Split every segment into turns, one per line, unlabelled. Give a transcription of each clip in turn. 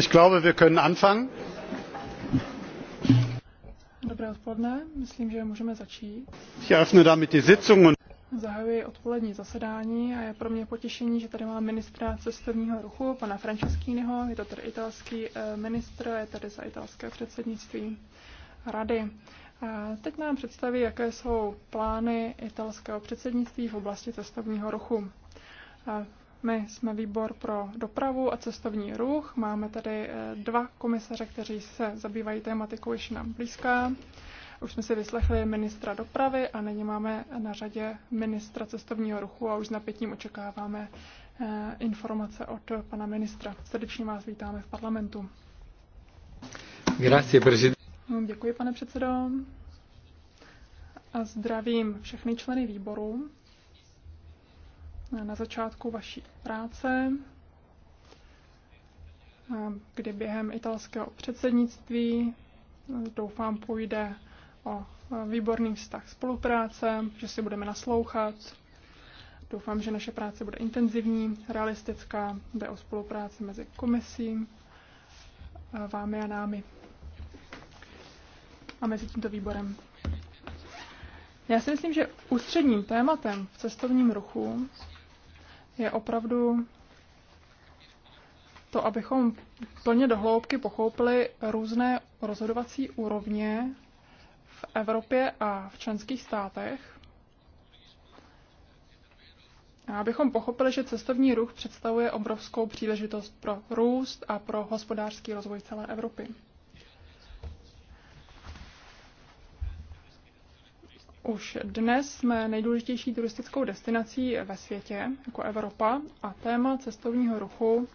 Ich glaube, wir können anfangen.
Dobré odpoledne, myslím, že můžeme začít.
Ich eröffne damit die Sitzung und
Zahajuji odpolední zasedání a je pro mě potěšení, že tady mám ministra cestovního ruchu, pana Franceschínyho, je to tady italský eh, ministr, je tady za italské předsednictví rady. A teď nám představí, jaké jsou plány italského předsednictví v oblasti cestovního ruchu. My jsme výbor pro dopravu a cestovní ruch. Máme tady eh, dva komisaře, kteří se zabývají tématikou již nám blízká. Už jsme si vyslechli ministra dopravy a nyní máme na řadě ministra cestovního ruchu a už s napětím očekáváme eh, informace od pana ministra. Srdečně vás vítáme v parlamentu. Grazie, no, Děkuji, pane předsedo. A zdravím všechny členy výboru na začátku vaší práce, kdy během italského předsednictví doufám půjde o výborný vztah spolupráce, že si budeme naslouchat. Doufám, že naše práce bude intenzivní, realistická, jde o spolupráci mezi komisí, vámi a námi a mezi tímto výborem. Já si myslím, že ústředním tématem v cestovním ruchu je opravdu to, abychom plně dohloubky pochopili různé rozhodovací úrovně v Evropě a v členských státech. A abychom pochopili, že cestovní ruch představuje obrovskou příležitost pro růst a pro hospodářský rozvoj celé Evropy. Už dnes jsme nejdůležitější turistickou destinací ve světě, jako Evropa, a téma cestovního ruchu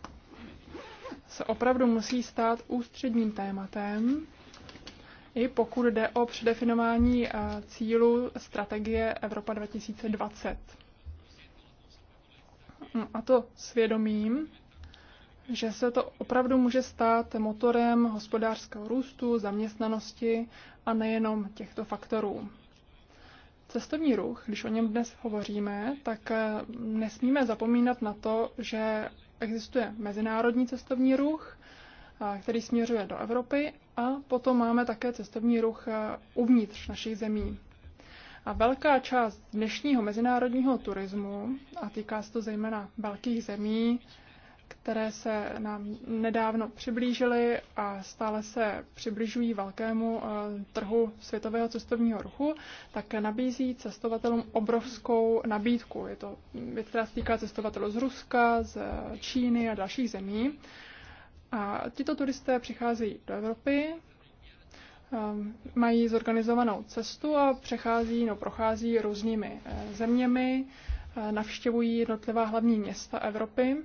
se opravdu musí stát ústředním tématem, i pokud jde o předefinování eh, cílu strategie Evropa 2020. Hm, a to svědomím, že se to opravdu může stát motorem hospodářského růstu, zaměstnanosti a nejenom těchto faktorů. Cestovní ruch, když o něm dnes hovoříme, tak eh, nesmíme zapomínat na to, že existuje mezinárodní cestovní ruch, eh, který směřuje do Evropy a potom máme také cestovní ruch eh, uvnitř našich zemí. A velká část dnešního mezinárodního turismu, a týká se to zejména velkých zemí, které se nám nedávno přiblížily a stále se přibližují velkému eh, trhu světového cestovního ruchu, tak nabízí cestovatelům obrovskou nabídku. Je to věc, která se týká cestovatelů z Ruska, z Číny a dalších zemí. A tito turisté přicházejí do Evropy, ehm, mají zorganizovanou cestu a přechází, no, prochází různými eh, zeměmi, eh, navštěvují jednotlivá hlavní města Evropy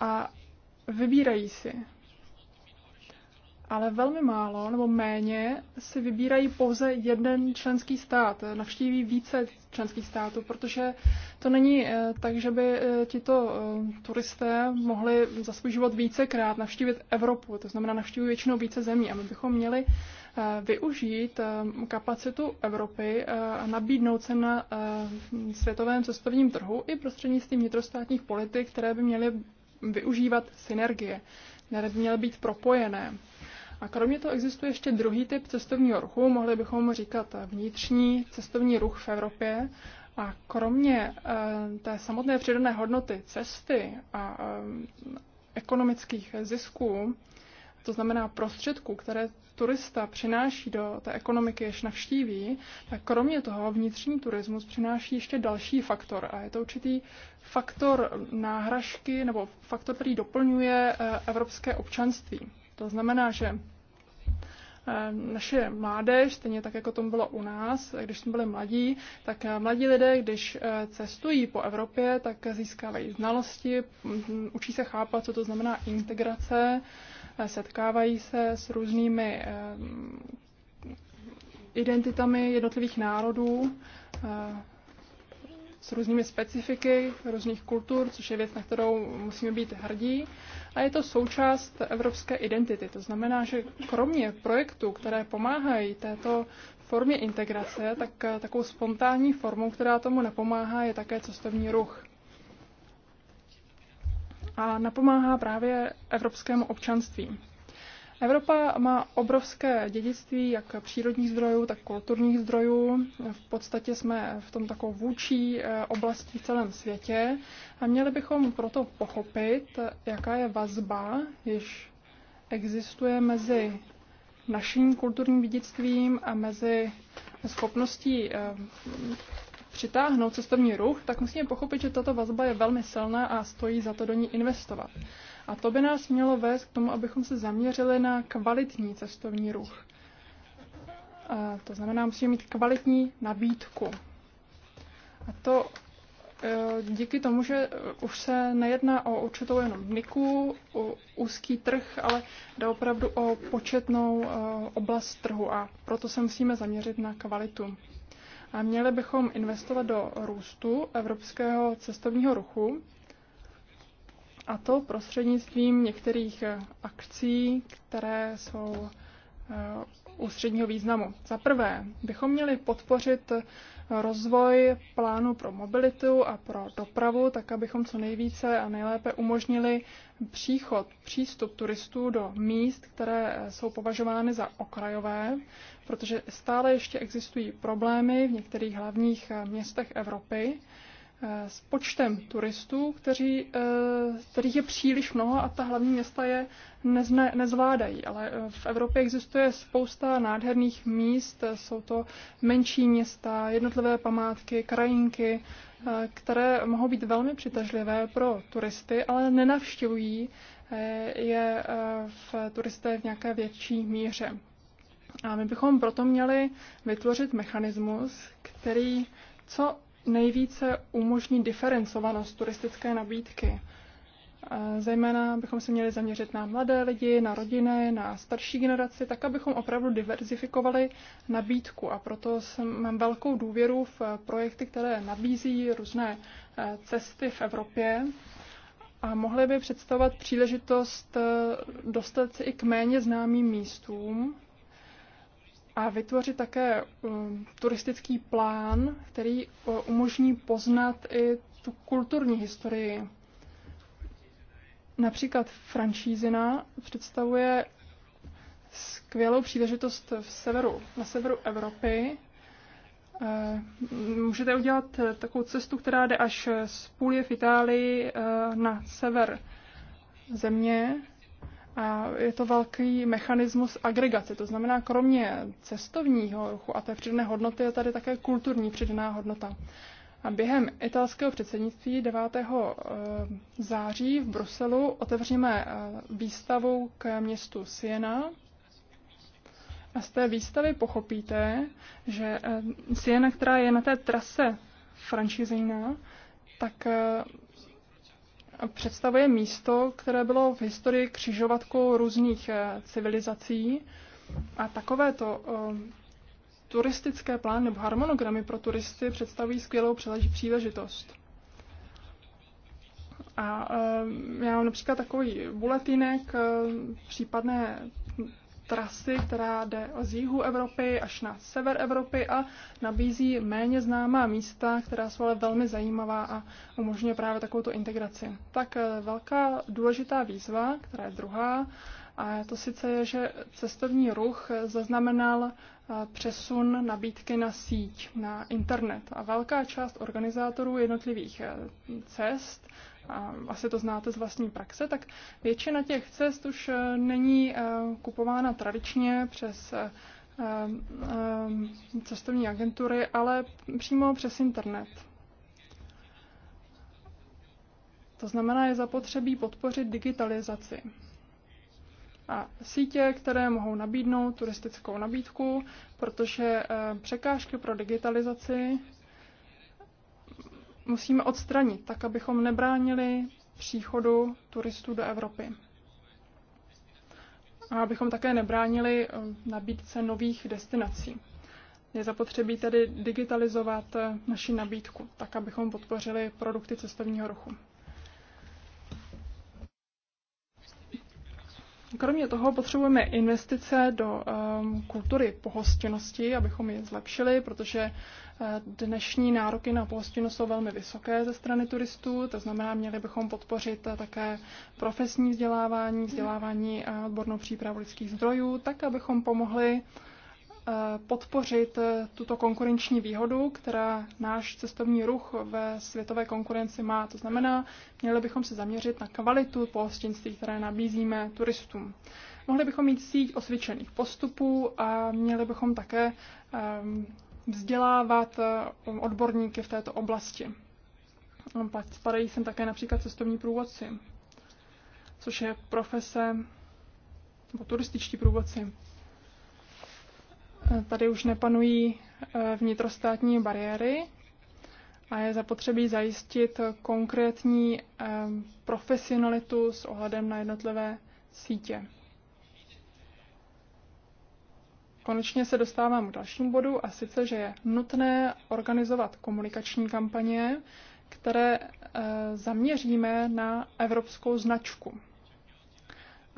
a vybírají si. Ale velmi málo nebo méně si vybírají pouze jeden členský stát, navštíví více členských států, protože to není eh, tak, že by eh, tito eh, turisté mohli za svůj život vícekrát navštívit Evropu, to znamená navštívují většinou více zemí. A my bychom měli využít kapacitu Evropy a nabídnout se na světovém cestovním trhu i prostřednictvím vnitrostátních politik, které by měly využívat synergie, měly být propojené. A kromě toho existuje ještě druhý typ cestovního ruchu, mohli bychom říkat vnitřní cestovní ruch v Evropě. A kromě eh, té samotné přidané hodnoty cesty a eh, ekonomických zisků, to znamená prostředků, které turista přináší do té ekonomiky, jež navštíví, tak kromě toho vnitřní turismus přináší ještě další faktor. A je to určitý faktor náhražky nebo faktor, který doplňuje eh, evropské občanství. To znamená, že eh, naše mládež, stejně tak, jako tomu bylo u nás, když jsme byli mladí, tak eh, mladí lidé, když cestují po Evropě, tak získávají znalosti, učí se chápat, co to znamená integrace, setkávají se s různými eh, identitami jednotlivých národů, eh, s různými specifiky různých kultur, což je věc, na kterou musíme být hrdí. A je to součást evropské identity. To znamená, že kromě projektů, které pomáhají této formě integrace, tak eh, takovou spontánní formou, která tomu napomáhá, je také cestovní ruch a napomáhá právě evropskému občanství. Evropa má obrovské dědictví, jak přírodních zdrojů, tak kulturních zdrojů. V podstatě jsme v tom takovou vůči eh, oblasti v celém světě a měli bychom proto pochopit, jaká je vazba, jež existuje mezi naším kulturním dědictvím a mezi schopností eh, přitáhnout cestovní ruch, tak musíme pochopit, že tato vazba je velmi silná a stojí za to do ní investovat. A to by nás mělo vést k tomu, abychom se zaměřili na kvalitní cestovní ruch. A to znamená, musíme mít kvalitní nabídku. A to e, díky tomu, že e, už se nejedná o určitou jenom niku, o úzký trh, ale jde opravdu o početnou e, oblast trhu a proto se musíme zaměřit na kvalitu. A měli bychom investovat do růstu evropského cestovního ruchu, a to prostřednictvím některých akcí, které jsou eh, ústředního významu. Za prvé bychom měli podpořit rozvoj plánu pro mobilitu a pro dopravu, tak abychom co nejvíce a nejlépe umožnili příchod, přístup turistů do míst, které jsou považovány za okrajové, protože stále ještě existují problémy v některých hlavních městech Evropy, Eh, s počtem turistů, kteří, eh, kterých je příliš mnoho a ta hlavní města je nezne, nezvládají. Ale eh, v Evropě existuje spousta nádherných míst, jsou to menší města, jednotlivé památky, krajinky, které mohou být velmi přitažlivé pro turisty, ale nenavštěvují je v turisté v nějaké větší míře. A my bychom proto měli vytvořit mechanismus, který co nejvíce umožní diferencovanost turistické nabídky. Eh, zejména bychom se měli zaměřit na mladé lidi, na rodiny, na starší generaci, tak abychom opravdu diverzifikovali nabídku. A proto jsem, mám velkou důvěru v projekty, které nabízí různé eh, cesty v Evropě a mohly by představovat příležitost eh, dostat se i k méně známým místům, a vytvořit také um, turistický plán, který uh, umožní poznat i tu kulturní historii. Například Francízina představuje skvělou příležitost v severu, na severu Evropy. Uh, můžete udělat uh, takovou cestu, která jde až z Půlie v Itálii na sever země a je to velký mechanismus agregace, to znamená, kromě cestovního ruchu a té přidané hodnoty je tady také kulturní přidaná hodnota. A během italského předsednictví 9. Eh, září v Bruselu otevřeme eh, výstavu k městu Siena. A z té výstavy pochopíte, že eh, Siena, která je na té trase franšizejná, tak představuje místo, které bylo v historii křižovatkou různých eh, civilizací a takovéto eh, turistické plány nebo harmonogramy pro turisty představují skvělou příležitost. A eh, já mám například takový buletinek, případné trasy, která jde z jihu Evropy až na sever Evropy a nabízí méně známá místa, která jsou ale velmi zajímavá a umožňuje právě takovou integraci. Tak eh, velká důležitá výzva, která je druhá, a to sice je, že cestovní ruch zaznamenal eh, přesun nabídky na síť, na internet. A velká část organizátorů jednotlivých eh, cest a asi to znáte z vlastní praxe, tak většina těch cest už eh, není eh, kupována tradičně přes eh, cestovní agentury, ale přímo přes internet. To znamená, je zapotřebí podpořit digitalizaci. A sítě, které mohou nabídnout turistickou nabídku, protože překážky pro digitalizaci musíme odstranit, tak abychom nebránili příchodu turistů do Evropy. A abychom také nebránili eh, nabídce nových destinací. Je zapotřebí tedy digitalizovat eh, naši nabídku, tak abychom podpořili produkty cestovního ruchu. Kromě toho potřebujeme investice do um, kultury pohostinnosti, abychom ji zlepšili, protože eh, dnešní nároky na pohostinnost jsou velmi vysoké ze strany turistů, to znamená, měli bychom podpořit eh, také profesní vzdělávání, vzdělávání a odbornou přípravu lidských zdrojů, tak abychom pomohli uh, podpořit eh, tuto konkurenční výhodu, která náš cestovní ruch ve světové konkurenci má. To znamená, měli bychom se zaměřit na kvalitu pohostinství, které nabízíme turistům. Mohli bychom mít síť osvědčených postupů a měli bychom také ehm, vzdělávat eh, odborníky v této oblasti. Spadají sem také například cestovní průvodci, což je profese, nebo turističtí průvodci. Tady už nepanují eh, vnitrostátní bariéry a je zapotřebí zajistit konkrétní eh, profesionalitu s ohledem na jednotlivé sítě. Konečně se dostávám k dalšímu bodu a sice, že je nutné organizovat komunikační kampaně, které eh, zaměříme na evropskou značku.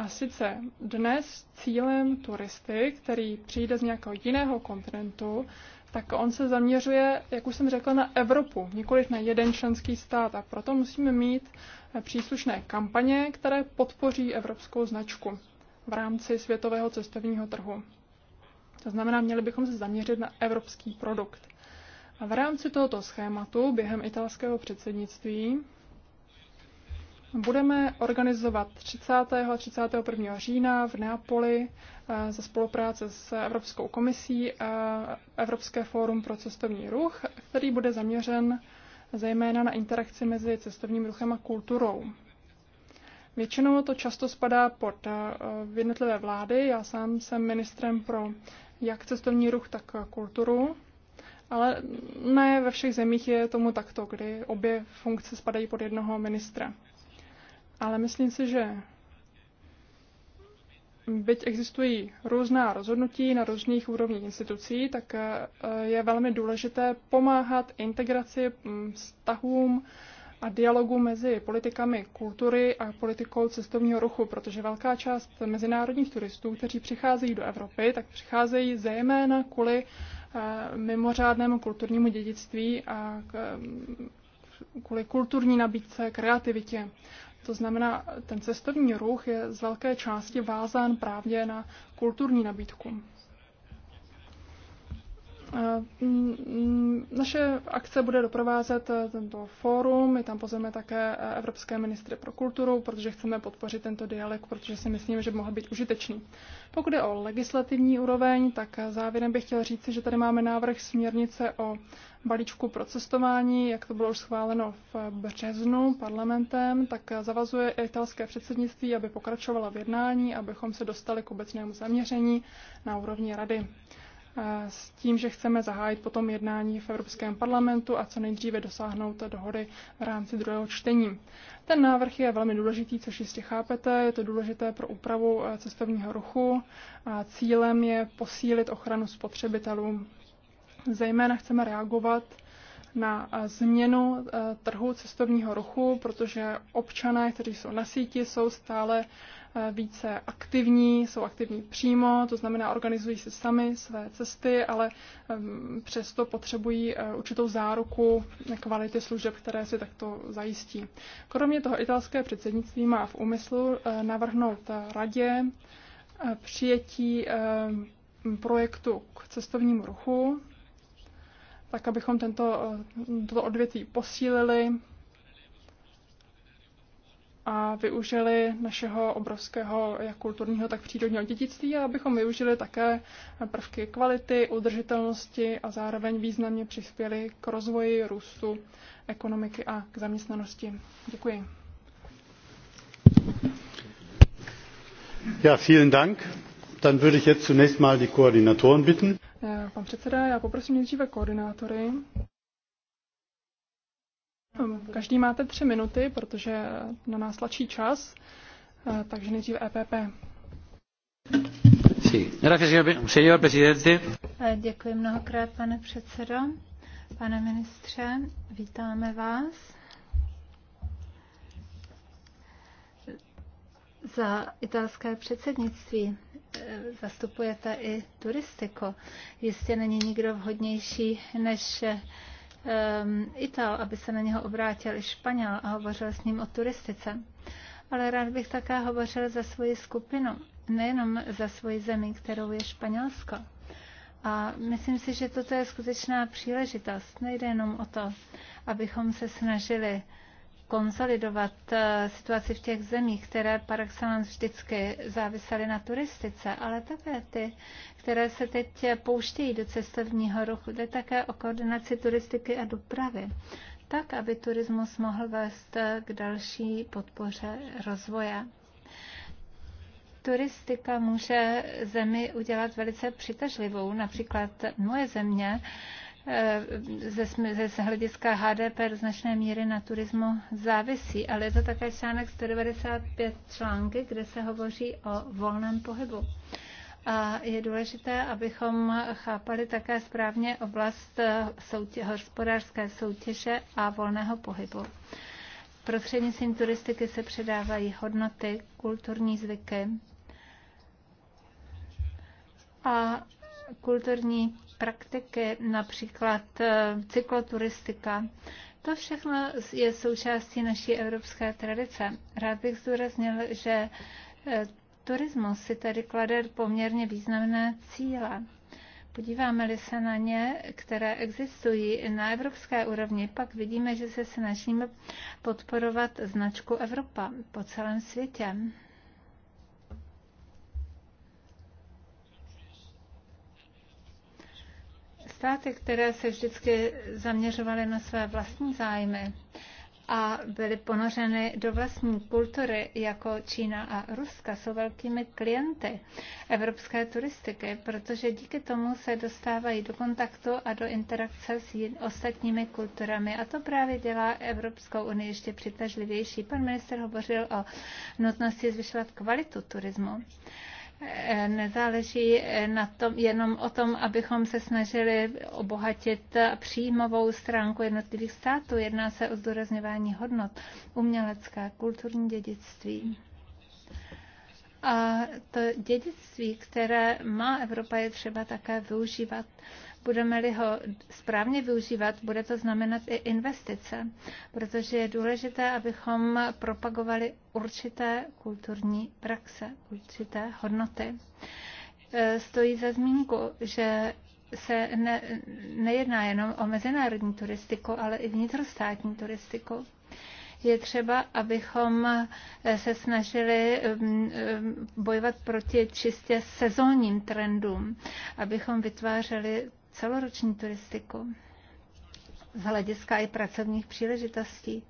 A sice dnes cílem turisty, který přijde z nějakého jiného kontinentu, tak on se zaměřuje, jak už jsem řekla, na Evropu, nikoliv na jeden členský stát. A proto musíme mít příslušné kampaně, které podpoří evropskou značku v rámci světového cestovního trhu. To znamená, měli bychom se zaměřit na evropský produkt. A v rámci tohoto schématu během italského předsednictví Budeme organizovat 30. a 31. října v Neapoli eh, za spolupráce s Evropskou komisí Evropské fórum pro cestovní ruch, který bude zaměřen zejména na interakci mezi cestovním ruchem a kulturou. Většinou to často spadá pod eh, jednotlivé vlády. Já sám jsem ministrem pro jak cestovní ruch, tak kulturu. Ale ne ve všech zemích je tomu takto, kdy obě funkce spadají pod jednoho ministra ale myslím si, že byť existují různá rozhodnutí na různých úrovních institucí, tak eh, je velmi důležité pomáhat integraci mm, vztahům a dialogu mezi politikami kultury a politikou cestovního ruchu, protože velká část mezinárodních turistů, kteří přicházejí do Evropy, tak přicházejí zejména kvůli eh, mimořádnému kulturnímu dědictví a eh, kvůli kulturní nabídce, kreativitě. To znamená, ten cestovní ruch je z velké části vázán právě na kulturní nabídku. Mm, naše akce bude doprovázet eh, tento fórum, my tam pozveme také eh, Evropské ministry pro kulturu, protože chceme podpořit tento dialog, protože si myslíme, že by mohl být užitečný. Pokud je o legislativní úroveň, tak eh, závěrem bych chtěl říct, že tady máme návrh směrnice o balíčku pro cestování, jak to bylo už schváleno v březnu parlamentem, tak zavazuje italské předsednictví, aby pokračovala v jednání, abychom se dostali k obecnému zaměření na úrovni rady. E, s tím, že chceme zahájit potom jednání v Evropském parlamentu a co nejdříve dosáhnout dohody v rámci druhého čtení. Ten návrh je velmi důležitý, což jistě chápete, je to důležité pro úpravu e, cestovního ruchu a cílem je posílit ochranu spotřebitelů Zejména chceme reagovat na eh, změnu eh, trhu cestovního ruchu, protože občané, kteří jsou na síti, jsou stále eh, více aktivní, jsou aktivní přímo, to znamená, organizují si sami své cesty, ale ehm, přesto potřebují určitou záruku kvality služeb, které si takto zajistí. Kromě toho italské předsednictví má v úmyslu navrhnout radě přijetí ehm, projektu k cestovnímu ruchu, tak abychom tento, eh, toto odvětví posílili a využili našeho obrovského jak kulturního, tak přírodního dědictví a abychom využili také prvky kvality, udržitelnosti a zároveň významně přispěli k rozvoji, růstu ekonomiky a k zaměstnanosti. Děkuji.
Ja, vielen Dank. Dann würde ich jetzt zunächst mal die Koordinatoren bitten.
Eh, pan předseda, já poprosím nejdříve koordinátory. Ehm, každý máte tři minuty, protože na nás tlačí čas, eh, takže nejdříve EPP.
Eh, děkuji mnohokrát, pane předsedo. Pane ministře, vítáme vás. Za italské předsednictví Eh, zastupujete i turistiku. Jistě není nikdo vhodnější než um, Ital, aby se na něho obrátil i Španěl a hovořil s ním o turistice. Ale rád bych také hovořil za svoji skupinu, nejenom za svoji zemi, kterou je Španělsko. A myslím si, že toto je skutečná příležitost. Nejde jenom o to, abychom se snažili uh, konsolidovat eh, situaci v těch zemích, které par excellence vždycky závisely na turistice, ale také ty, které se teď pouštějí do cestovního ruchu. Jde také o koordinaci turistiky a dopravy, tak, aby turismus mohl vést eh, k další podpoře rozvoje turistika může zemi udělat velice přitažlivou. Například moje země Eh, ze, ze hlediska HDP do značné míry na turismu závisí, ale je to také článek 195 články, kde se hovoří o volném pohybu. A je důležité, abychom chápali také správně oblast eh, soutě, hospodářské soutěže a volného pohybu. Prostřednictvím turistiky se předávají hodnoty, kulturní zvyky a kulturní praktiky, například eh, cykloturistika. To všechno je součástí naší evropské tradice. Rád bych zdůraznil, že eh, turismus si tady klade poměrně významné cíle. Podíváme-li se na ně, které existují na evropské úrovni, pak vidíme, že se snažíme podporovat značku Evropa po celém světě. státy, které se vždycky zaměřovaly na své vlastní zájmy a byly ponořeny do vlastní kultury jako Čína a Ruska, jsou velkými klienty evropské turistiky, protože díky tomu se dostávají do kontaktu a do interakce s ostatními kulturami. A to právě dělá Evropskou unii ještě přitažlivější. Pan minister hovořil o nutnosti zvyšovat kvalitu turismu. Nezáleží na tom, jenom o tom, abychom se snažili obohatit příjmovou stránku jednotlivých států. Jedná se o zdůrazňování hodnot, umělecké, kulturní dědictví. A to dědictví, které má Evropa, je třeba také využívat. Budeme-li ho správně využívat, bude to znamenat i investice, protože je důležité, abychom propagovali určité kulturní praxe, určité hodnoty. E, stojí za zmínku, že se ne, nejedná jenom o mezinárodní turistiku, ale i vnitrostátní turistiku je třeba, abychom e, se snažili bojovat proti čistě sezónním trendům, abychom vytvářeli celoroční turistiku z hlediska i pracovních příležitostí,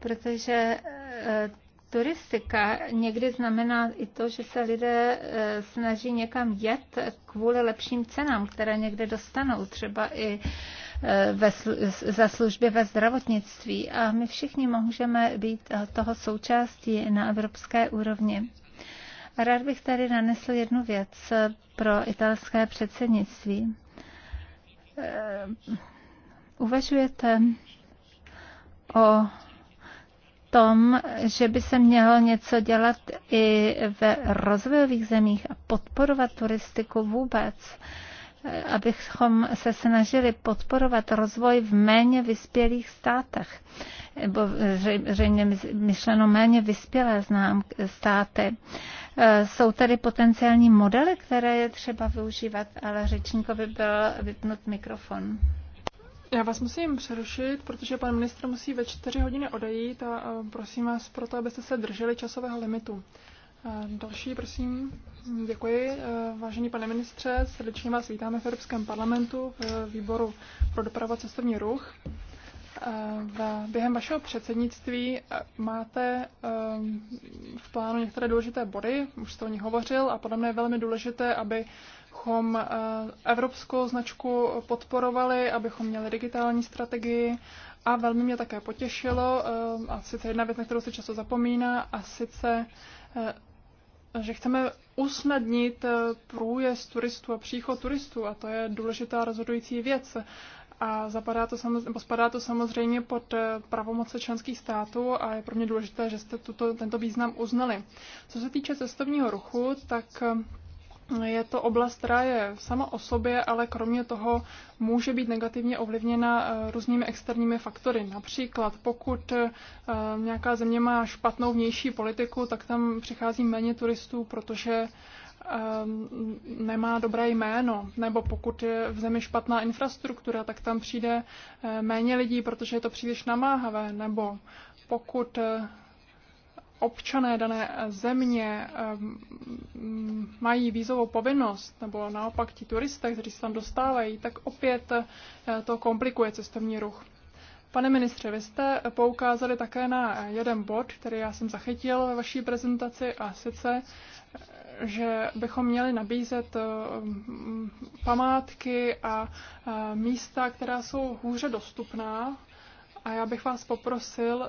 protože e, turistika někdy znamená i to, že se lidé e, snaží někam jet kvůli lepším cenám, které někde dostanou, třeba i e, ve, za služby ve zdravotnictví. A my všichni můžeme být toho součástí na evropské úrovni. Rád bych tady nanesl jednu věc pro italské předsednictví. Eh, uvažujete o tom, že by se mělo něco dělat i ve rozvojových zemích a podporovat turistiku vůbec abychom se snažili podporovat rozvoj v méně vyspělých státech, nebo zřejmě myšleno méně vyspělé znám státy. Eh, jsou tady potenciální modely, které je třeba využívat, ale řečníkovi byl vypnut mikrofon.
Já vás musím přerušit, protože pan ministr musí ve čtyři hodiny odejít a prosím vás proto, abyste se drželi časového limitu. Eh, další, prosím. Děkuji, eh, vážený pane ministře. Srdečně vás vítáme v Evropském parlamentu v eh, výboru pro dopravu a cestovní ruch. Během vašeho předsednictví máte v plánu některé důležité body, už jste o nich hovořil, a podle mě je velmi důležité, abychom evropskou značku podporovali, abychom měli digitální strategii, a velmi mě také potěšilo, a sice jedna věc, na kterou se často zapomíná, a sice že chceme usnadnit eh, průjezd turistů a příchod turistů a to je důležitá rozhodující věc. A zapadá to nebo spadá to samozřejmě pod eh, pravomoce členských států a je pro mě důležité, že jste tuto, tento význam uznali. Co se týče cestovního ruchu, tak eh, je to oblast, která je sama o sobě, ale kromě toho může být negativně ovlivněna eh, různými externími faktory. Například pokud eh, nějaká země má špatnou vnější politiku, tak tam přichází méně turistů, protože eh, nemá dobré jméno, nebo pokud je v zemi špatná infrastruktura, tak tam přijde méně lidí, protože je to příliš namáhavé, nebo pokud občané dané eh, země eh, mají vízovou povinnost, nebo naopak ti turisté, kteří se tam dostávají, tak opět eh, to komplikuje cestovní ruch. Pane ministře, vy jste poukázali také na jeden bod, který já jsem zachytil ve vaší prezentaci, a sice, že bychom měli nabízet mm, památky a místa, která jsou hůře dostupná. A já bych vás poprosil,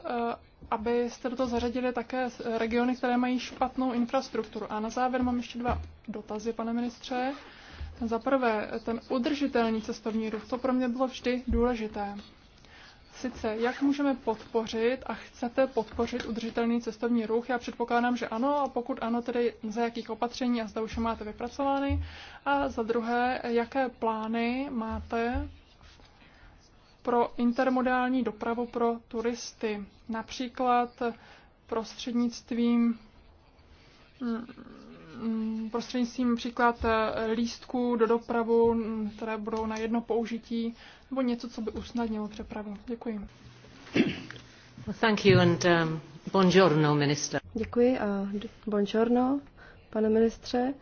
abyste do toho zařadili také regiony, které mají špatnou infrastrukturu. A na závěr mám ještě dva dotazy, pane ministře. Za prvé, ten udržitelný cestovní ruch, to pro mě bylo vždy důležité. Sice, jak můžeme podpořit a chcete podpořit udržitelný cestovní ruch? Já předpokládám, že ano, a pokud ano, tedy za jakých opatření a zda už máte vypracovány. A za druhé, jaké plány máte pro intermodální dopravu pro turisty, například prostřednictvím mm, prostřednictvím příklad eh, lístků do dopravu, mm, které budou na jedno použití, nebo něco, co by usnadnilo přepravu. Děkuji.
thank you and um, buongiorno, minister.
Děkuji a buongiorno, pane ministře.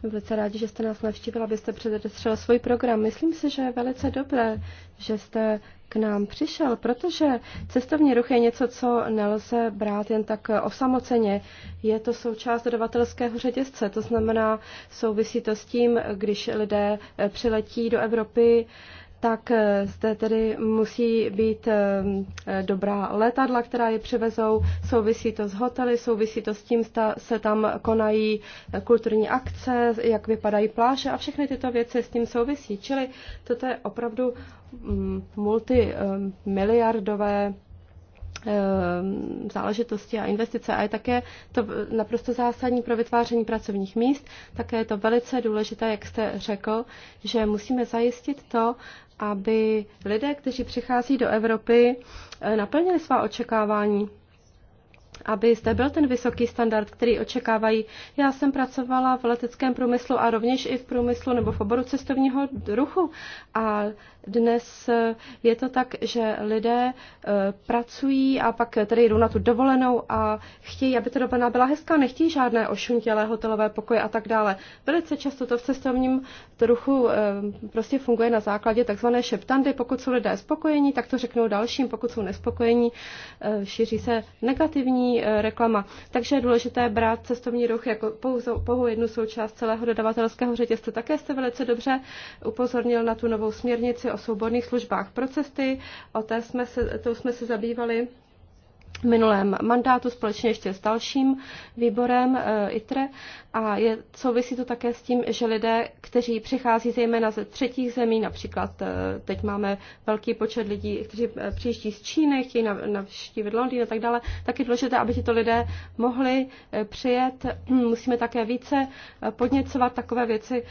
Jsme velice rádi, že jste nás navštívila, abyste předestřel svůj program. Myslím si, že je velice dobré, že jste k nám přišel, protože cestovní ruch je něco, co nelze brát jen tak osamoceně. Je to součást dodavatelského řetězce, to znamená, souvisí to s tím, když lidé přiletí do Evropy, tak eh, zde tedy musí být eh, eh, dobrá letadla, která je převezou. Souvisí to s hotely, souvisí to s tím, zda se tam konají kulturní akce, jak vypadají pláže a všechny tyto věci s tím souvisí. Čili toto je opravdu mm, multimiliardové Ehm, záležitosti a investice a je také to naprosto zásadní pro vytváření pracovních míst. Také je to velice důležité, jak jste řekl, že musíme zajistit to, aby lidé, kteří přichází do Evropy, eh, naplnili svá očekávání aby zde byl ten vysoký standard, který očekávají. Já jsem pracovala v leteckém průmyslu a rovněž i v průmyslu nebo v oboru cestovního ruchu a dnes eh, je to tak, že lidé eh, pracují a pak eh, tedy jdou na tu dovolenou a chtějí, aby ta dovolená byla hezká, nechtějí žádné ošuntělé hotelové pokoje a tak dále. Velice často to v cestovním trochu prostě funguje na základě takzvané šeptandy. Pokud jsou lidé spokojení, tak to řeknou dalším, pokud jsou nespokojení, šíří se negativní reklama. Takže je důležité brát cestovní ruch jako pouhou, jednu součást celého dodavatelského řetězce. Také jste velice dobře upozornil na tu novou směrnici o souborných službách pro cesty, o té jsme se, to jsme se zabývali minulém mandátu společně ještě s dalším výborem eh, ITRE a je, souvisí to také s tím, že lidé, kteří přichází zejména ze třetích zemí, například eh, teď máme velký počet lidí, kteří eh, přijíždí z Číny, chtějí navštívit Londýn a tak dále, tak je důležité, aby tito lidé mohli přijet. Musíme také více podněcovat takové věci,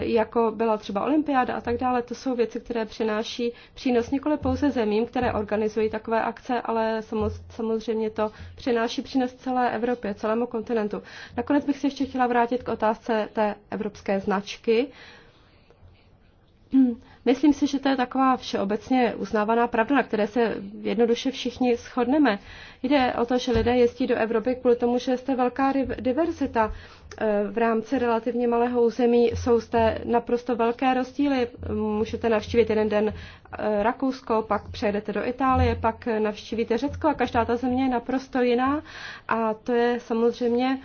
jako byla třeba olympiáda a tak dále. To jsou věci, které přináší přínos nikoli pouze zemím, které organizují takové akce, ale samozřejmě samozřejmě to přináší přínos celé Evropě, celému kontinentu. Nakonec bych se ještě chtěla vrátit k otázce té evropské značky. Myslím si, že to je taková všeobecně uznávaná pravda, na které se jednoduše všichni shodneme. Jde o to, že lidé jezdí do Evropy kvůli tomu, že je zde velká diverzita. E, v rámci relativně malého území jsou zde naprosto velké rozdíly. Můžete navštívit jeden den e, Rakousko, pak přejdete do Itálie, pak navštívíte Řecko a každá ta země je naprosto jiná. A to je samozřejmě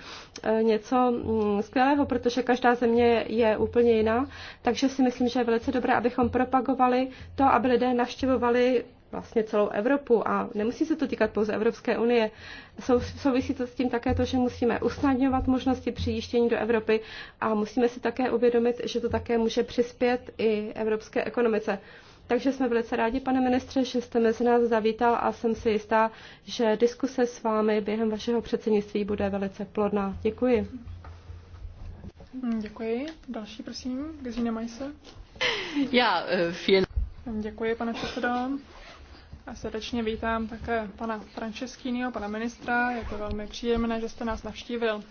e, něco mm, skvělého, protože každá země je úplně jiná. Takže si myslím, že je velice dobré, abychom propagovali to, aby lidé navštěvovali vlastně celou Evropu a nemusí se to týkat pouze Evropské unie. Sou, souvisí to s tím také to, že musíme usnadňovat možnosti přijíždění do Evropy a musíme si také uvědomit, že to také může přispět i evropské ekonomice. Takže jsme velice rádi, pane ministře, že jste mezi nás zavítal a jsem si jistá, že diskuse s vámi během vašeho předsednictví bude velice plodná. Děkuji.
Děkuji. Další, prosím, Gesine Majse. Já, uh, Děkuji, pane předsedo. A srdečně vítám také pana Franceschínyho, pana ministra. Je to velmi příjemné, že jste nás navštívil.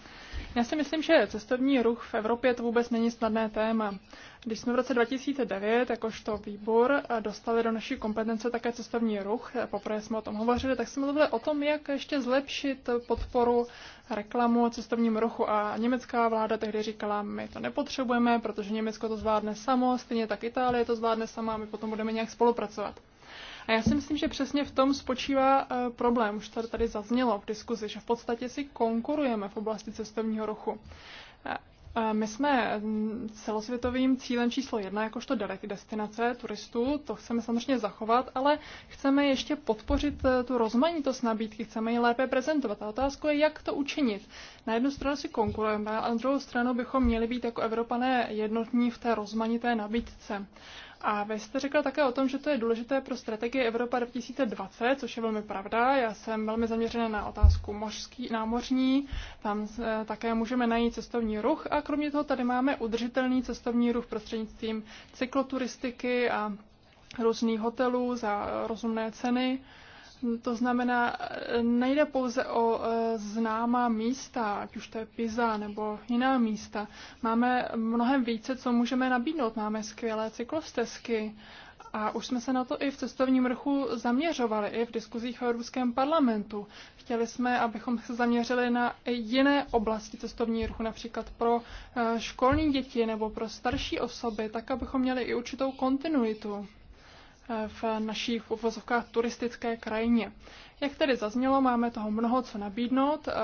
Já si myslím, že cestovní ruch v Evropě to vůbec není snadné téma. Když jsme v roce 2009 jakožto výbor dostali do naší kompetence také cestovní ruch, poprvé jsme o tom hovořili, tak jsme mluvili o tom, jak ještě zlepšit podporu reklamu o cestovním ruchu a německá vláda tehdy říkala, my to nepotřebujeme, protože Německo to zvládne samo, stejně tak Itálie to zvládne sama a my potom budeme nějak spolupracovat. A já si myslím, že přesně v tom spočívá e, problém, už tady, tady zaznělo v diskuzi, že v podstatě si konkurujeme v oblasti cestovního ruchu. E, e, my jsme celosvětovým cílem číslo jedna, jakožto dalek destinace turistů, to chceme samozřejmě zachovat, ale chceme ještě podpořit tu rozmanitost nabídky, chceme ji lépe prezentovat. A otázka je, jak to učinit. Na jednu stranu si konkurujeme, a na druhou stranu bychom měli být jako Evropané jednotní v té rozmanité nabídce. A vy jste řekla také o tom, že to je důležité pro strategii Evropa 2020, což je velmi pravda. Já jsem velmi zaměřena na otázku mořský, námořní. Tam eh, také můžeme najít cestovní ruch a kromě toho tady máme udržitelný cestovní ruch prostřednictvím cykloturistiky a různých hotelů za eh, rozumné ceny. To znamená, nejde pouze o eh, známá místa, ať už to je Pisa nebo jiná místa. Máme mnohem více, co můžeme nabídnout. Máme skvělé cyklostezky a už jsme se na to i v cestovním ruchu zaměřovali, i v diskuzích v Evropském parlamentu. Chtěli jsme, abychom se zaměřili na jiné oblasti cestovního ruchu, například pro eh, školní děti nebo pro starší osoby, tak abychom měli i určitou kontinuitu v naší uvozovkách turistické krajině. Jak tedy zaznělo, máme toho mnoho co nabídnout. Eh,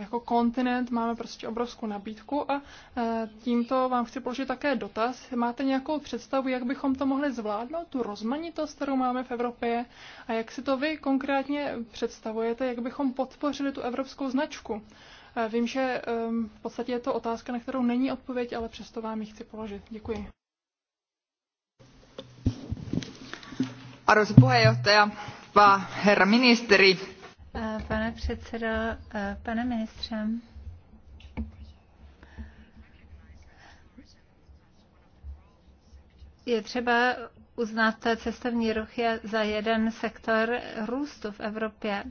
jako kontinent máme prostě obrovskou nabídku a eh, tímto vám chci položit také dotaz. Máte nějakou představu, jak bychom to mohli zvládnout, tu rozmanitost, kterou máme v Evropě a jak si to vy konkrétně představujete, jak bychom podpořili tu evropskou značku? Eh, vím, že v podstatě je to otázka, na kterou není odpověď, ale přesto vám ji chci položit. Děkuji. Arvoisa puheenjohtaja, herra
ministeri. Eh, pane předsedo, eh, pane ministře. Je třeba uznat cestovní ruch je za jeden sektor růstu v Evropě.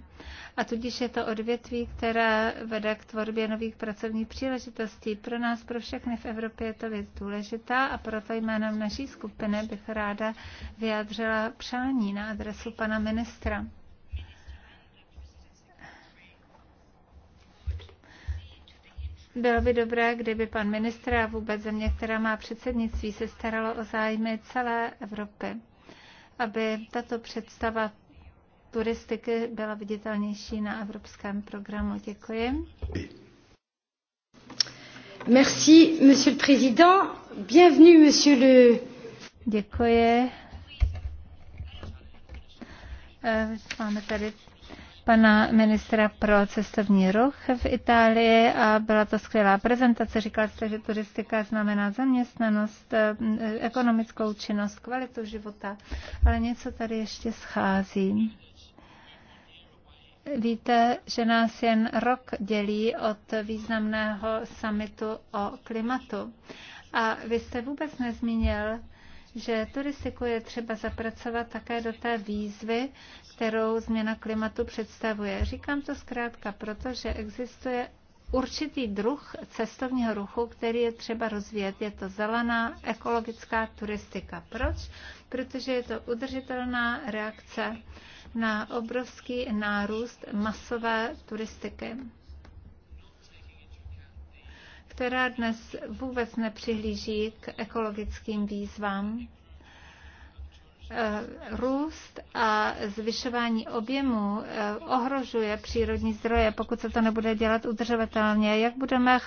A tudíž je to odvětví, které vede k tvorbě nových pracovních příležitostí. Pro nás, pro všechny v Evropě je to věc důležitá a proto jménem naší skupiny bych ráda vyjádřila přání na adresu pana ministra. Bylo by dobré, kdyby pan ministr a vůbec země, která má předsednictví, se staralo o zájmy celé Evropy, aby tato představa turistiky byla viditelnější na evropském programu. Děkuji. Merci, monsieur le président. Bienvenue, monsieur le... Děkuji. Eh, máme tady pana ministra pro cestovní ruch v Itálii a byla to skvělá prezentace. Říkal jste, že turistika znamená zaměstnanost, eh, ekonomickou činnost, kvalitu života, ale něco tady ještě schází. Víte, že nás jen rok dělí od významného samitu o klimatu. A vy jste vůbec nezmínil, že turistiku je třeba zapracovat také do té výzvy, kterou změna klimatu představuje. Říkám to zkrátka, protože existuje určitý druh cestovního ruchu, který je třeba rozvíjet. Je to zelená ekologická turistika. Proč? Protože je to udržitelná reakce na obrovský nárůst masové turistiky která dnes vůbec nepřihlíží k ekologickým výzvám. Eh, růst a zvyšování objemu eh, ohrožuje přírodní zdroje, pokud se to nebude dělat udržovatelně. Jak budeme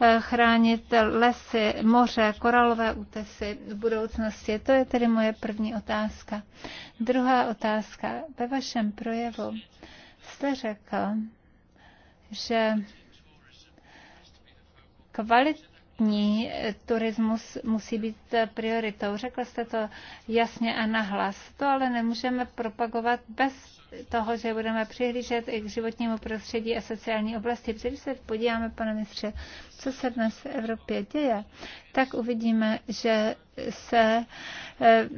eh, chránit lesy, moře, koralové útesy v budoucnosti? To je tedy moje první otázka. Druhá otázka. Ve vašem projevu jste řekl, že Kvalitní eh, turismus musí být eh, prioritou. Řekla jste to jasně a nahlas. To ale nemůžeme propagovat bez toho, že budeme přihlížet i k životnímu prostředí a sociální oblasti. když se podíváme, pane mistře, co se dnes v Evropě děje, tak uvidíme, že se eh,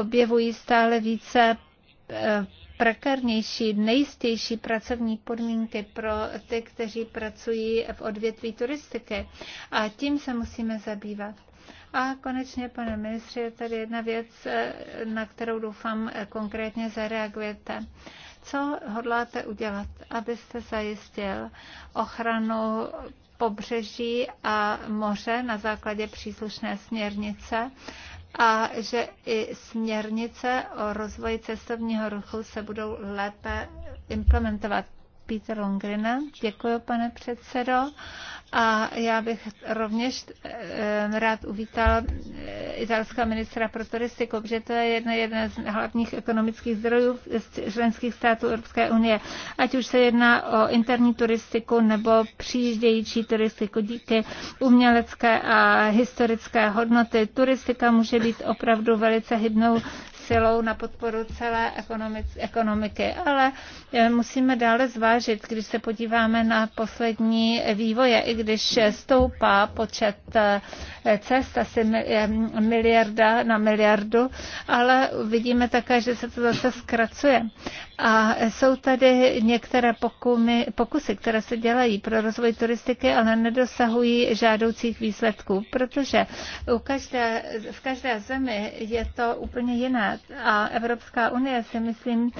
objevují stále více prekarnější, nejistější pracovní podmínky pro ty, kteří pracují v odvětví turistiky. A tím se musíme zabývat. A konečně, pane ministře, je tady jedna věc, eh, na kterou doufám eh, konkrétně zareagujete. Co hodláte udělat, abyste zajistil ochranu pobřeží a moře na základě příslušné směrnice a že i směrnice o rozvoji cestovního ruchu se budou lépe implementovat. Peter Longrina. Děkuji, pane předsedo. A já bych rovněž eh, rád uvítal eh, italského ministra pro turistiku, protože to je jedna, jedna z hlavních ekonomických zdrojů členských států Evropské unie. Ať už se jedná o interní turistiku nebo přijíždějící turistiku díky umělecké a historické hodnoty. Turistika může být opravdu velice hybnou silou na podporu celé ekonomiky. Ale e, musíme dále zvážit, když se podíváme na poslední vývoje, i když stoupá počet e, cest asi e, miliarda na miliardu, ale vidíme také, že se to zase zkracuje. A jsou tady některé pokumy, pokusy, které se dělají pro rozvoj turistiky, ale nedosahují žádoucích výsledků, protože u každé, v každé zemi je to úplně jiné a Evropská unie si myslím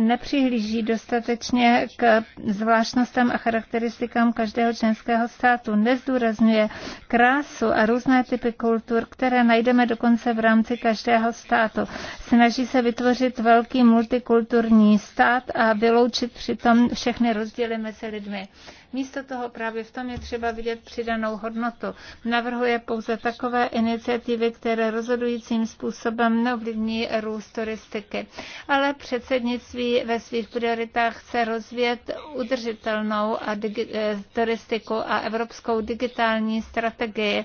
nepřihlíží dostatečně k zvláštnostem a charakteristikám každého členského státu. Nezdůrazňuje krásu a různé typy kultur, které najdeme dokonce v rámci každého státu. Snaží se vytvořit velký multikulturní stát a vyloučit přitom všechny rozdíly mezi lidmi. Místo toho právě v tom je třeba vidět přidanou hodnotu. Navrhuje pouze takové iniciativy, které rozhodujícím způsobem neovlivní růst turistiky. Ale předsednictví ve svých prioritách chce rozvíjet udržitelnou a eh, turistiku a evropskou digitální strategii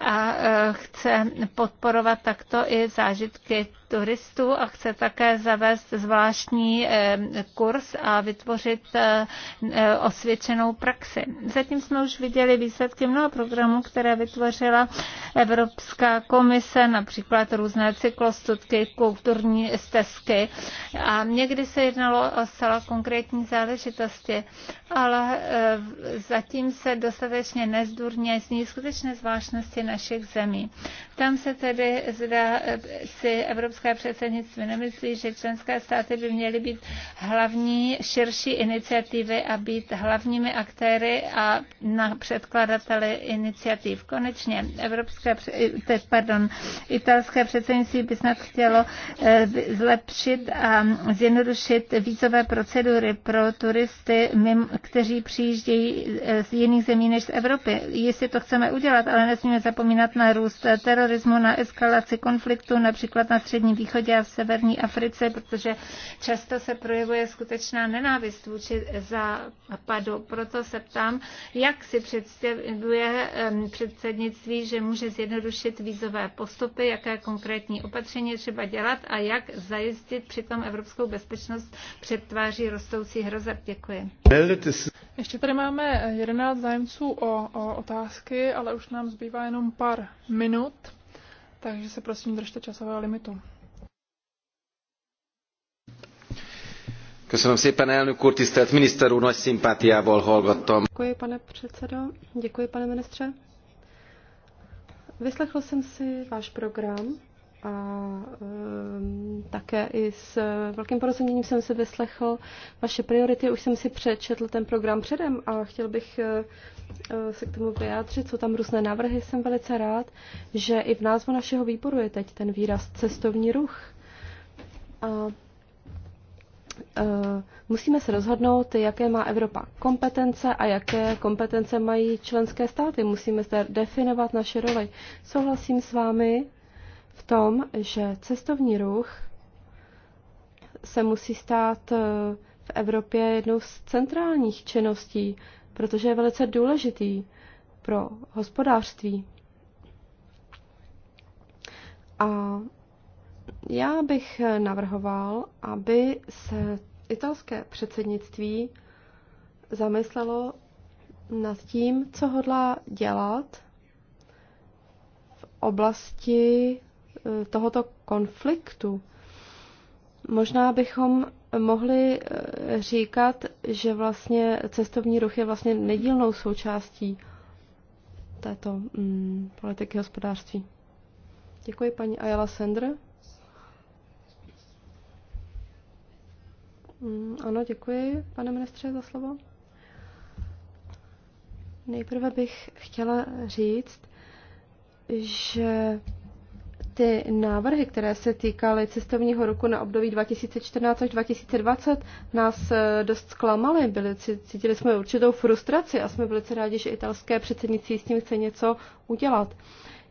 a eh, chce podporovat takto i zážitky turistů a chce také zavést zvláštní eh, kurz a vytvořit eh, eh, osvědčenou praxi. Zatím jsme už viděli výsledky mnoha programů, které vytvořila Evropská komise, například různé cyklostudky, kulturní stezky a někdy se jednalo o zcela konkrétní záležitosti, ale zatím se dostatečně nezdůrnězní skutečné zvláštnosti našich zemí. Tam se tedy zda si Evropská irské předsednictví nemyslí, že členské státy by měly být hlavní širší iniciativy a být hlavními aktéry a na předkladateli iniciativ. Konečně evropské, eh, pardon, italské předsednictví by snad chtělo eh, zlepšit a zjednodušit vízové procedury pro turisty, kteří přijíždějí eh, z jiných zemí než z Evropy. Jestli to chceme udělat, ale nesmíme zapomínat na růst terorismu, na eskalaci konfliktu, například na střední Středním východě a v severní Africe, protože často se projevuje skutečná nenávist vůči západu. Proto se ptám, jak si představuje předsednictví, že může zjednodušit vízové postupy, jaké konkrétní opatření třeba dělat a jak zajistit přitom evropskou bezpečnost před tváří rostoucí
hrozeb. Děkuji. Ještě tady máme 11 zájemců o, o otázky, ale už nám zbývá jenom pár minut, takže se prosím držte časového limitu.
Köszönöm szépen, elnök úr, tisztelt miniszter úr, nagy szimpátiával hallgattam.
Děkuji, pane předsedo, děkuji, pane ministře. Vyslechl jsem si váš program a um, také i s velkým porozuměním jsem si vyslechl vaše priority. Už jsem si přečetl ten program předem a chtěl bych uh, se k tomu vyjádřit. Jsou tam různé návrhy. Jsem velice rád, že i v názvu našeho výboru je teď ten výraz cestovní ruch. A Eh, musíme se rozhodnout, jaké má Evropa kompetence a jaké kompetence mají členské státy. Musíme zde definovat naše roli. Souhlasím s vámi v tom, že cestovní ruch se musí stát eh, v Evropě jednou z centrálních činností, protože je velice důležitý pro hospodářství. A já bych navrhoval, aby se italské předsednictví zamyslelo nad tím, co hodlá dělat v oblasti eh, tohoto konfliktu. Možná bychom mohli eh, říkat, že vlastně cestovní ruch je vlastně nedílnou součástí této mm, politiky hospodářství. Děkuji paní Ayala Sender. Mm, ano, děkuji, pane ministře, za slovo. Nejprve bych chtěla říct, že ty návrhy, které se týkaly cestovního roku na období 2014 až 2020, nás eh, dost zklamaly. Byli, cítili jsme určitou frustraci a jsme velice rádi, že italské předsednictví s tím chce něco udělat. Uh,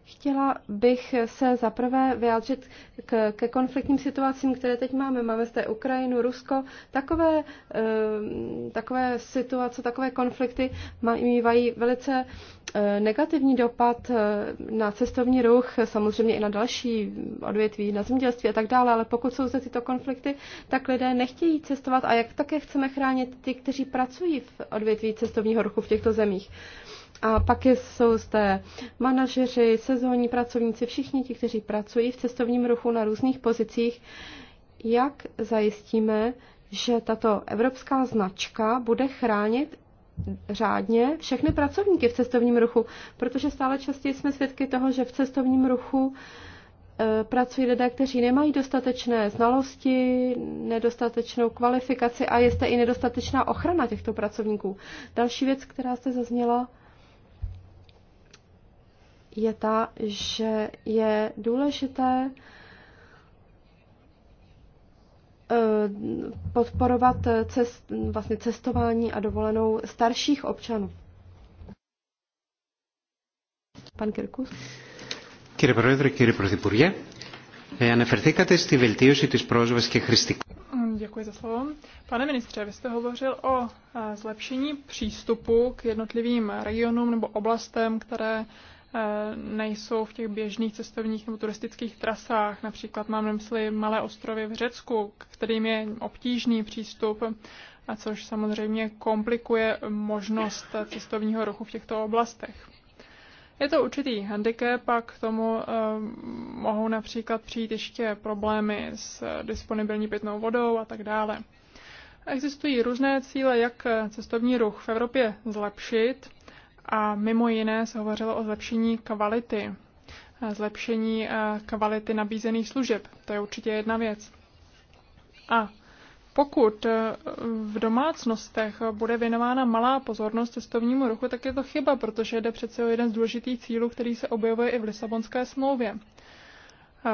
Chtěla bych se zaprvé vyjádřit k, ke konfliktním situacím, které teď máme. Máme zde Ukrajinu, Rusko. Takové, eh, takové situace, takové konflikty mývají velice eh, negativní dopad eh, na cestovní ruch, samozřejmě i na další odvětví, na zemědělství a tak dále, ale pokud jsou zde tyto konflikty, tak lidé nechtějí cestovat a jak také chceme chránit ty, kteří pracují v odvětví cestovního ruchu v těchto zemích. A pak jsou zde manažeři, sezónní pracovníci, všichni ti, kteří pracují v cestovním ruchu na různých pozicích. Jak zajistíme, že tato evropská značka bude chránit řádně všechny pracovníky v cestovním ruchu, protože stále častěji jsme svědky toho, že v cestovním ruchu eh, pracují lidé, kteří nemají dostatečné znalosti, nedostatečnou kvalifikaci a je zde i nedostatečná ochrana těchto pracovníků. Další věc, která jste zazněla, je ta, že je důležité eh, podporovat cest, vlastně cestování a dovolenou starších občanů.
Pan Kirkus.
Kýre Πρόεδρε, kýre Πρωθυπουργέ, ε, αναφερθήκατε στη βελτίωση της πρόσβασης και χρηστικότητας.
Děkuji za slovo. Pane ministře, vy jste hovořil o eh, zlepšení přístupu k jednotlivým regionům nebo oblastem, které Eh, nejsou v těch běžných cestovních nebo turistických trasách. Například mám na mysli malé ostrovy v Řecku, kterým je obtížný přístup, a což samozřejmě komplikuje možnost cestovního ruchu v těchto oblastech. Je to určitý handicap a k tomu eh, mohou například přijít ještě problémy s disponibilní pitnou vodou a tak dále. Existují různé cíle, jak cestovní ruch v Evropě zlepšit a mimo jiné se hovořilo o zlepšení kvality, eh, zlepšení eh, kvality nabízených služeb. To je určitě jedna věc. A pokud eh, v domácnostech bude věnována malá pozornost cestovnímu ruchu, tak je to chyba, protože jde přece o jeden z důležitých cílů, který se objevuje i v Lisabonské smlouvě.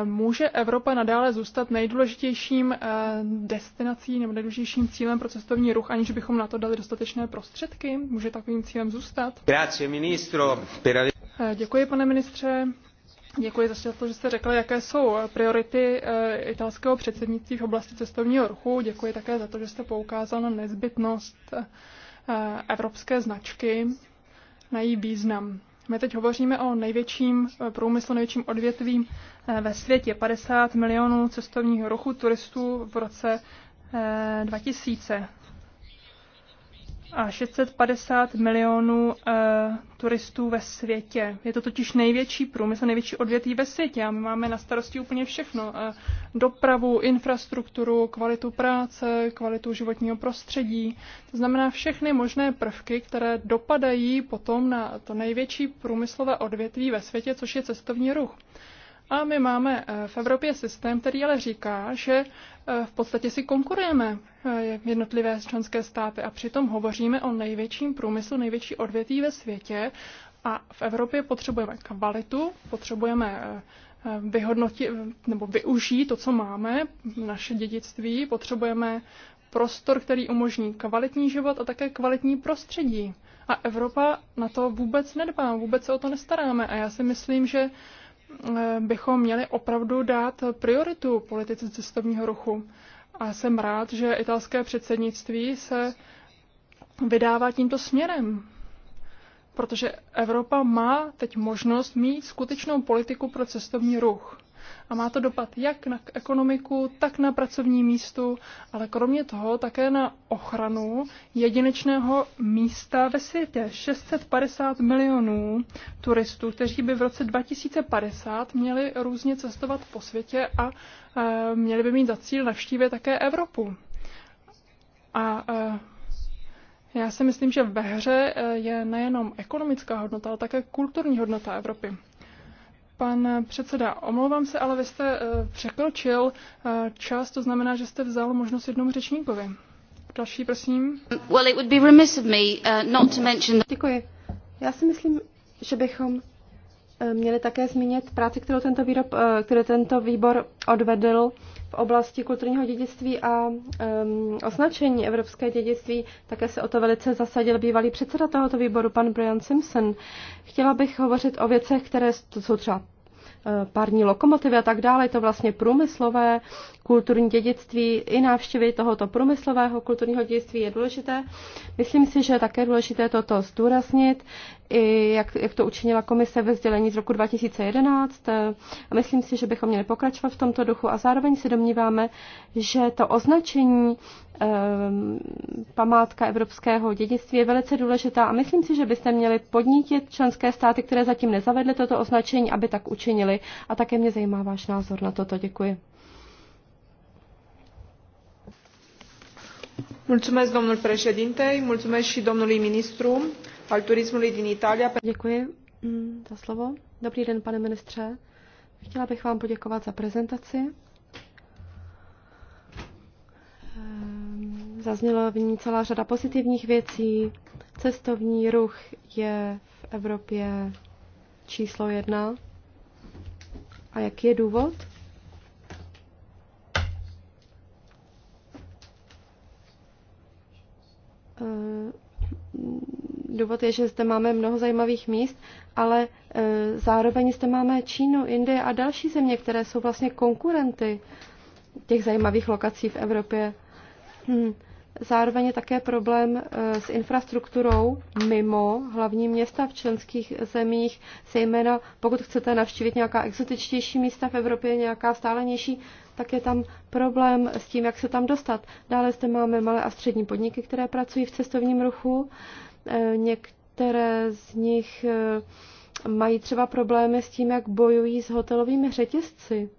Může Evropa nadále zůstat nejdůležitějším eh, destinací nebo nejdůležitějším cílem pro cestovní ruch, aniž bychom na to dali dostatečné prostředky? Může takovým cílem zůstat?
Grazie, ministro. Eh,
děkuji, pane ministře. Děkuji za to, že jste řekla, jaké jsou priority eh, italského předsednictví v oblasti cestovního ruchu. Děkuji také za to, že jste poukázal na nezbytnost evropské značky, na její význam. My teď hovoříme o největším eh, průmyslu, největším odvětvím eh, ve světě. 50 milionů cestovního ruchu turistů v roce 2000. Eh, a 650 milionů e, turistů ve světě. Je to totiž největší průmysl, největší odvětví ve světě a my máme na starosti úplně všechno. E, dopravu, infrastrukturu, kvalitu práce, kvalitu životního prostředí. To znamená všechny možné prvky, které dopadají potom na to největší průmyslové odvětví ve světě, což je cestovní ruch. A my máme eh, v Evropě systém, který ale říká, že eh, v podstatě si konkurujeme eh, jednotlivé členské státy a přitom hovoříme o největším průmyslu, největší odvětví ve světě a v Evropě potřebujeme kvalitu, potřebujeme vyhodnotit nebo využít to, co máme, naše dědictví, potřebujeme prostor, který umožní kvalitní život a také kvalitní prostředí. A Evropa na to vůbec nedbá, vůbec se o to nestaráme. A já si myslím, že Eh, bychom měli opravdu dát prioritu politice cestovního ruchu. A jsem rád, že italské předsednictví se vydává tímto směrem, protože Evropa má teď možnost mít skutečnou politiku pro cestovní ruch. A má to dopad jak na ekonomiku, tak na pracovní místo, ale kromě toho také na ochranu jedinečného místa ve světě. 650 milionů turistů, kteří by v roce 2050 měli různě cestovat po světě a e, měli by mít za cíl navštívit také Evropu. A e, já si myslím, že ve hře eh, je nejenom ekonomická hodnota, ale také kulturní hodnota Evropy. Pan předseda, omlouvám se, ale vy jste eh, překročil eh, čas, to znamená, že jste vzal možnost jednomu řečníkovi. Další, prosím.
Well, it would be remiss of me eh, not to mention... Děkuji. Já si myslím, že bychom měli také zmínit práci, kterou tento, výrob, kterou tento výbor odvedl v oblasti kulturního dědictví a um, označení evropské dědictví. Také se o to velice zasadil bývalý předseda tohoto výboru, pan Brian Simpson. Chtěla bych hovořit o věcech, které jsou třeba Eh, parní lokomotivy a tak dále. Je to vlastně průmyslové kulturní dědictví. I návštěvy tohoto průmyslového kulturního dědictví je důležité. Myslím si, že je také důležité toto zdůraznit i jak, jak to učinila komise ve sdělení z roku 2011. Myslím si, že bychom měli pokračovat v tomto duchu a zároveň si domníváme, že to označení um, památka evropského dědictví je velice důležitá a myslím si, že byste měli podnítit členské státy, které zatím nezavedly toto označení, aby tak učinili. A také mě zajímá váš názor na toto. Děkuji. Mulțumesc, domnul președinte, mulțumesc și domnului ministru al turismului din Italia. Děkuji mm, za slovo. Dobrý den, pane ministře. Chtěla bych vám poděkovat za prezentaci. Ehm, zazněla v ní celá řada pozitivních věcí. Cestovní ruch je v Evropě číslo jedna. A jaký je důvod? Ehm, důvod je, že zde máme mnoho zajímavých míst, ale e, zároveň zde máme Čínu, Indii a další země, které jsou vlastně konkurenty těch zajímavých lokací v Evropě. Hmm. Zároveň je také problém e, s infrastrukturou mimo hlavní města v členských zemích, zejména pokud chcete navštívit nějaká exotičtější místa v Evropě, nějaká stálenější, tak je tam problém s tím, jak se tam dostat. Dále zde máme malé a střední podniky, které pracují v cestovním ruchu. E, některé z nich e, mají třeba problémy s tím, jak bojují s hotelovými řetězci.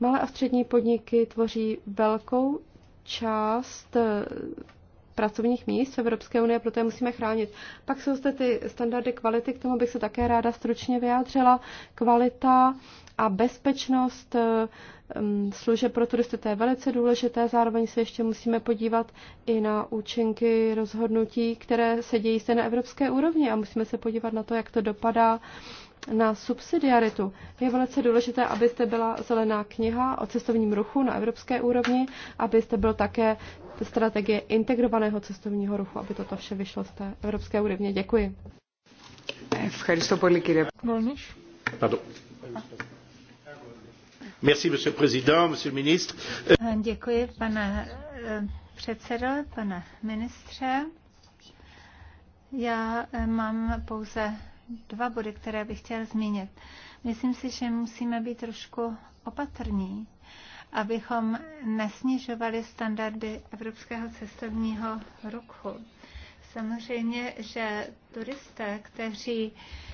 Malé a střední podniky tvoří velkou část e, pracovních míst v Evropské unii, proto je musíme chránit. Pak jsou zde ty standardy kvality, k tomu bych se také ráda stručně vyjádřila. Kvalita a bezpečnost eh, mm, služeb pro turisty, to je velice důležité. Zároveň se ještě musíme podívat i na účinky rozhodnutí, které se dějí zde na evropské úrovni a musíme se podívat na to, jak to dopadá na subsidiaritu. Je velice důležité, aby byla zelená kniha o cestovním ruchu na evropské úrovni, aby byl také strategie integrovaného cestovního ruchu, aby toto vše vyšlo z té evropské úrovně. Děkuji.
Ευχαριστώ πολύ κύριε
Πρόνης
monsieur le président, monsieur le ministre.
Eh, děkuji, pane eh, předsedo, pane ministře. Já eh, mám pouze dva body, které bych chtěla zmínit. Myslím si, že musíme být trošku opatrní, abychom nesnižovali standardy evropského cestovního ruchu. Samozřejmě, že turisté, kteří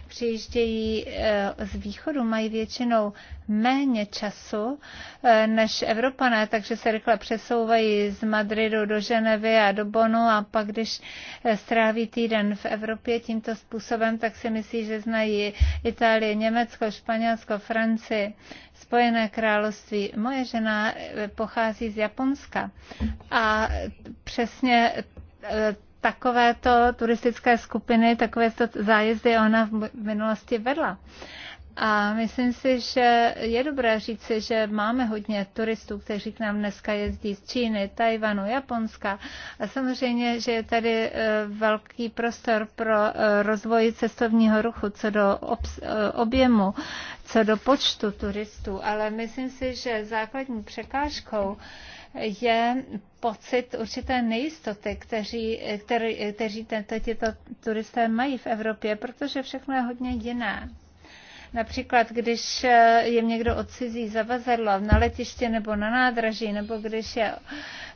přijíždějí eh, z východu, mají většinou méně času eh, než Evropané, takže se rychle přesouvají z Madridu do Ženevy a do Bonu a pak, když eh, stráví týden v Evropě tímto způsobem, tak si myslí, že znají Itálie, Německo, Španělsko, Francii, Spojené království. Moje žena pochází z Japonska a přesně takovéto turistické skupiny, takovéto zájezdy ona v minulosti vedla. A myslím si, že je dobré říci, že máme hodně turistů, kteří k nám dneska jezdí z Číny, Tajvanu, Japonska. A samozřejmě, že je tady eh, velký prostor pro eh, rozvoj cestovního ruchu co do eh, objemu, co do počtu turistů. Ale myslím si, že základní překážkou je pocit určité nejistoty, kteří, který, kteří tento, těto turisté mají v Evropě, protože všechno je hodně jiné. Například, když je někdo odcizí zavazadlo na letiště nebo na nádraží, nebo když je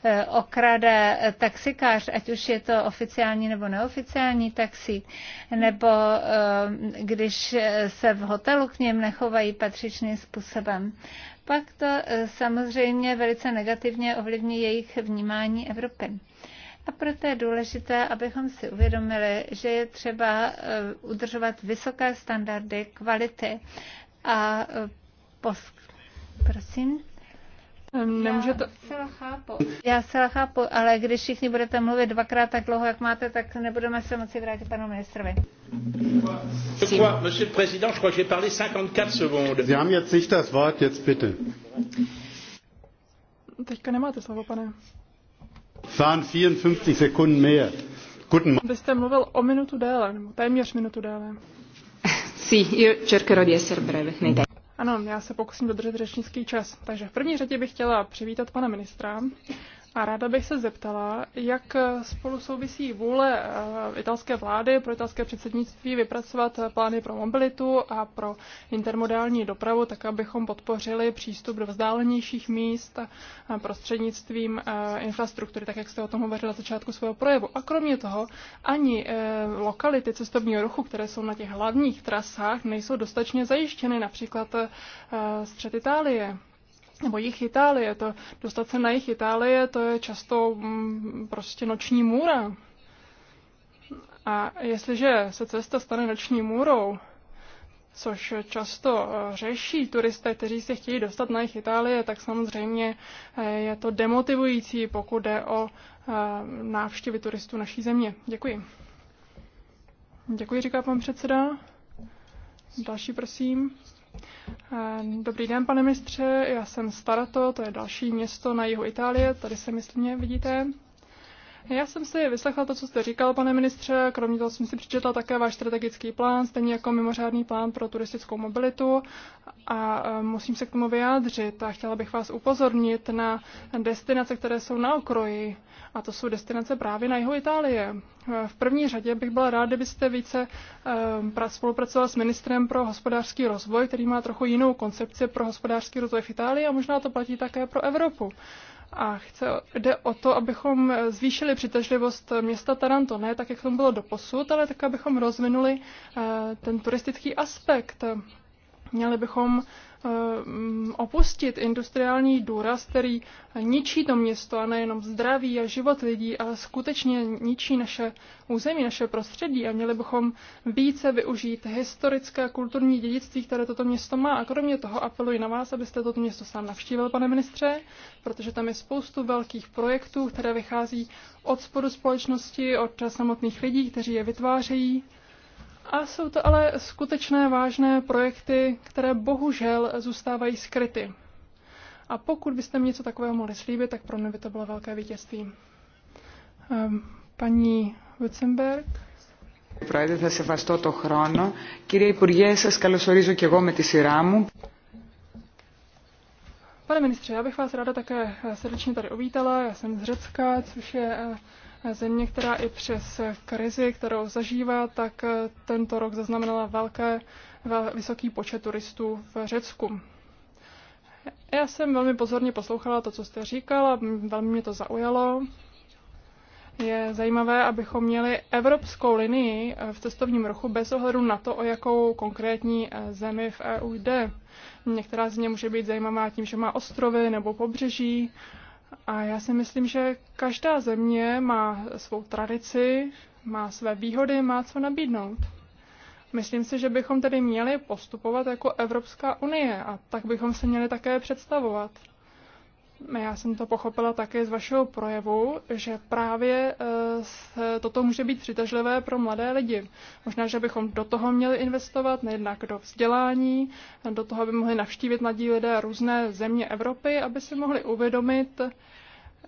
eh, okrade taxikář, ať už je to oficiální nebo neoficiální taxi, nebo eh, když se v hotelu k něm nechovají patřičným způsobem pak to e, samozřejmě velice negativně ovlivní jejich vnímání Evropy. A proto je důležité, abychom si uvědomili, že je třeba e, udržovat vysoké standardy kvality a e, posk... Prosím. Nemůže to... Já se chápu, ale když všichni budete mluvit dvakrát tak dlouho, jak máte, tak nebudeme se moci vrátit panu ministrovi. Sie
haben jetzt nicht das Wort, jetzt bitte.
Teďka nemáte slovo, pane.
Fahren 54 Sekunden mehr. Guten Vy
jste mluvil o minutu déle, nebo téměř minutu déle.
Sí, io cercherò di essere breve nei tempi.
Ano, já se pokusím dodržet řečnický čas. Takže v první řadě bych chtěla přivítat pana ministra a ráda bych se zeptala, jak spolu souvisí vůle eh, italské vlády pro italské předsednictví vypracovat eh, plány pro mobilitu a pro intermodální dopravu, tak abychom podpořili přístup do vzdálenějších míst prostřednictvím eh, infrastruktury, tak jak jste o tom hovořila na začátku svého projevu. A kromě toho ani lokality cestovního ruchu, které jsou na těch hlavních trasách, nejsou dostatečně zajištěny, například střed Itálie nebo jich Itálie. To, dostat se na jich Itálie, to je často mm, prostě noční můra. A jestliže se cesta stane noční můrou, což často eh, řeší turisté, kteří se chtějí dostat na jich Itálie, tak samozřejmě eh, je to demotivující, pokud jde o eh, návštěvy turistů naší země. Děkuji. Děkuji, říká pan předseda. Další, prosím. Eh, dobrý den, pane mistře, já jsem Starato, to je další město na jihu Itálie, tady se myslím, vidíte. Já jsem si vyslechla to, co jste říkal, pane ministře, kromě toho jsem si přečetla také váš strategický plán, stejně jako mimořádný plán pro turistickou mobilitu a e, musím se k tomu vyjádřit a chtěla bych vás upozornit na destinace, které jsou na okroji a to jsou destinace právě na jihu Itálie. E, v první řadě bych byla ráda, kdybyste více e, spolupracoval s ministrem pro hospodářský rozvoj, který má trochu jinou koncepci pro hospodářský rozvoj v Itálii a možná to platí také pro Evropu. A chce, jde o to, abychom zvýšili přitažlivost města Taranto, ne tak, jak tomu bylo doposud, ale tak, abychom rozvinuli eh, ten turistický aspekt. Měli bychom Eh, opustit industriální důraz, který ničí to město a nejenom zdraví a život lidí, ale skutečně ničí naše území, naše prostředí a měli bychom více využít historické a kulturní dědictví, které toto město má. A kromě toho apeluji na vás, abyste toto město sám navštívil, pane ministře, protože tam je spoustu velkých projektů, které vychází od spodu společnosti, od samotných lidí, kteří je vytvářejí a jsou to ale skutečné vážné projekty, které bohužel zůstávají skryty. A pokud byste mi něco takového mohli slíbit, tak pro mě by to bylo velké vítězství. Ehm, paní Witzenberg. Πρόεδρε, θα σεβαστώ το χρόνο. Κύριε Υπουργέ, σας καλωσορίζω και εγώ με τη σειρά μου. Pane ministře, já bych vás ráda také srdečně tady uvítala. Já jsem z Řecka, což je eh, země, která i přes krizi, kterou zažívá, tak eh, tento rok zaznamenala velké, vysoký počet turistů v Řecku. Já jsem velmi pozorně poslouchala to, co jste říkal a velmi mě to zaujalo. Je zajímavé, abychom měli evropskou linii eh, v cestovním ruchu bez ohledu na to, o jakou konkrétní eh, zemi v EU jde. Některá země může být zajímavá tím, že má ostrovy nebo pobřeží a já si myslím, že každá země má svou tradici, má své výhody, má co nabídnout. Myslím si, že bychom tedy měli postupovat jako Evropská unie a tak bychom se měli také představovat já jsem to pochopila také z vašeho projevu, že právě eh, toto může být přitažlivé pro mladé lidi. Možná, že bychom do toho měli investovat, nejednak do vzdělání, do toho, aby mohli navštívit mladí lidé různé země Evropy, aby si mohli uvědomit,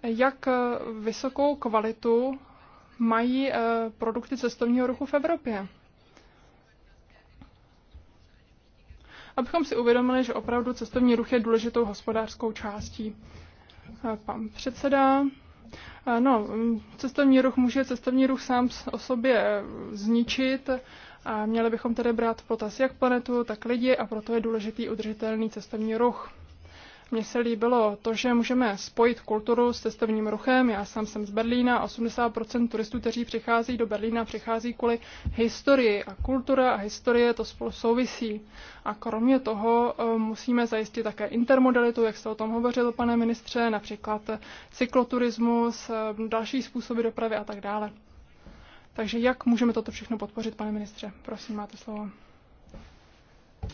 jak eh, vysokou kvalitu mají eh, produkty cestovního ruchu v Evropě. abychom si uvědomili, že opravdu cestovní ruch je důležitou hospodářskou částí pan předseda. Eh, no, cestovní ruch může cestovní ruch sám o sobě eh, zničit a měli bychom tedy brát v potaz jak planetu, tak lidi a proto je důležitý udržitelný cestovní ruch. Mně se líbilo to, že můžeme spojit kulturu s cestovním ruchem. Já sám jsem z Berlína. 80% turistů, kteří přichází do Berlína, přichází kvůli historii. A kultura a historie to spolu souvisí. A kromě toho eh, musíme zajistit také intermodalitu, jak jste o tom hovořil, pane ministře, například cykloturismus, eh, další způsoby dopravy a tak dále. Takže jak můžeme toto všechno podpořit, pane ministře? Prosím, máte slovo.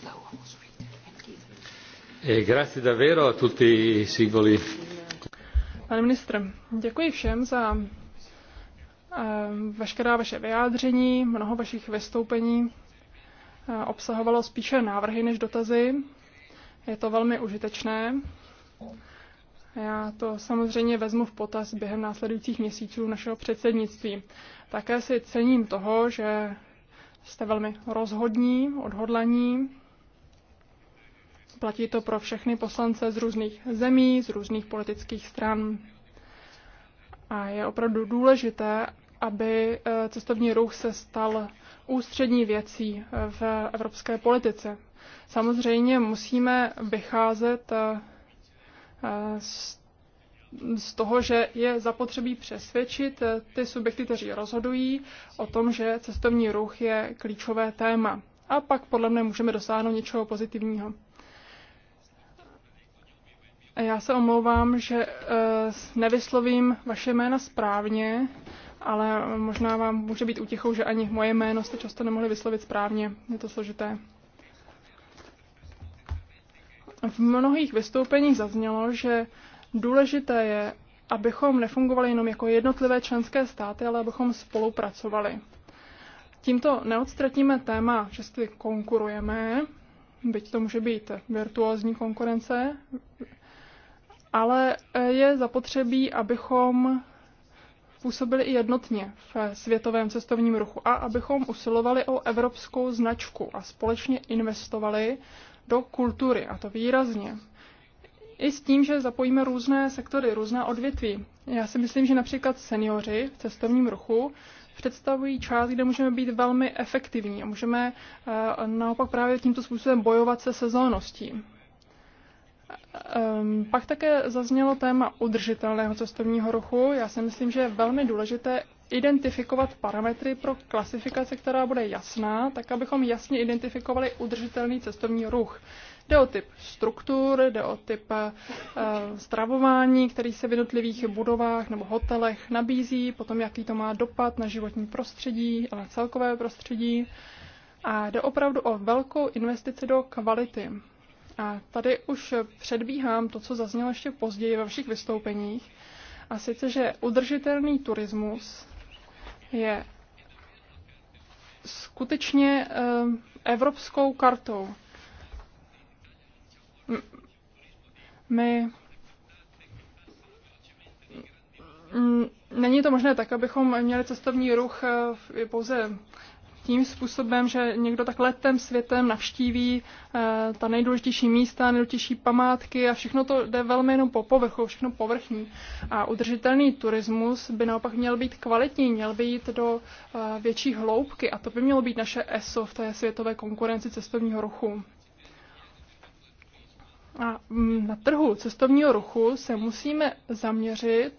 Dlouho
musíte. E,
Pane ministře, děkuji všem za e, veškerá vaše vyjádření, mnoho vašich vystoupení e, obsahovalo spíše návrhy než dotazy. Je to velmi užitečné. Já to samozřejmě vezmu v potaz během následujících měsíců našeho předsednictví. Také si cením toho, že jste velmi rozhodní, odhodlaní Platí to pro všechny poslance z různých zemí, z různých politických stran. A je opravdu důležité, aby eh, cestovní ruch se stal ústřední věcí eh, v evropské politice. Samozřejmě musíme vycházet eh, z toho, že je zapotřebí přesvědčit ty subjekty, kteří rozhodují o tom, že cestovní ruch je klíčové téma. A pak podle mě můžeme dosáhnout něčeho pozitivního. Já se omlouvám, že eh, nevyslovím vaše jména správně, ale možná vám může být utichou, že ani moje jméno jste často nemohli vyslovit správně. Je to složité. V mnohých vystoupeních zaznělo, že důležité je, abychom nefungovali jenom jako jednotlivé členské státy, ale abychom spolupracovali. Tímto neodstratíme téma, že si konkurujeme, byť to může být virtuózní konkurence, ale eh, je zapotřebí, abychom působili i jednotně v světovém cestovním ruchu a abychom usilovali o evropskou značku a společně investovali do kultury, a to výrazně. I s tím, že zapojíme různé sektory, různá odvětví. Já si myslím, že například seniori v cestovním ruchu představují část, kde můžeme být velmi efektivní a můžeme eh, naopak právě tímto způsobem bojovat se sezónností. Ehm, pak také zaznělo téma udržitelného cestovního ruchu. Já si myslím, že je velmi důležité identifikovat parametry pro klasifikaci, která bude jasná, tak abychom jasně identifikovali udržitelný cestovní ruch. Jde o typ struktur, jde o typ uh, stravování, který se v jednotlivých budovách nebo hotelech nabízí, potom jaký to má dopad na životní prostředí, ale celkové prostředí. A jde opravdu o velkou investici do kvality. A tady už předbíhám to, co zaznělo ještě později ve vašich vystoupeních, a sice, že udržitelný turismus je skutečně ehm, evropskou kartou. My Není to možné tak, abychom měli cestovní ruch ehm, pouze tím způsobem, že někdo tak letem světem navštíví eh, ta nejdůležitější místa, nejdůležitější památky a všechno to jde velmi jenom po povrchu, všechno povrchní. A udržitelný turismus by naopak měl být kvalitní, měl by jít do eh, větší hloubky a to by mělo být naše ESO v té světové konkurenci cestovního ruchu. A mm, na trhu cestovního ruchu se musíme zaměřit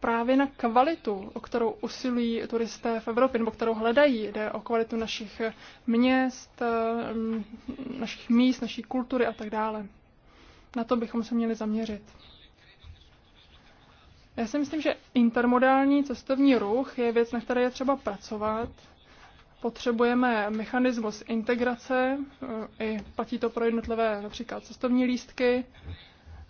právě na kvalitu, o kterou usilují turisté v Evropě, nebo kterou hledají. Jde o kvalitu našich měst, mm, našich míst, naší kultury a tak dále. Na to bychom se měli zaměřit. Já si myslím, že intermodální cestovní ruch je věc, na které je třeba pracovat. Potřebujeme mechanismus integrace, e, i platí to pro jednotlivé například cestovní lístky,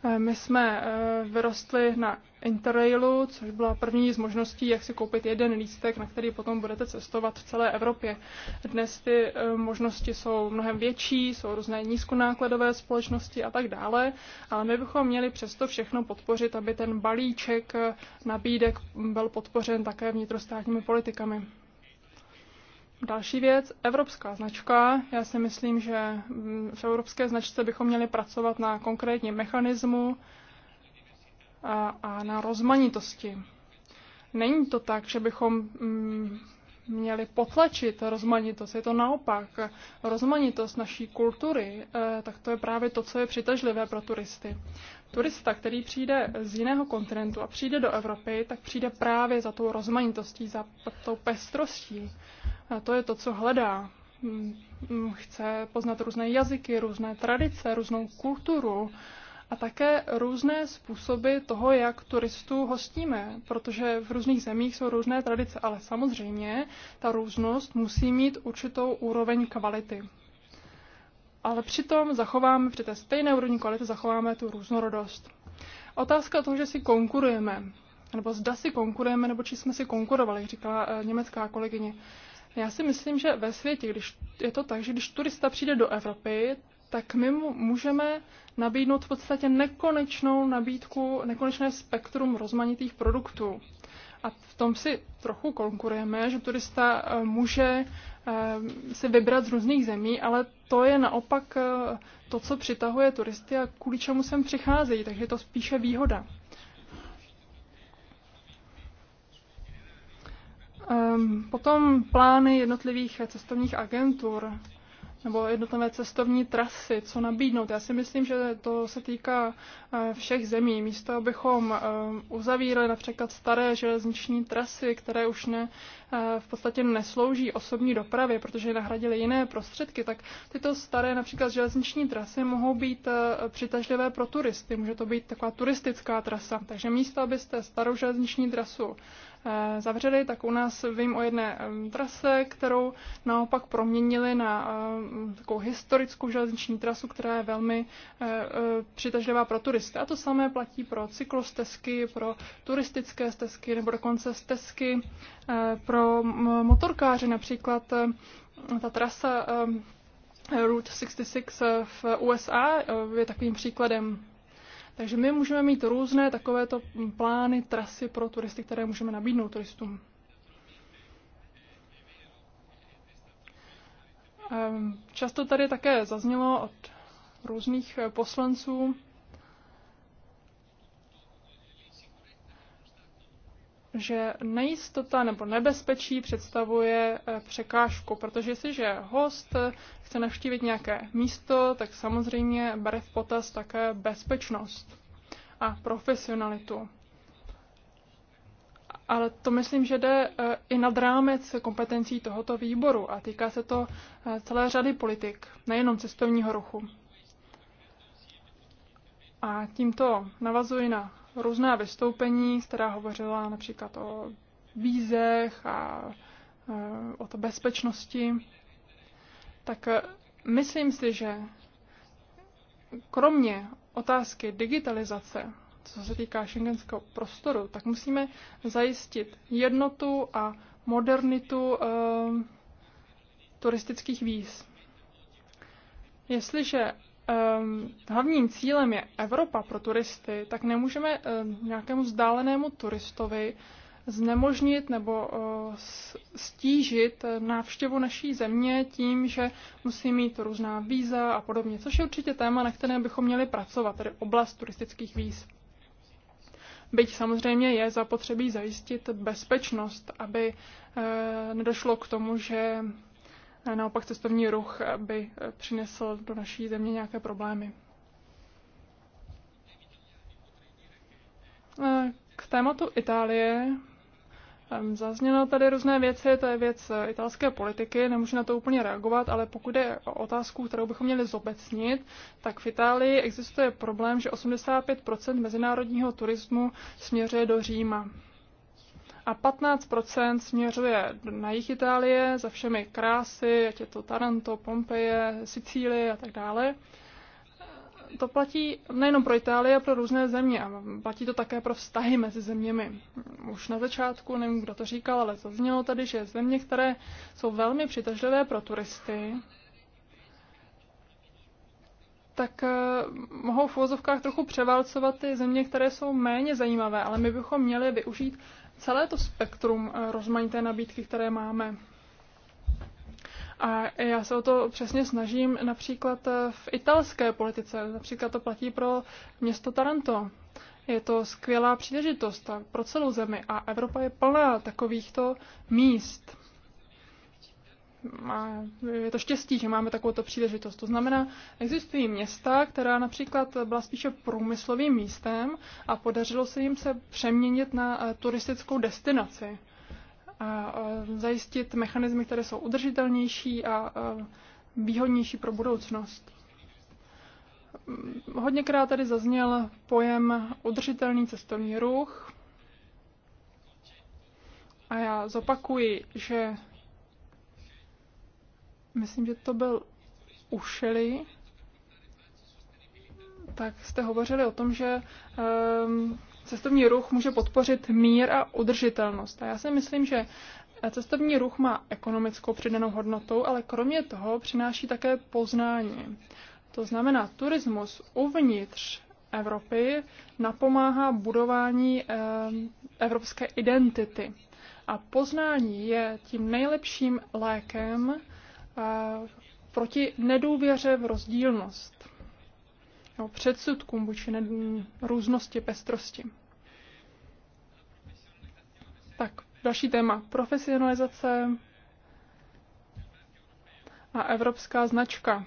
Eh, my jsme eh, vyrostli na Interrailu, což byla první z možností, jak si koupit jeden lístek, na který potom budete cestovat v celé Evropě. Dnes ty eh, možnosti jsou mnohem větší, jsou různé nízkonákladové společnosti a tak dále, ale my bychom měli přesto všechno podpořit, aby ten balíček nabídek byl podpořen také vnitrostátními politikami. Další věc, evropská značka. Já si myslím, že mm, v evropské značce bychom měli pracovat na konkrétním mechanismu a, a na rozmanitosti. Není to tak, že bychom mm, měli potlačit rozmanitost. Je to naopak. Rozmanitost naší kultury, eh, tak to je právě to, co je přitažlivé pro turisty. Turista, který přijde z jiného kontinentu a přijde do Evropy, tak přijde právě za tou rozmanitostí, za tou pestrostí. A to je to, co hledá. Hmm, hmm, chce poznat různé jazyky, různé tradice, různou kulturu a také různé způsoby toho, jak turistů hostíme, protože v různých zemích jsou různé tradice, ale samozřejmě ta různost musí mít určitou úroveň kvality. Ale přitom zachováme při té stejné úrovni kvality zachováme tu různorodost. Otázka toho, že si konkurujeme, nebo zda si konkurujeme, nebo či jsme si konkurovali, říkala eh, německá kolegyně. Já si myslím, že ve světě, když je to tak, že když turista přijde do Evropy, tak my mu můžeme nabídnout v podstatě nekonečnou nabídku, nekonečné spektrum rozmanitých produktů. A v tom si trochu konkurujeme, že turista eh, může eh, si vybrat z různých zemí, ale to je naopak eh, to, co přitahuje turisty a kvůli čemu sem přicházejí, takže je to spíše výhoda. Ehm, potom plány jednotlivých cestovních agentur nebo jednotlivé cestovní trasy, co nabídnout. Já si myslím, že to se týká eh, všech zemí. Místo, abychom eh, uzavírali například staré železniční trasy, které už ne, eh, v podstatě neslouží osobní dopravě, protože nahradily jiné prostředky, tak tyto staré například železniční trasy mohou být přitažlivé pro turisty. Může to být taková turistická trasa. Takže místo, abyste starou železniční trasu Eh, zavřeli, tak u nás vím o jedné eh, trase, kterou naopak proměnili na eh, takovou historickou železniční trasu, která je velmi přitažlivá pro turisty. A to samé platí pro cyklostezky, pro turistické stezky nebo dokonce stezky pro motorkáře. Například ta trasa Route 66 v USA je takovým příkladem takže my můžeme mít různé takovéto plány, trasy pro turisty, které můžeme nabídnout turistům. Ehm, často tady také zaznělo od různých eh, poslanců, že nejistota nebo nebezpečí představuje eh, překážku, protože jestliže host eh, chce navštívit nějaké místo, tak samozřejmě bere v potaz také bezpečnost a profesionalitu. Ale to myslím, že jde eh, i nad rámec kompetencí tohoto výboru a týká se to celé řady politik, nejenom cestovního ruchu. A tímto navazuji na různá vystoupení, která hovořila například o vízech a e, o to bezpečnosti, tak e, myslím si, že kromě otázky digitalizace, co se týká šengenského prostoru, tak musíme zajistit jednotu a modernitu e, turistických víz. Jestliže um, hlavním cílem je Evropa pro turisty, tak nemůžeme um, nějakému vzdálenému turistovi znemožnit nebo uh, stížit eh, návštěvu naší země tím, že musí mít různá víza a podobně, což je určitě téma, na které bychom měli pracovat, tedy oblast turistických víz. Byť samozřejmě je zapotřebí zajistit bezpečnost, aby eh, nedošlo k tomu, že naopak cestovní ruch by eh, přinesl do naší země nějaké problémy. Eh, k tématu Itálie eh, Zaznělo tady různé věci, to je věc italské politiky, nemůžu na to úplně reagovat, ale pokud je o otázku, kterou bychom měli zobecnit, tak v Itálii existuje problém, že 85% mezinárodního turismu směřuje do Říma a 15% směřuje na jich Itálie za všemi krásy, ať je to Taranto, Pompeje, Sicílie a tak dále. To platí nejenom pro Itálii a pro různé země, a platí to také pro vztahy mezi zeměmi. Už na začátku, nevím, kdo to říkal, ale zaznělo tady, že země, které jsou velmi přitažlivé pro turisty, tak eh, mohou v trochu převálcovat ty země, které jsou méně zajímavé, ale my bychom měli využít celé to spektrum eh, rozmanité nabídky, které máme. A já se o to přesně snažím například eh, v italské politice. Například to platí pro město Taranto. Je to skvělá příležitost pro celou zemi a Evropa je plná takovýchto míst má, je to štěstí, že máme takovouto příležitost. To znamená, existují města, která například byla spíše průmyslovým místem a podařilo se jim se přeměnit na eh, turistickou destinaci a eh, zajistit mechanismy, které jsou udržitelnější a eh, výhodnější pro budoucnost. Mm, hodněkrát tady zazněl pojem udržitelný cestovní ruch. A já zopakuji, že myslím, že to byl Ušeli, tak jste hovořili o tom, že ehm, cestovní ruch může podpořit mír a udržitelnost. A já si myslím, že cestovní ruch má ekonomickou přidanou hodnotu, ale kromě toho přináší také poznání. To znamená, turismus uvnitř Evropy napomáhá budování ehm, evropské identity. A poznání je tím nejlepším lékem, proti nedůvěře v rozdílnost, jo, předsudkům vůči různosti, pestrosti. Tak, další téma. Profesionalizace a evropská značka.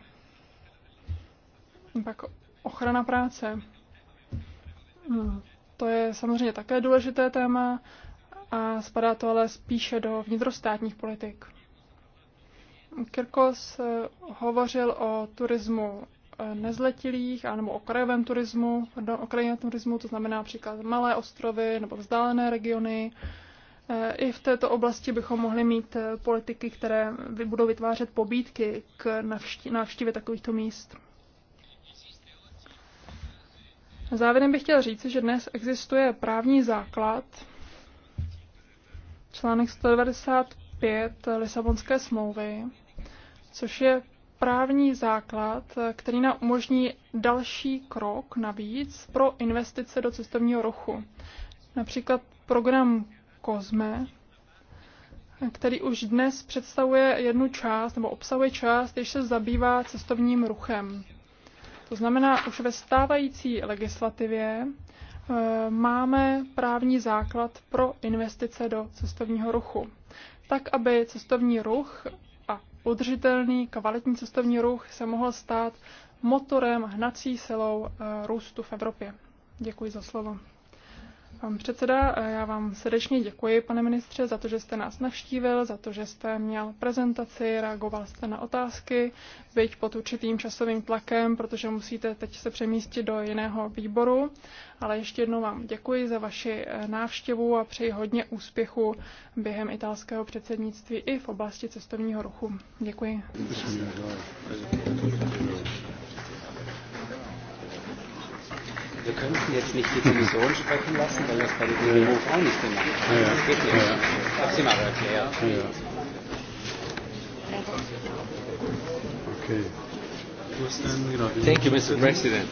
Pak ochrana práce. Hmm, to je samozřejmě také důležité téma a spadá to ale spíše do vnitrostátních politik. Kirkos eh, hovořil o turismu eh, nezletilých, anebo okrajovém turismu, pardon, krajovém turismu, to znamená například malé ostrovy nebo vzdálené regiony. Eh, I v této oblasti bychom mohli mít politiky, které budou vytvářet pobídky k návštěvě takovýchto míst. Závěrem bych chtěl říct, že dnes existuje právní základ, článek 195 Lisabonské smlouvy, což je právní základ, který nám umožní další krok navíc pro investice do cestovního ruchu. Například program COSME, který už dnes představuje jednu část, nebo obsahuje část, když se zabývá cestovním ruchem. To znamená, už ve stávající legislativě eh, máme právní základ pro investice do cestovního ruchu, tak aby cestovní ruch udržitelný, kvalitní cestovní ruch se mohl stát motorem, hnací silou eh, růstu v Evropě. Děkuji za slovo. Pan předseda, eh, já vám srdečně děkuji, pane ministře, za to, že jste nás navštívil, za to, že jste měl prezentaci, reagoval jste na otázky, byť pod určitým časovým tlakem, protože musíte teď se přemístit do jiného výboru. Ale ještě jednou vám děkuji za vaši eh, návštěvu a přeji hodně úspěchu během italského předsednictví i v oblasti cestovního ruchu. Děkuji.
wir könnten jetzt nicht die Kommission sprechen lassen, weil das bei dem ja. Hof auch nicht gemacht wird. Ja. Das geht nicht. Ja. Ich habe es ihm erklärt. Ja. Okay. Thank you, Mr. President.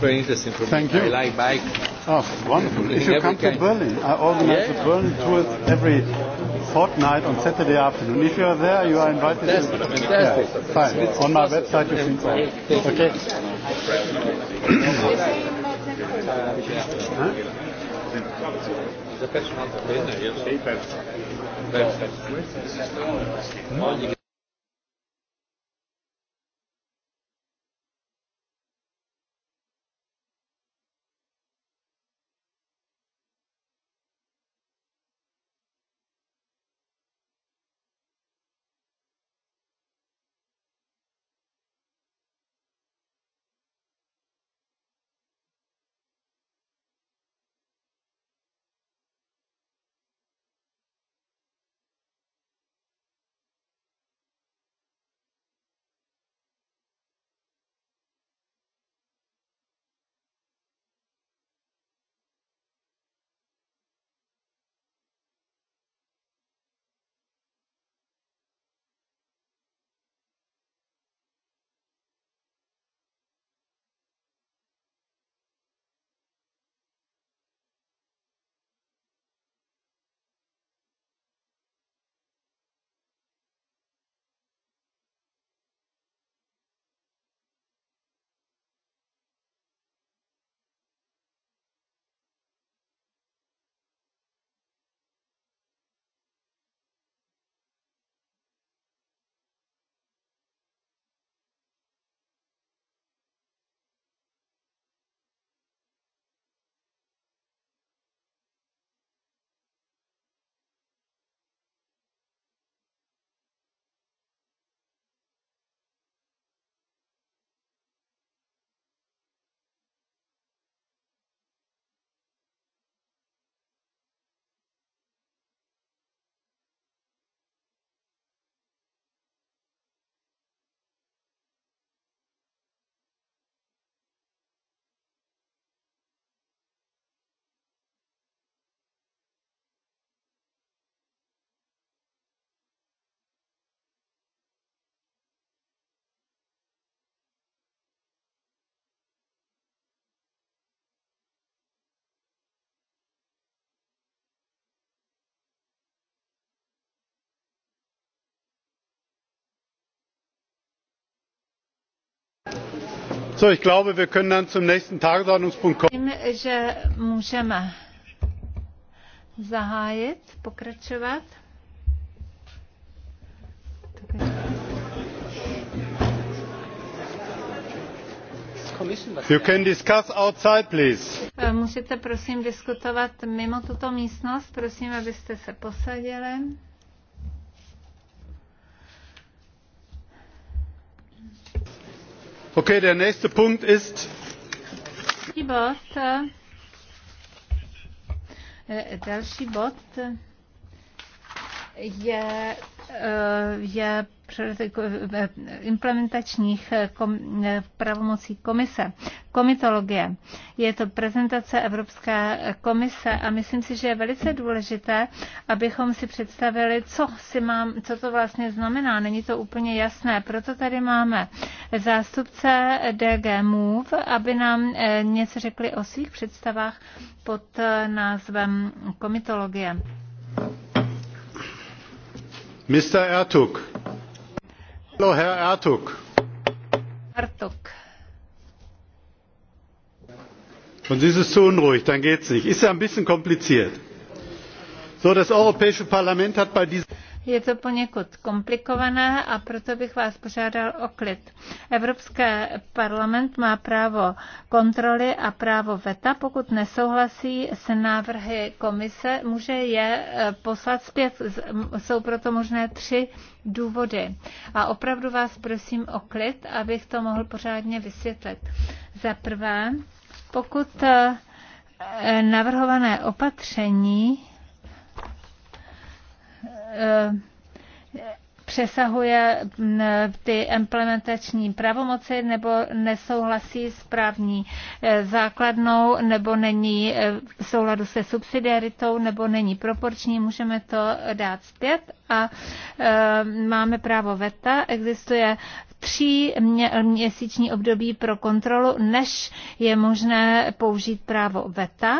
very interesting for me. Thank you. I like bike. Oh, wonderful. If you come to Berlin, I organize yeah. a Berlin tour every fortnight on Saturday afternoon. If you are there, you are invited. That's fantastic. Yeah, fine. on my website, you can. Okay. Eh? So, ich glaube, wir können dann zum nächsten Tagesordnungspunkt kommen.
Myslím, že můžeme zahájit, pokračovat. You
can discuss outside, please.
Musíte prosím diskutovat mimo tuto místnost, prosím, abyste se posadili.
Okay, der nächste Punkt ist
je implementačních pravomocí komise. Komitologie. Je to prezentace Evropské komise a myslím si, že je velice důležité, abychom si představili, co, si mám, co to vlastně znamená. Není to úplně jasné. Proto tady máme zástupce DG Move, aby nám eh, něco řekli o svých představách pod eh, názvem komitologie.
Mr. Ertug. Hallo, Herr Ertug. Ertug. Und Sie ist zu unruhig, dann geht's nicht. Ist ja ein bisschen kompliziert. So, das Europäische Parlament hat bei diesem
je to poněkud komplikované a proto bych vás požádal o klid. Evropský parlament má právo kontroly a právo VETA. Pokud nesouhlasí s návrhy komise, může je eh, poslat zpět. Jsou proto možné tři důvody. A opravdu vás prosím o klid, abych to mohl pořádně vysvětlit. Za prvé, pokud eh, navrhované opatření Eh, přesahuje mm, eh, ty implementační pravomoci nebo nesouhlasí s právní eh, základnou nebo není v souladu se subsidiaritou nebo není proporční, můžeme to dát zpět a máme právo VETA. Existuje tří měsíční období pro kontrolu, než je možné použít právo VETA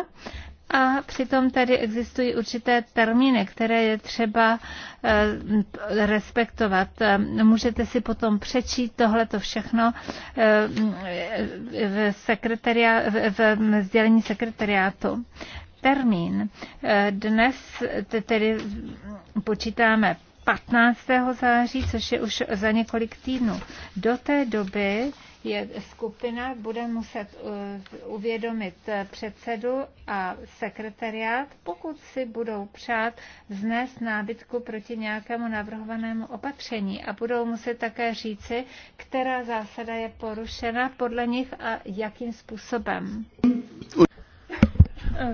a přitom tady existují určité termíny, které je třeba eh, respektovat. Eh, můžete si potom přečít tohleto všechno eh, v, sekretaria, v sdělení sekretariátu. Termín. Dnes tedy počítáme 15. září, což je už za několik týdnů. Do té doby je skupina bude muset uh, uvědomit eh, předsedu a sekretariát, pokud si budou přát vznést nábytku proti nějakému navrhovanému opatření a budou muset také říci, která zásada je porušena podle nich a jakým způsobem.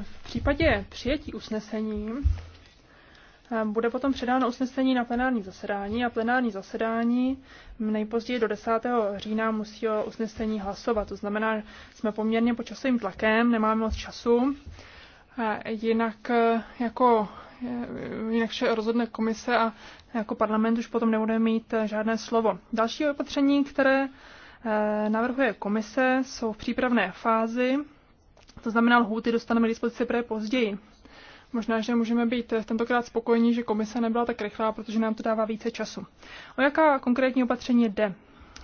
V případě přijetí usnesení Ehm, bude potom předáno usnesení na plenární zasedání a plenární zasedání nejpozději do 10. října musí o usnesení hlasovat. To znamená, jsme poměrně pod časovým tlakem, nemáme moc času. Jinak eh, jako eh, jinak vše rozhodne komise a jako parlament už potom nebude mít eh, žádné slovo. Další opatření, které navrhuje komise, jsou v přípravné fázi, to znamená lhůty dostaneme dispozici pro později. Možná, že můžeme být tentokrát spokojení, že komise nebyla tak rychlá, protože nám to dává více času. O jaká konkrétní opatření jde?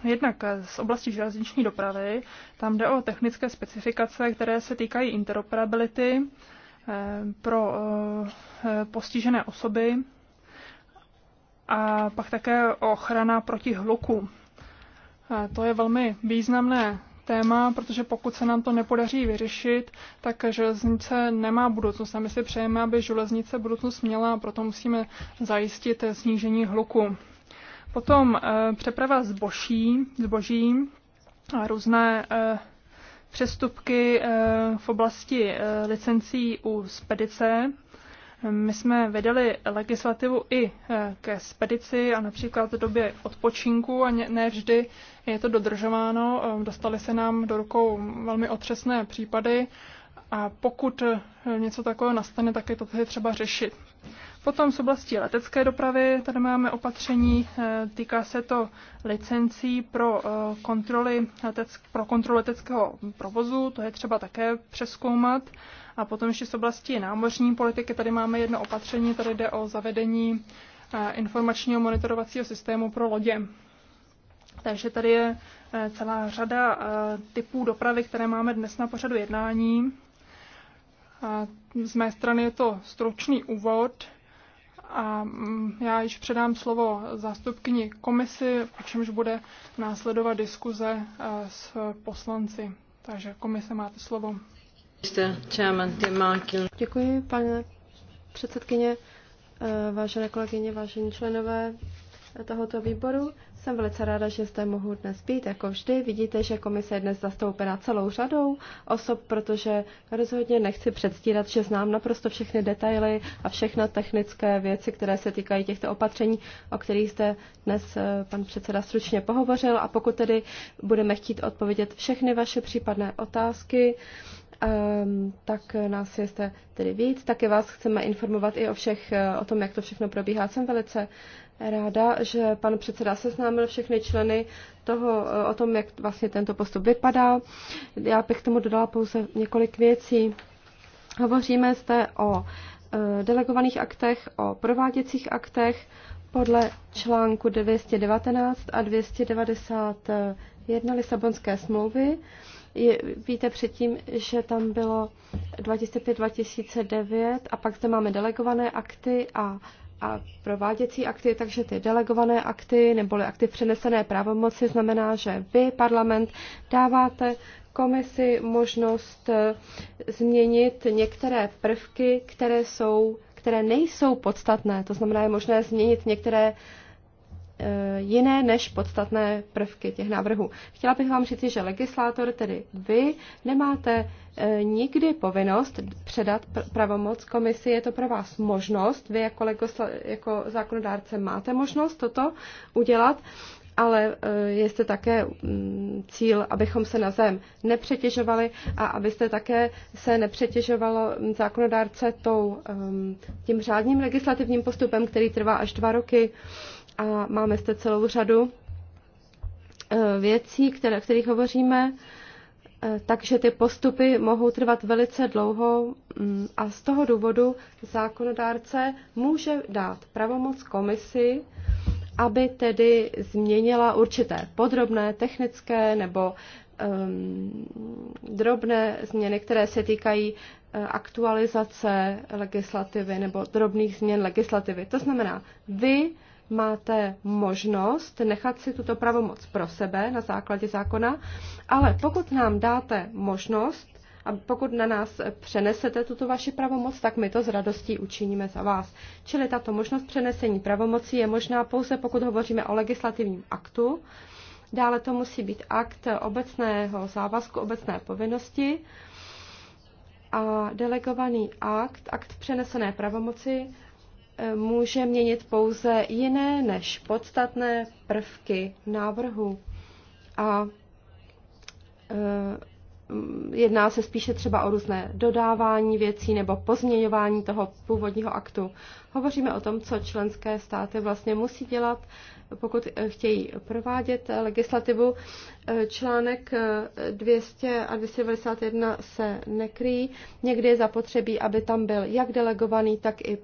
Jednak z oblasti železniční dopravy, tam jde o technické specifikace, které se týkají interoperability eh, pro eh, postižené osoby a pak také ochrana proti hluku. Eh, to je velmi významné téma, protože pokud se nám to nepodaří vyřešit, tak železnice nemá budoucnost. A my si přejeme, aby železnice budoucnost měla a proto musíme zajistit snížení hluku. Potom eh, přeprava zboží, zboží a různé eh, přestupky eh, v oblasti licencí u spedice. My jsme vedeli legislativu i eh, ke spedici a například v době odpočinku a ne vždy je to dodržováno. Eh, Dostali se nám do rukou velmi otřesné případy a pokud eh, něco takového nastane, tak je to tedy třeba řešit. Potom z oblasti letecké dopravy tady máme opatření, eh, týká se to licencí pro, eh, kontroly leteck, pro kontrolu leteckého provozu, to je třeba také přeskoumat. A potom ještě z oblasti námořní politiky tady máme jedno opatření, tady jde o zavedení eh, informačního monitorovacího systému pro lodě. Takže tady je celá řada typů dopravy, které máme dnes na pořadu jednání. z mé strany je to stručný úvod. A mm, já již předám slovo zástupkyni komisi, přičemž bude následovat diskuze e, s poslanci. Takže komise, máte slovo. Děkuji, pane předsedkyně, e, vážené kolegyně, vážení
členové tohoto výboru. Jsem velice ráda, že zde mohu dnes být. Jako vždy vidíte, že komise je dnes zastoupena celou řadou osob, protože rozhodně nechci předstírat, že znám naprosto všechny detaily a všechny technické věci, které se týkají těchto opatření, o kterých zde dnes eh, pan předseda stručně pohovořil. A pokud tedy budeme chtít odpovědět všechny vaše případné otázky, um, tak nás je zde tedy víc. Také vás chceme informovat i o všech, eh, o tom, jak to všechno probíhá. Jsem velice ráda, že pan předseda seznámil všechny členy toho, eh, o tom, jak vlastně tento postup vypadá. Já bych k tomu dodala pouze několik věcí. Hovoříme zde o eh, delegovaných aktech, o prováděcích aktech podle článku 219 a 291 Lisabonské smlouvy. Je, víte předtím, že tam bylo 2005-2009 a pak zde máme delegované akty a a prováděcí akty, takže ty delegované akty neboli akty přenesené právomoci znamená, že vy, parlament, dáváte komisi možnost eh, změnit některé prvky, které, jsou, které nejsou podstatné. To znamená, je možné změnit některé Eh, jiné než podstatné prvky těch návrhů. Chtěla bych vám říct, že legislátor, tedy vy, nemáte eh, nikdy povinnost předat pravomoc komisi, je to pro vás možnost, vy jako, jako zákonodárce máte možnost toto udělat, ale eh, je zde také mm, cíl, abychom se na zem nepřetěžovali a abyste také se nepřetěžovalo mm, zákonodárce tou, ehm, tím řádním legislativním postupem, který trvá až dva roky a máme zde celou řadu eh, věcí, které, kterých hovoříme, eh, takže ty postupy mohou trvat velice dlouho mm, a z toho důvodu zákonodárce může dát pravomoc komisi, aby tedy změnila určité podrobné technické nebo um, drobné změny, které se týkají eh, aktualizace legislativy nebo drobných změn legislativy. To znamená, vy máte možnost nechat si tuto pravomoc pro sebe na základě zákona, ale pokud nám dáte možnost a pokud na nás přenesete tuto vaši pravomoc, tak my to s radostí učiníme za vás. Čili tato možnost přenesení pravomocí je možná pouze, pokud hovoříme o legislativním aktu. Dále to musí být akt obecného závazku, obecné povinnosti a delegovaný akt, akt přenesené pravomoci, může měnit pouze jiné než podstatné prvky návrhu. A eh, jedná se spíše třeba o různé dodávání věcí nebo pozměňování toho původního aktu. Hovoříme o tom, co členské státy vlastně musí dělat, pokud eh, chtějí provádět eh, legislativu. Eh, článek 200 a 291 se nekryjí. Někdy je zapotřebí, aby tam byl jak delegovaný, tak i,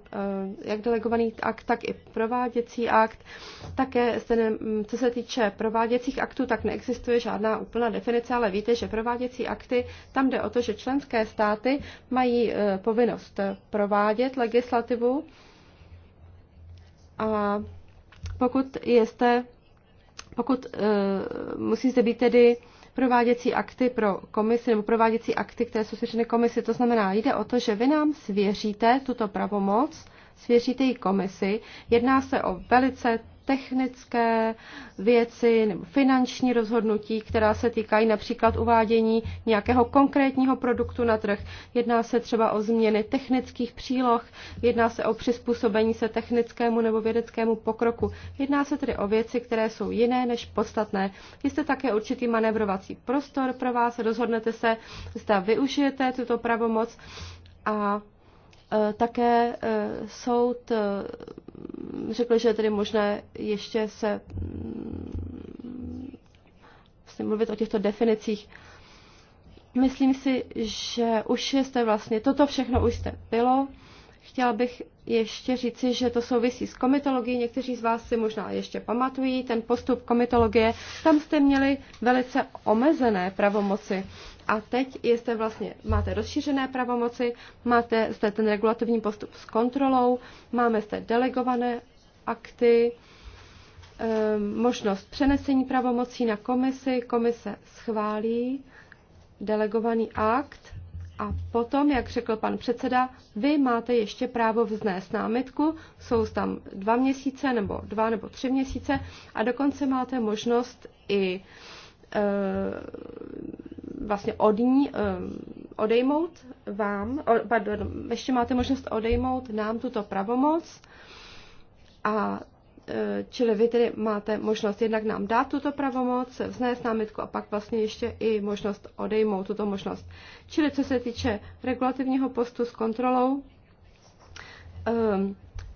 jak delegovaný akt, tak i prováděcí akt. Také, mm, co se týče prováděcích aktů, tak neexistuje žádná úplná definice, ale víte, že prováděcí akty, tam jde o to, že členské státy mají povinnost provádět legislativu, a pokud jste, pokud uh, musíte být tedy prováděcí akty pro komisi nebo prováděcí akty, které jsou svěřeny komisi, to znamená, jde o to, že vy nám svěříte tuto pravomoc, svěříte ji komisi. Jedná se o velice technické věci nebo finanční rozhodnutí, která se týkají například uvádění nějakého konkrétního produktu na trh. Jedná se třeba o změny technických příloh, jedná se o přizpůsobení se technickému nebo vědeckému pokroku. Jedná se tedy o věci, které jsou jiné než podstatné. Jste také určitý manevrovací prostor pro vás, rozhodnete se, zda využijete tuto pravomoc a e, také e, soud e, řekl, že je tedy možné ještě se mm, vlastně mluvit o těchto definicích. Myslím si, že už jste vlastně, toto všechno už jste bylo. Chtěla bych ještě říci, že to souvisí s komitologií. Někteří z vás si možná ještě pamatují ten postup komitologie. Tam jste měli velice omezené pravomoci. A teď jste vlastně, máte rozšířené pravomoci, máte zde ten regulativní postup s kontrolou, máme zde delegované akty, ehm, možnost přenesení pravomocí na komisi, komise schválí delegovaný akt a potom, jak řekl pan předseda, vy máte ještě právo vznést námitku, jsou tam dva měsíce nebo dva nebo tři měsíce a dokonce máte možnost i e, vlastně od ní e, odejmout vám, o, pardon, ještě máte možnost odejmout nám tuto pravomoc a Eh, čili vy tedy máte možnost jednak nám dát tuto pravomoc, vznést námitku a pak vlastně ještě i možnost odejmout tuto možnost. Čili co se týče regulativního postu s kontrolou, eh,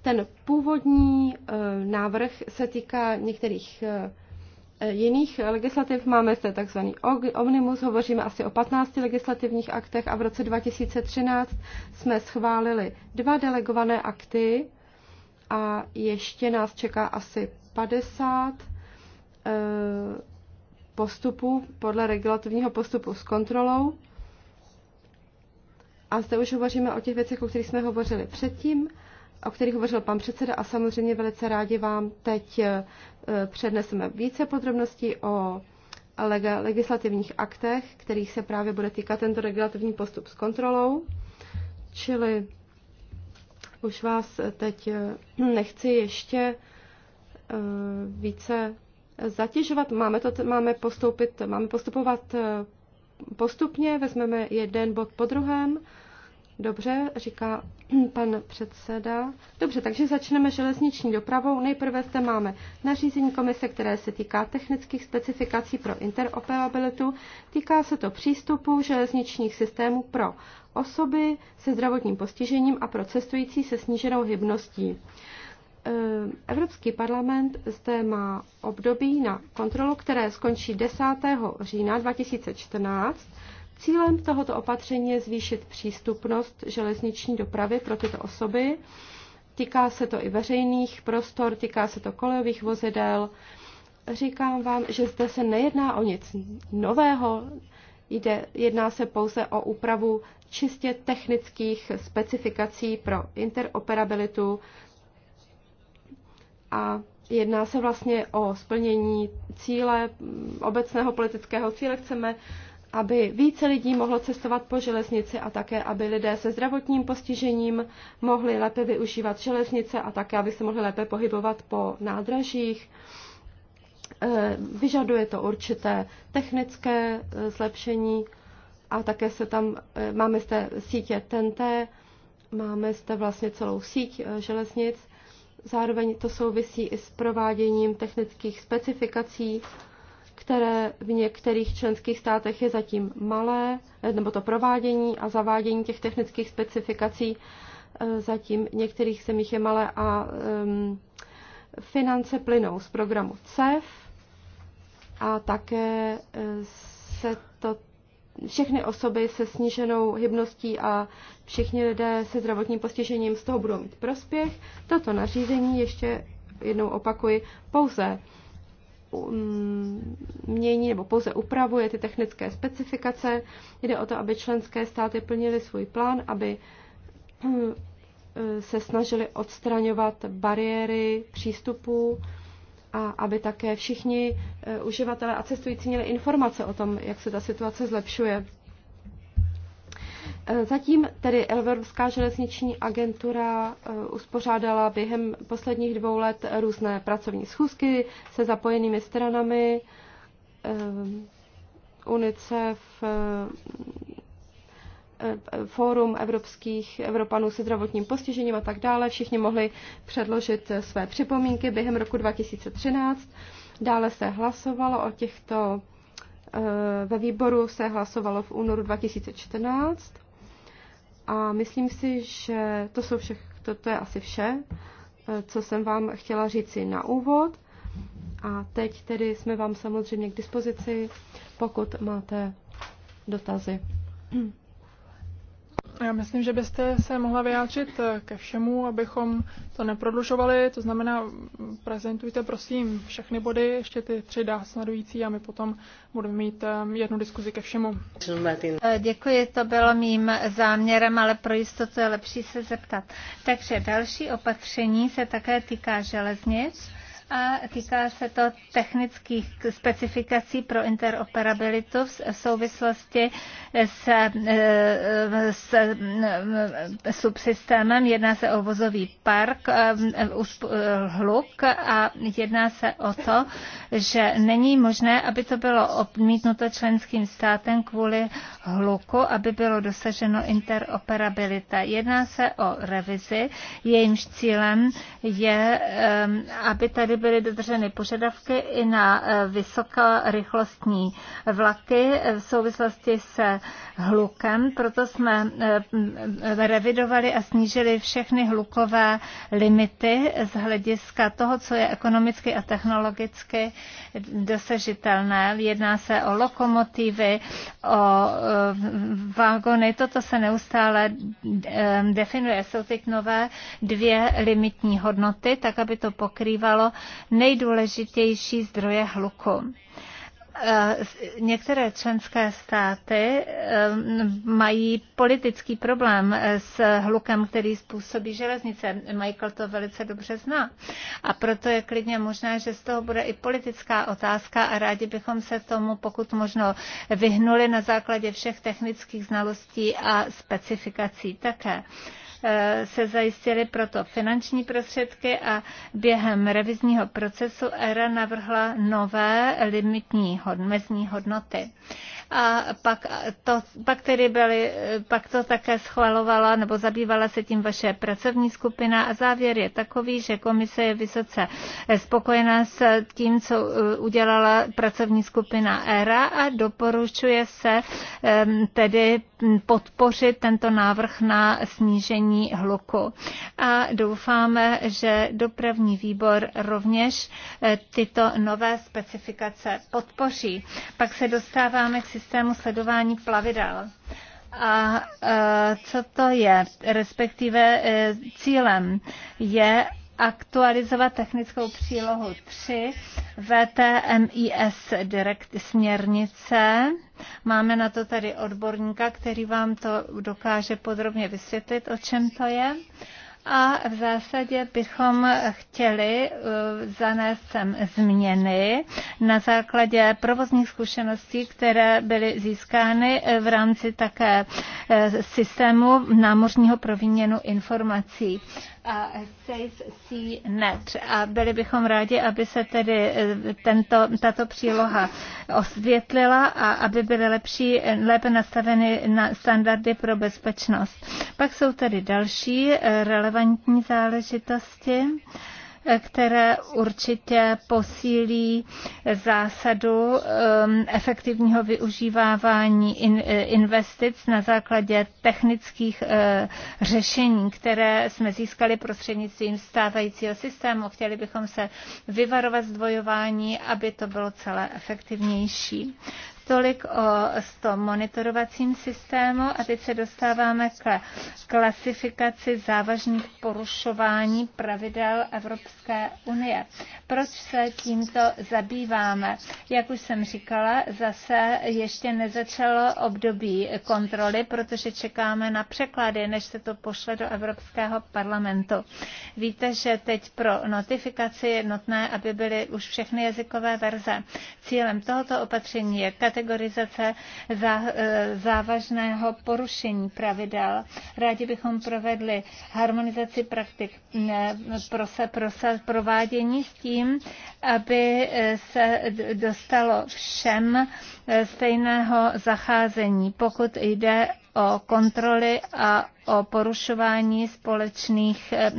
ten původní eh, návrh se týká některých jiných legislativ. Máme zde tzv. omnibus, hovoříme asi o 15 legislativních aktech a v roce 2013 jsme schválili dva delegované akty, a ještě nás čeká asi 50 eh, postupů podle regulativního postupu s kontrolou. A zde už hovoříme o těch věcech, o kterých jsme hovořili předtím, o kterých hovořil pan předseda a samozřejmě velice rádi vám teď eh, předneseme více podrobností o legislativních aktech, kterých se právě bude týkat tento regulativní postup s kontrolou, čili už vás teď eh, nechci ještě eh, více zatěžovat. Máme, to, máme, postoupit, máme postupovat eh, postupně, vezmeme jeden bod po druhém. Dobře, říká pan předseda. Dobře, takže začneme železniční dopravou. Nejprve zde máme nařízení komise, které se týká technických specifikací pro interoperabilitu. Týká se to přístupu železničních systémů pro osoby se zdravotním postižením a pro cestující se sníženou hybností. Ehm, Evropský parlament zde má období na kontrolu, které skončí 10. října 2014 Cílem tohoto opatření je zvýšit přístupnost železniční dopravy pro tyto osoby. Týká se to i veřejných prostor, týká se to kolejových vozidel. Říkám vám, že zde se nejedná o nic nového, Jde, jedná se pouze o úpravu čistě technických specifikací pro interoperabilitu a jedná se vlastně o splnění cíle, obecného politického cíle. Chceme aby více lidí mohlo cestovat po železnici a také, aby lidé se zdravotním postižením mohli lépe využívat železnice a také, aby se mohli lépe pohybovat po nádražích. Eh, vyžaduje to určité technické eh, zlepšení a také se tam, eh, máme zde sítě TNT, máme zde vlastně celou síť železnic. Zároveň to souvisí i s prováděním technických specifikací které v některých členských státech je zatím malé, eh, nebo to provádění a zavádění těch technických specifikací eh, zatím v některých zemích je malé a um, finance plynou z programu CEF a také eh, se to všechny osoby se sníženou hybností a všichni lidé se zdravotním postižením z toho budou mít prospěch. Toto nařízení ještě jednou opakuji pouze mění nebo pouze upravuje ty technické specifikace. Jde o to, aby členské státy plnily svůj plán, aby eh, se snažili odstraňovat bariéry přístupů a aby také všichni eh, uživatelé a cestující měli informace o tom, jak se ta situace zlepšuje. Zatím tedy Evropská železniční agentura eh, uspořádala během posledních dvou let různé pracovní schůzky se zapojenými stranami, eh, UNICEF, eh, Fórum evropských Evropanů se zdravotním postižením a tak dále. Všichni mohli předložit své připomínky během roku 2013. Dále se hlasovalo o těchto, ve výboru se hlasovalo v únoru 2014 a myslím si, že to jsou vše, to, to je asi vše, eh, co jsem vám chtěla říci na úvod. A teď tedy jsme vám samozřejmě k dispozici, pokud máte dotazy.
Já myslím, že byste se mohla vyjádřit eh, ke všemu, abychom to neprodlužovali. To znamená, prezentujte prosím všechny body, ještě ty tři následující a my potom budeme mít eh, jednu diskuzi ke všemu. Eh, děkuji, to bylo mým záměrem, ale pro jistotu
je lepší se zeptat. Takže další opatření se také týká železnic a týká se to technických specifikací pro interoperabilitu v souvislosti s, e, s e, subsystémem. Jedná se o vozový park, e, hluk a jedná se o to, že není možné, aby to bylo odmítnuto členským státem kvůli hluku, aby bylo dosaženo interoperabilita. Jedná se o revizi, jejímž cílem je, aby tady aby byly dodrženy požadavky i na eh, vysokorychlostní vlaky v souvislosti se hlukem. Proto jsme eh, revidovali a snížili všechny hlukové limity z hlediska toho, co je ekonomicky a technologicky dosažitelné. Jedná se o lokomotivy, o eh, vagony. Toto se neustále definuje. Jsou teď nové dvě limitní hodnoty, tak aby to pokrývalo nejdůležitější zdroje hluku. Eh, některé členské státy eh, mají politický problém s hlukem, který způsobí železnice. Michael to velice dobře zná. A proto je klidně možné, že z toho bude i politická otázka a rádi bychom se tomu pokud možno vyhnuli na základě všech technických znalostí a specifikací také. Eh, se zajistily proto finanční prostředky a během revizního procesu ERA navrhla nové limitní mezní hodnoty a pak, to, pak, tedy byly, pak to také schvalovala nebo zabývala se tím vaše pracovní skupina a závěr je takový, že komise je vysoce spokojená s tím, co eh, udělala pracovní skupina ERA a doporučuje se ehm, tedy podpořit tento návrh na snížení hluku. A doufáme, že dopravní výbor rovněž eh, tyto nové specifikace podpoří. Pak se dostáváme k systému sledování plavidel. A e, co to je, respektive e, cílem je aktualizovat technickou přílohu 3 VTMIS direkt směrnice. Máme na to tady odborníka, který vám to dokáže podrobně vysvětlit, o čem to je a v zásadě bychom chtěli eh, zanést sem změny na základě provozních zkušeností, které byly získány eh, v rámci také eh, systému námořního províněnu informací a Net. A byli bychom rádi, aby se tedy eh, tento, tato příloha osvětlila a aby byly lepší, lépe nastaveny na standardy pro bezpečnost. Pak jsou tady další eh, relevantní záležitosti které určitě posílí zásadu um, efektivního využívávání investic na základě technických uh, řešení, které jsme získali prostřednictvím stávajícího systému. Chtěli bychom se vyvarovat zdvojování, aby to bylo celé efektivnější. Tolik o tom monitorovacím systému a teď se dostáváme k klasifikaci závažných porušování pravidel Evropské unie. Proč se tímto zabýváme? Jak už jsem říkala, zase ještě nezačalo období kontroly, protože čekáme na překlady, než se to pošle do Evropského parlamentu. Víte, že teď pro notifikaci je nutné, aby byly už všechny jazykové verze. Cílem tohoto opatření je kategorizace eh, závažného porušení pravidel. Rádi bychom provedli harmonizaci praktik eh, pro se provádění s tím, aby eh, se dostalo všem stejného zacházení, pokud jde o kontroly a o porušování společných eh,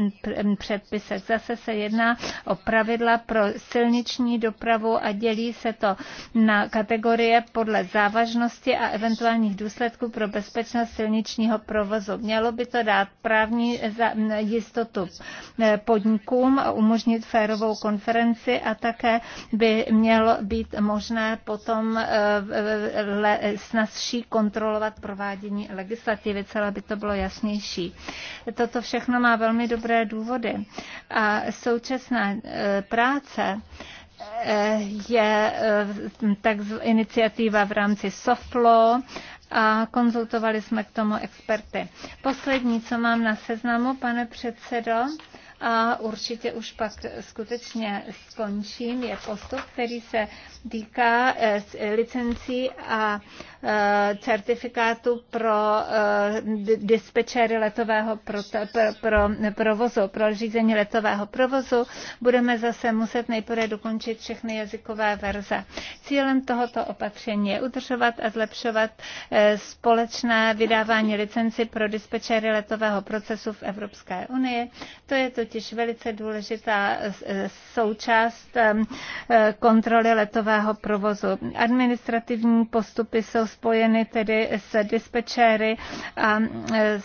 předpisech. Zase se jedná o pravidla pro silniční dopravu a dělí se to na kategorie podle závažnosti a eventuálních důsledků pro bezpečnost silničního provozu. Mělo by to dát právní eh, jistotu eh, podnikům, umožnit férovou konferenci a také by mělo být možné potom snazší kontrolovat provádění legislativy. Celé by to bylo jasné jasnější. Toto všechno má velmi dobré důvody. A současná e, práce e, je e, tak iniciativa v rámci Softlaw a konzultovali jsme k tomu experty. Poslední, co mám na seznamu, pane předsedo, a určitě už pak skutečně skončím, je postup, který se týká licencí a Eh, certifikátu pro eh, dispečery letového pro, pro, pro, provozu, pro řízení letového provozu. Budeme zase muset nejprve dokončit všechny jazykové verze. Cílem tohoto opatření je udržovat a zlepšovat eh, společné vydávání licenci pro dispečery letového procesu v Evropské unii. To je totiž velice důležitá součást kontroly letového provozu. Administrativní postupy jsou spojeny tedy s dispečéry a e,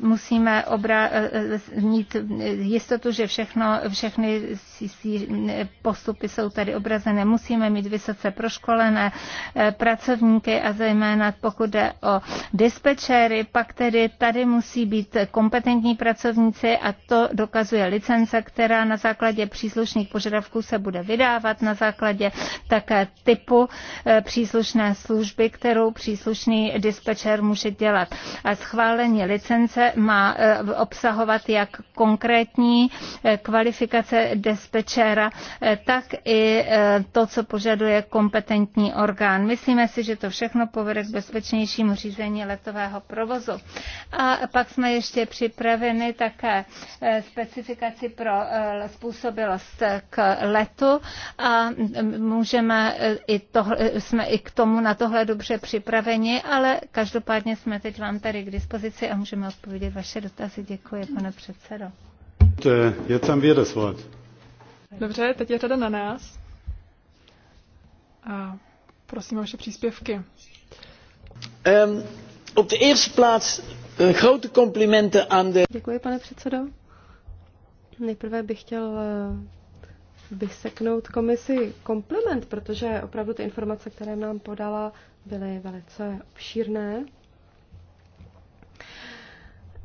musíme obra- e, e, mít jistotu, že všechno, všechny postupy jsou tady obrazené. Musíme mít vysoce proškolené pracovníky a zejména pokud jde o dispečéry, pak tedy tady musí být kompetentní pracovníci a to dokazuje licence, která na základě příslušných požadavků se bude vydávat na základě také typu příslušné služby, kterou příslušný dispečer může dělat. A schválení licence má e, obsahovat jak konkrétní e, kvalifikace dispečera, e, tak i to, co požaduje kompetentní orgán. Myslíme si, že to všechno povede k bezpečnějšímu řízení letového provozu. A pak jsme ještě připraveni také specifikaci pro způsobilost k letu a můžeme i to, jsme i k tomu na tohle dobře připraveni, ale každopádně jsme teď vám tady k dispozici a můžeme odpovědět vaše dotazy. Děkuji, pane předsedo.
Je tam wir das
Dobře, teď je řada na nás. A prosím o vaše příspěvky.
Um, op de eerste plaats uh, grote complimenten aan de... Děkuji, pane předsedo.
Nejprve bych chtěl eh, vyseknout komisi kompliment, protože opravdu ty informace, které nám podala, byly velice obšírné.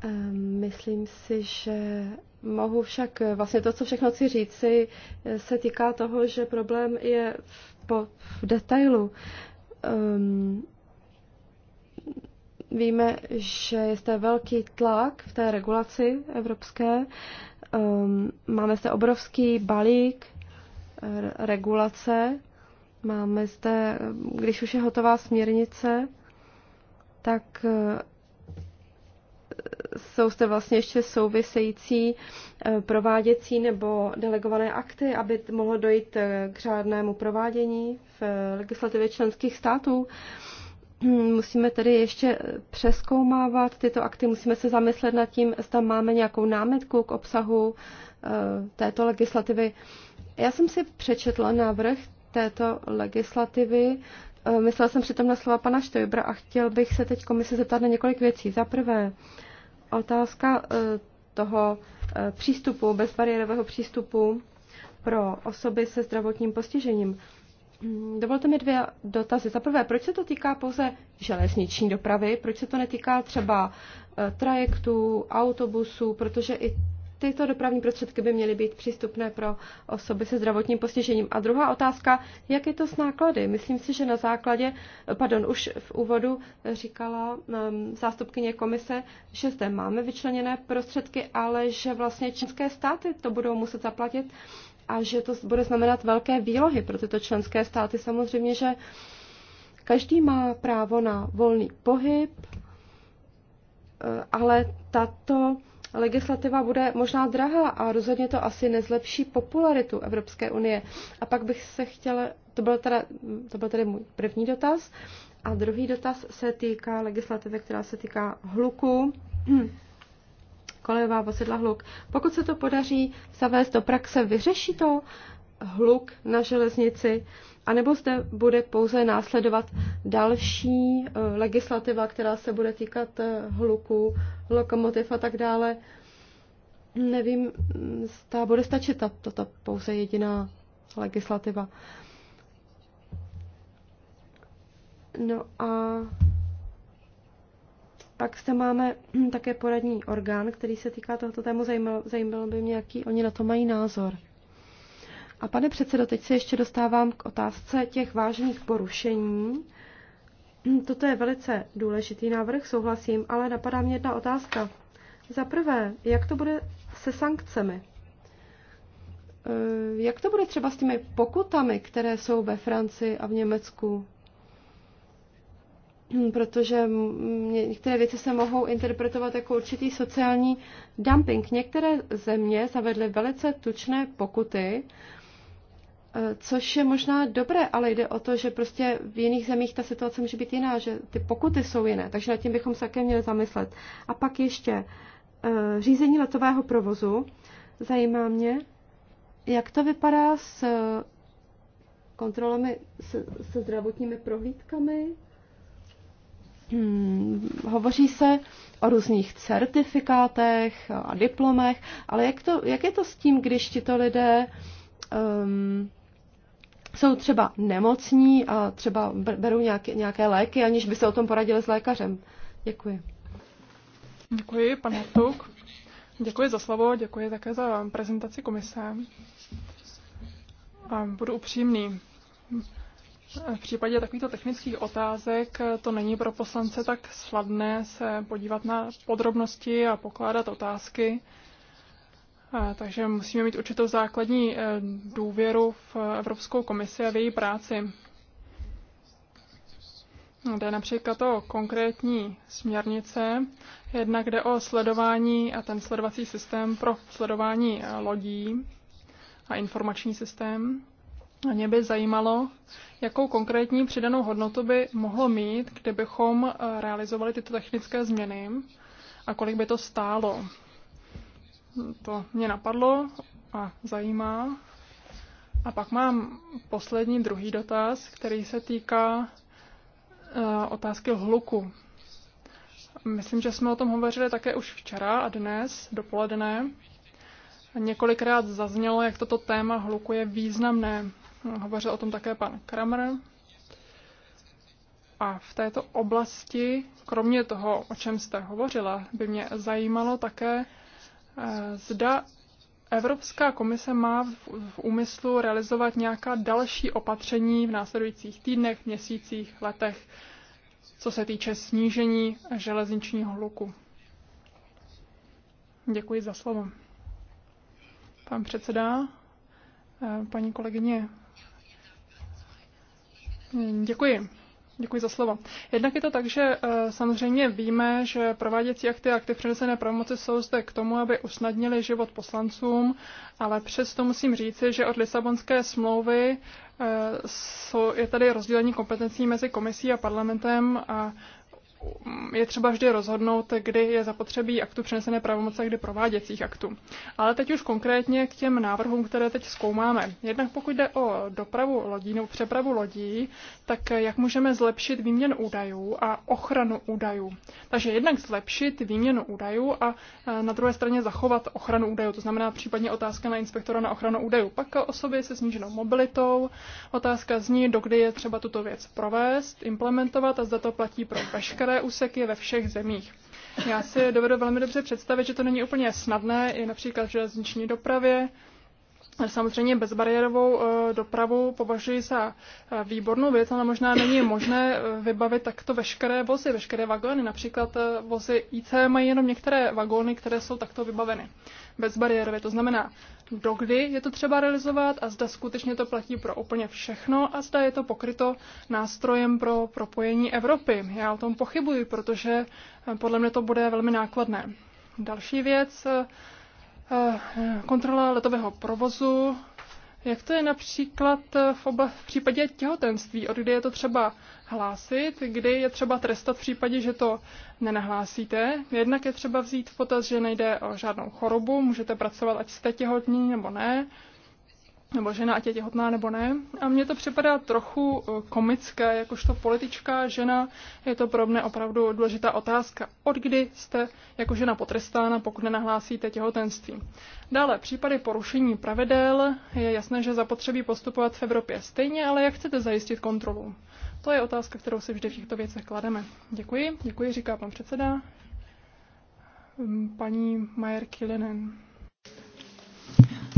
Ehm, myslím si, že mohu však vlastně to, co všechno chci říci, eh, se týká toho, že problém je v, po, v detailu. Um, víme, že je zde velký tlak v té regulaci evropské. Um, máme zde obrovský balík regulace. Máme zde, když už je hotová směrnice, tak e, jsou zde vlastně ještě související e, prováděcí nebo delegované akty, aby mohlo dojít e, k řádnému provádění v legislativě členských států. Hmm, musíme tedy ještě přeskoumávat tyto akty, musíme se zamyslet nad tím, zda máme nějakou námitku k obsahu eh, této legislativy. Já jsem si přečetla návrh této legislativy. Eh, myslela jsem přitom na slova pana Štojbra a chtěl bych se teď komise zeptat na několik věcí. Za prvé, otázka eh, toho přístupu, bezbariérového přístupu pro osoby se zdravotním postižením. Mm, dovolte mi dvě dotazy. Za prvé, proč se to týká pouze železniční dopravy? Proč se to netýká třeba eh, trajektů, autobusů? Protože i tyto dopravní prostředky by měly být přístupné pro osoby se zdravotním postižením. A druhá otázka, jak je to s náklady? Myslím si, že na základě, eh, pardon, už v úvodu říkala um, zástupkyně komise, že zde máme vyčleněné prostředky, ale že vlastně české státy to budou muset zaplatit a že to bude znamenat velké výlohy pro tyto členské státy. Samozřejmě, že každý má právo na volný pohyb, eh, ale tato legislativa bude možná drahá a rozhodně to asi nezlepší popularitu Evropské unie. A pak bych se chtěla, to byl, teda, to byl tedy můj první dotaz, a druhý dotaz se týká legislativy, která se týká hluku kolejová vozidla hluk. Pokud se to podaří zavést do praxe, vyřeší to hluk na železnici, anebo zde bude pouze následovat další eh, legislativa, která se bude týkat eh, hluku, lokomotiv a tak dále. Nevím, zda bude stačit ta, tato pouze jediná legislativa. No a pak zde máme hm, také poradní orgán, který se týká tohoto tému. Zajímalo, zajímalo by mě, jaký oni na to mají názor. A pane předsedo, teď se ještě dostávám k otázce těch vážných porušení. Hm, toto je velice důležitý návrh, souhlasím, ale napadá mě jedna otázka. Za prvé, jak to bude se sankcemi? Eh, jak to bude třeba s těmi pokutami, které jsou ve Francii a v Německu? Hmm, protože některé věci se mohou interpretovat jako určitý sociální dumping. Některé země zavedly velice tučné pokuty, e, což je možná dobré, ale jde o to, že prostě v jiných zemích ta situace může být jiná, že ty pokuty jsou jiné, takže nad tím bychom se také měli zamyslet. A pak ještě e, řízení letového provozu. Zajímá mě, jak to vypadá s kontrolami, se, se zdravotními prohlídkami, Hmm, hovoří se o různých certifikátech a diplomech, ale jak, to, jak je to s tím, když tito lidé um, jsou třeba nemocní a třeba berou nějaké, nějaké léky, aniž by se o tom poradili s lékařem? Děkuji.
Děkuji, pan Tuk. Děkuji za slovo, děkuji také za prezentaci komise. A budu upřímný. V případě takovýchto technických otázek to není pro poslance tak sladné se podívat na podrobnosti a pokládat otázky. Takže musíme mít určitou základní e, důvěru v Evropskou komisi a v její práci. Jde například o konkrétní směrnice, jednak jde o sledování a ten sledovací systém pro sledování lodí a informační systém. Mě by zajímalo, jakou konkrétní přidanou hodnotu by mohlo mít, kdybychom eh, realizovali tyto technické změny a kolik by to stálo. To mě napadlo a zajímá. A pak mám poslední, druhý dotaz, který se týká eh, otázky hluku. Myslím, že jsme o tom hovořili také už včera a dnes dopoledne. Několikrát zaznělo, jak toto téma hluku je významné Hovořil o tom také pan Kramer. A v této oblasti, kromě toho, o čem jste hovořila, by mě zajímalo také, eh, zda Evropská komise má v úmyslu realizovat nějaká další opatření v následujících týdnech, měsících, letech, co se týče snížení železničního hluku. Děkuji za slovo. Pan předseda, eh, paní kolegyně Mm, děkuji. Děkuji za slovo. Jednak je to tak, že eh, samozřejmě víme, že prováděcí akty a akty přenesené pravomoci jsou zde k tomu, aby usnadnili život poslancům, ale přesto musím říci, že od Lisabonské smlouvy eh, je tady rozdělení kompetencí mezi komisí a parlamentem a je třeba vždy rozhodnout, kdy je zapotřebí aktu přenesené pravomoce, kdy prováděcích aktů. Ale teď už konkrétně k těm návrhům, které teď zkoumáme. Jednak pokud jde o dopravu lodí nebo přepravu lodí, tak jak můžeme zlepšit výměn údajů a ochranu údajů. Takže jednak zlepšit výměnu údajů a e, na druhé straně zachovat ochranu údajů, to znamená případně otázka na inspektora na ochranu údajů. Pak osoby se sníženou mobilitou, otázka zní, dokdy je třeba tuto věc provést, implementovat a zda to platí pro veškeré Takové úseky ve všech zemích. Já si dovedu velmi dobře představit, že to není úplně snadné, i například v železniční dopravě. Samozřejmě bezbariérovou eh, dopravu považuji za eh, výbornou věc, ale možná není možné eh, vybavit takto veškeré vozy, veškeré vagóny. Například vozy IC mají jenom některé vagóny, které jsou takto vybaveny bezbariérově. To znamená, dokdy je to třeba realizovat a zda skutečně to platí pro úplně všechno a zda je to pokryto nástrojem pro propojení Evropy. Já o tom pochybuji, protože eh, podle mě to bude velmi nákladné. Další věc, eh, eh, kontrola letového provozu jak to je například eh, v, oba, v případě těhotenství, od kdy je to třeba hlásit, kdy je třeba trestat v případě, že to nenahlásíte. Jednak je třeba vzít v potaz, že nejde o žádnou chorobu, můžete pracovat, ať jste těhotní nebo ne nebo žena, ať je těhotná nebo ne. A mně to připadá trochu eh, komické, jakožto politička žena, je to pro mě opravdu důležitá otázka. Od kdy jste jako žena potrestána, pokud nenahlásíte těhotenství? Dále, případy porušení pravidel, je jasné, že zapotřebí postupovat v Evropě stejně, ale jak chcete zajistit kontrolu? To je otázka, kterou si vždy v těchto věcech klademe. Děkuji, děkuji, říká pan předseda. Paní Majer Kilinen.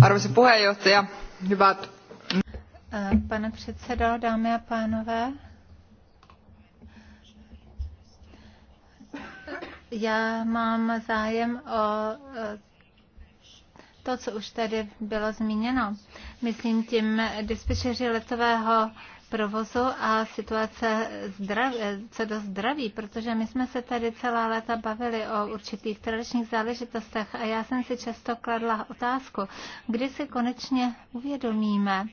Arvoisa puheenjohtaja, Eh,
pane předsedo, dámy a pánové, já mám zájem o eh, to, co už tady bylo zmíněno. Myslím tím dispečeři letového provozu a situace zdraví, co do zdraví, protože my jsme se tady celá léta bavili o určitých tradičních záležitostech a já jsem si často kladla otázku, kdy si konečně uvědomíme,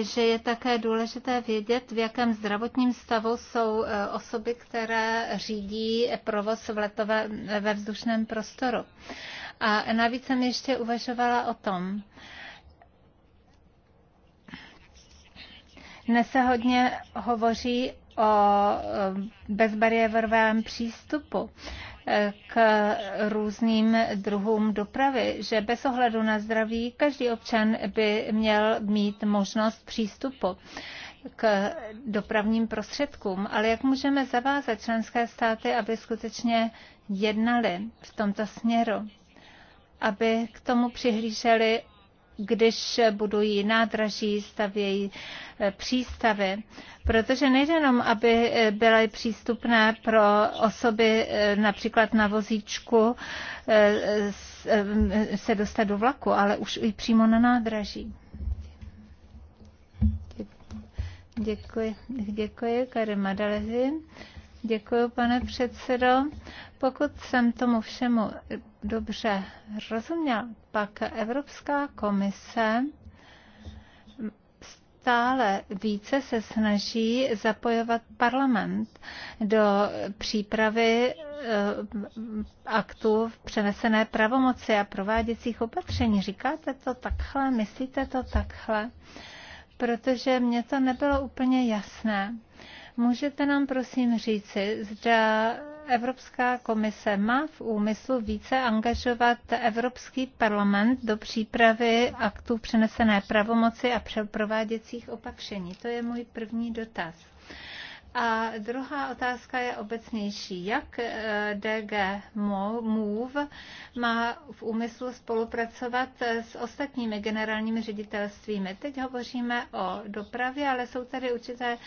že je také důležité vědět, v jakém zdravotním stavu jsou eh, osoby, které řídí provoz v letové, ve vzdušném prostoru. A navíc jsem ještě uvažovala o tom, Dnes se hodně hovoří o bezbariérovém přístupu e, k různým druhům dopravy, že bez ohledu na zdraví každý občan by měl mít možnost přístupu k dopravním prostředkům. Ale jak můžeme zavázat členské státy, aby skutečně jednali v tomto směru, aby k tomu přihlíželi když budují nádraží, stavějí eh, přístavy, protože nejenom, aby eh, byly přístupné pro osoby eh, například na vozíčku se dostat do vlaku, ale už i přímo na nádraží. Děkuji, děkuji Karima Madalevi. Děkuji, pane předsedo. Pokud jsem tomu všemu dobře rozuměl, pak Evropská komise stále více se snaží zapojovat parlament do přípravy eh, aktů v přenesené pravomoci a prováděcích opatření. Říkáte to takhle, myslíte to takhle, protože mně to nebylo úplně jasné. Můžete nám prosím říci, zda Evropská komise má v úmyslu více angažovat Evropský parlament do přípravy aktů přenesené pravomoci a prováděcích opatření? To je můj první dotaz. A druhá otázka je obecnější. Jak eh, DG MOVE má v úmyslu spolupracovat s ostatními generálními ředitelstvími? Teď hovoříme o dopravě, ale jsou tady určité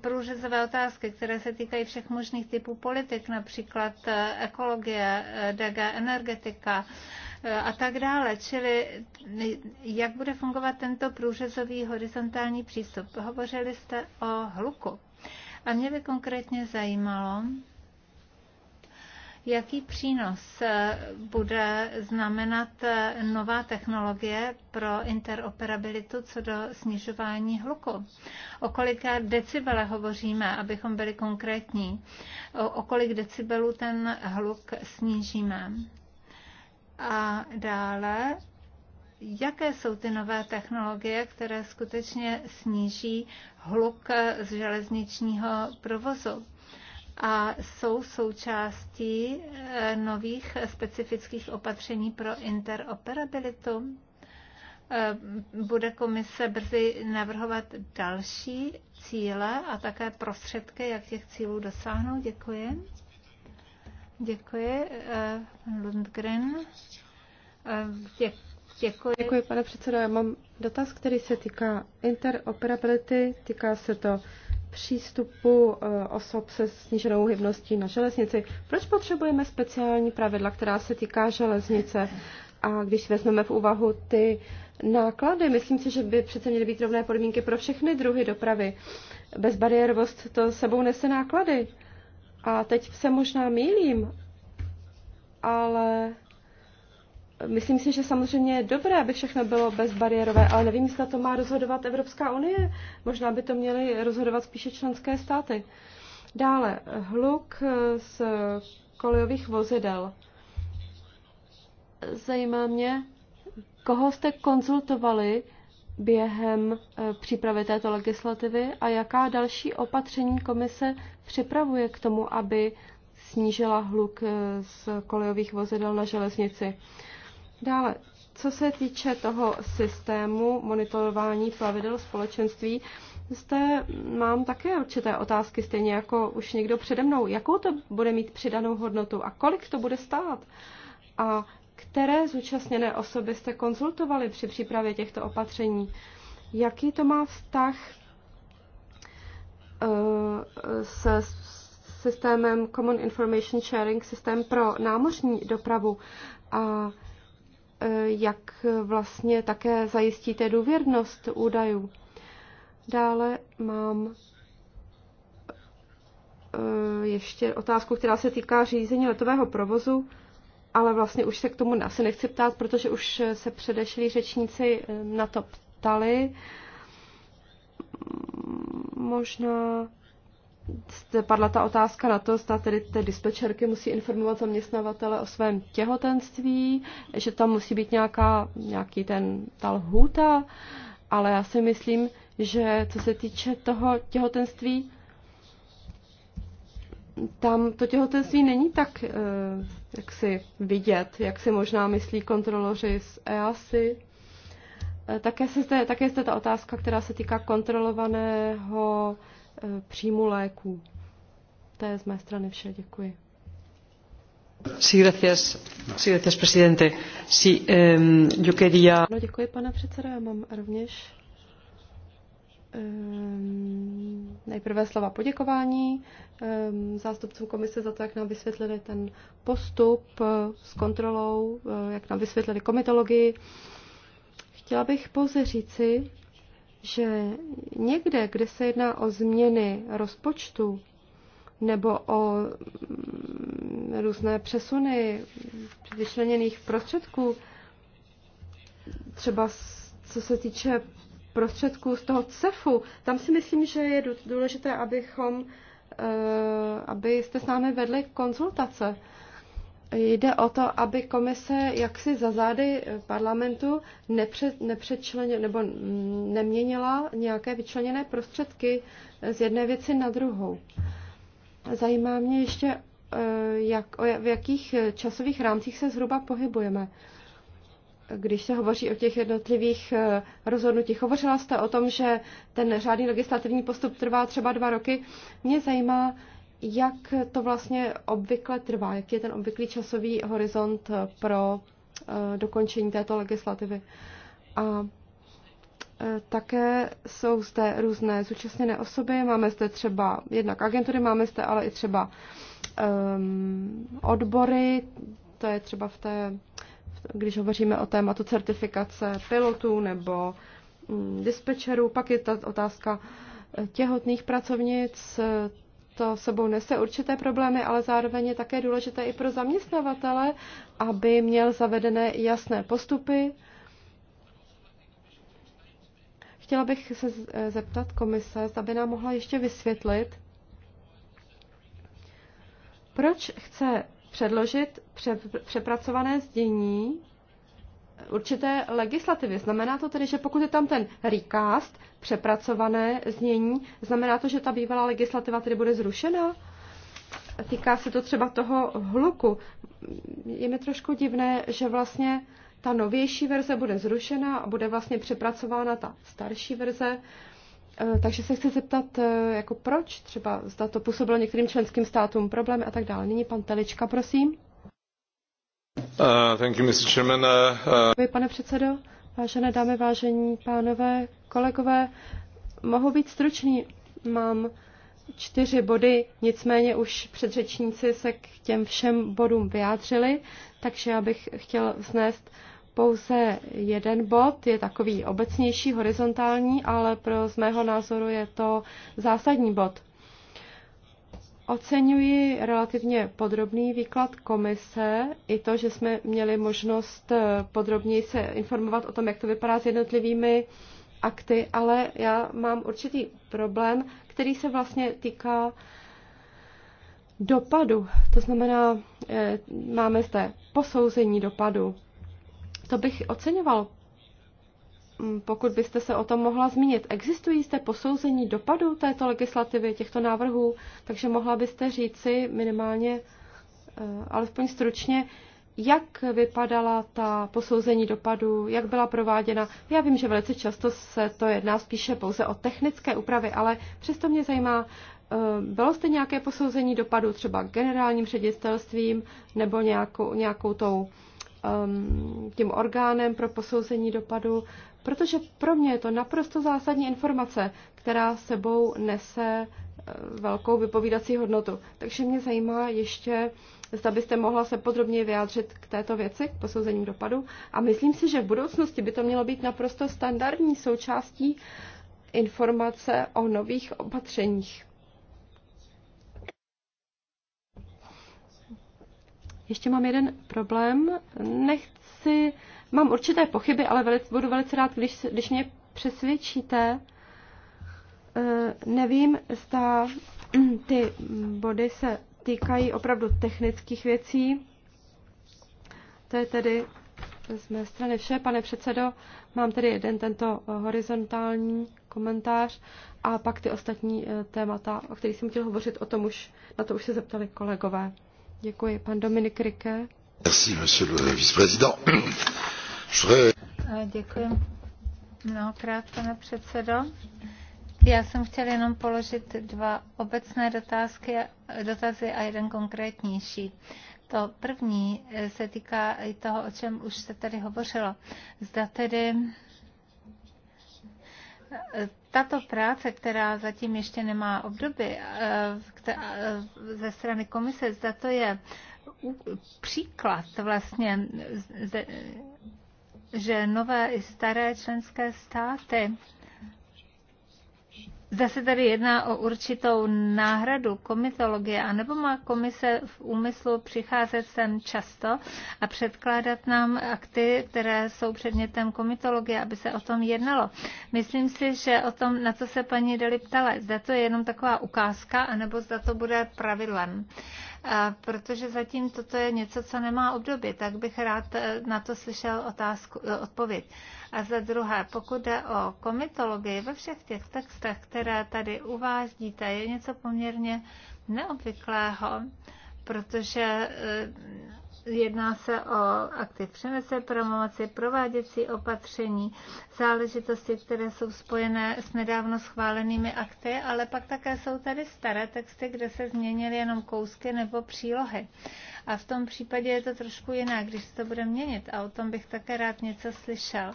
průřezové otázky, které se týkají všech možných typů politik, například eh, ekologie, eh, DG energetika, a tak dále. Čili jak bude fungovat tento průřezový horizontální přístup? Hovořili jste o hluku. A mě by konkrétně zajímalo, jaký přínos eh, bude znamenat eh, nová technologie pro interoperabilitu co do snižování hluku. O kolika decibele hovoříme, abychom byli konkrétní? O kolik decibelů ten hluk snížíme? A dále jaké jsou ty nové technologie, které skutečně sníží hluk z železničního provozu a jsou součástí eh, nových specifických opatření pro interoperabilitu. Eh, bude komise brzy navrhovat další cíle a také prostředky, jak těch cílů dosáhnout. Děkuji. Děkuji. Eh, Lundgren. Děkuji Děkuji. Děkuji, pane předsedo. Já mám dotaz,
který se týká interoperability, týká se to přístupu eh, osob se sníženou hybností na železnici. Proč potřebujeme speciální pravidla, která se týká železnice? A když vezmeme v úvahu ty náklady, myslím si, že by přece měly být rovné podmínky pro všechny druhy dopravy. Bezbariérovost to sebou nese náklady. A teď se možná mýlím, ale Myslím si, že samozřejmě je dobré, aby všechno bylo bezbariérové, ale nevím, zda to má rozhodovat Evropská unie. Možná by to měly rozhodovat spíše členské státy. Dále, hluk eh, z kolejových vozidel. Zajímá mě, koho jste konzultovali během eh, přípravy této legislativy a jaká další opatření komise připravuje k tomu, aby snížila hluk eh, z kolejových vozidel na železnici. Dále, co se týče toho systému monitorování plavidel společenství, zde mám také určité otázky, stejně jako už někdo přede mnou. Jakou to bude mít přidanou hodnotu a kolik to bude stát? A které zúčastněné osoby jste konzultovali při přípravě těchto opatření? Jaký to má vztah eh, se systémem Common Information Sharing, systém pro námořní dopravu? A Eh, jak vlastně také zajistíte důvěrnost údajů. Dále mám eh, ještě otázku, která se týká řízení letového provozu, ale vlastně už se k tomu asi nechci ptát, protože už se předešli řečníci eh, na to ptali. Možná padla ta otázka na to, zda tedy ty dispečerky musí informovat zaměstnavatele o svém těhotenství, že tam musí být nějaká, nějaký ten, ta lhůta, ale já si myslím, že co se týče toho těhotenství, tam to těhotenství není tak, eh, jak si vidět, jak si možná myslí kontroloři z EASY. Eh, také, se zde, také je zde ta otázka, která se týká kontrolovaného Eh, příjmu léků. To je z mé strany vše. Děkuji.
Sí, gracias.
Sí, gracias, presidente. Sí, um, yo quería... No, děkuji, pane předsedo. Já mám rovněž um, nejprve slova poděkování um, zástupcům komise za to, jak nám vysvětlili ten postup eh, s kontrolou, eh, jak nám vysvětlili komitologii. Chtěla bych pouze říci, že někde, kde se jedná o změny rozpočtu nebo o mm, různé přesuny vyčleněných prostředků, třeba co se týče prostředků z toho CEFu, tam si myslím, že je důležité, abychom, eh, abyste s námi vedli konzultace, jde o to, aby komise jaksi za zády parlamentu nepře, nebo neměnila nějaké vyčleněné prostředky z jedné věci na druhou. Zajímá mě ještě, eh, jak, o, v jakých časových rámcích se zhruba pohybujeme když se hovoří o těch jednotlivých eh, rozhodnutích. Hovořila jste o tom, že ten řádný legislativní postup trvá třeba dva roky. Mě zajímá, jak to vlastně obvykle trvá, jaký je ten obvyklý časový horizont pro eh, dokončení této legislativy. A eh, také jsou zde různé zúčastněné osoby, máme zde třeba jednak agentury, máme zde ale i třeba um, odbory, to je třeba v té, když hovoříme o tématu certifikace pilotů nebo um, dispečerů, pak je ta otázka eh, těhotných pracovnic, to sebou nese určité problémy, ale zároveň je také důležité i pro zaměstnavatele, aby měl zavedené jasné postupy. Chtěla bych se zeptat komise, zda by nám mohla ještě vysvětlit, proč chce předložit přepracované zdění určité legislativy. Znamená to tedy, že pokud je tam ten recast, přepracované znění, znamená to, že ta bývalá legislativa tedy bude zrušena? Týká se to třeba toho hluku. Je mi trošku divné, že vlastně ta novější verze bude zrušena a bude vlastně přepracována ta starší verze. E, takže se chci zeptat, e, jako proč třeba, zda to působilo některým členským státům problémy a tak dále. Nyní pan Telička, prosím.
Uh, uh, uh,
Děkuji, pane předsedo, vážené dámy, vážení pánové, kolegové, mohu být stručný. Mám čtyři body, nicméně už předřečníci se k těm všem bodům vyjádřili, takže já bych chtěl vznést pouze jeden bod, je takový obecnější, horizontální, ale pro z mého názoru je to zásadní bod. Oceňuji relativně podrobný výklad komise i to, že jsme měli možnost eh, podrobněji se informovat o tom, jak to vypadá s jednotlivými akty, ale já mám určitý problém, který se vlastně týká dopadu. To znamená, eh, máme zde posouzení dopadu. To bych oceňoval, Mm, pokud byste se o tom mohla zmínit. Existují jste posouzení dopadu této legislativy, těchto návrhů, takže mohla byste říci minimálně, eh, alespoň stručně, jak vypadala ta posouzení dopadu, jak byla prováděna. Já vím, že velice často se to jedná spíše pouze o technické úpravy, ale přesto mě zajímá, eh, bylo jste nějaké posouzení dopadu třeba generálním ředitelstvím nebo nějakou, nějakou tou, ehm, tím orgánem pro posouzení dopadu? protože pro mě je to naprosto zásadní informace, která sebou nese eh, velkou vypovídací hodnotu. Takže mě zajímá ještě, zda byste mohla se podrobněji vyjádřit k této věci, k posouzením dopadu. A myslím si, že v budoucnosti by to mělo být naprosto standardní součástí informace o nových opatřeních. Ještě mám jeden problém. Nechci Mám určité pochyby, ale velice, budu velice rád, když, když mě přesvědčíte. Eh, nevím, zda ty body se týkají opravdu technických věcí. To je tedy z mé strany vše, pane předsedo. Mám tedy jeden tento horizontální komentář a pak ty ostatní eh, témata, o kterých jsem chtěl hovořit, o tom už, na to už se zeptali kolegové. Děkuji. Pan Dominik Rike.
Merci, monsieur le vice-président.
Děkuji mnohokrát, pane předsedo. Já jsem chtěl jenom položit dva obecné dotázky, dotazy a jeden konkrétnější. To první se týká i toho, o čem už se tady hovořilo. Zda tedy tato práce, která zatím ještě nemá obdoby eh, eh, ze strany komise, zda to je příklad vlastně že nové i staré členské státy Zda se tady jedná o určitou náhradu komitologie, anebo má komise v úmyslu přicházet sem často a předkládat nám akty, které jsou předmětem komitologie, aby se o tom jednalo. Myslím si, že o tom, na co se paní Deli ptala, zda to je jenom taková ukázka, anebo zda to bude pravidlem. Uh, protože zatím toto je něco, co nemá období, tak bych rád eh, na to slyšel otázku, eh, odpověď. A za druhé, pokud jde o komitologii, ve všech těch textech, které tady uvádíte, je něco poměrně neobvyklého, protože eh, Jedná se o akty přenese, promoci, prováděcí opatření, záležitosti, které jsou spojené s nedávno schválenými akty, ale pak také jsou tady staré texty, kde se změnily jenom kousky nebo přílohy. A v tom případě je to trošku jiné, když se to bude měnit a o tom bych také rád něco slyšel.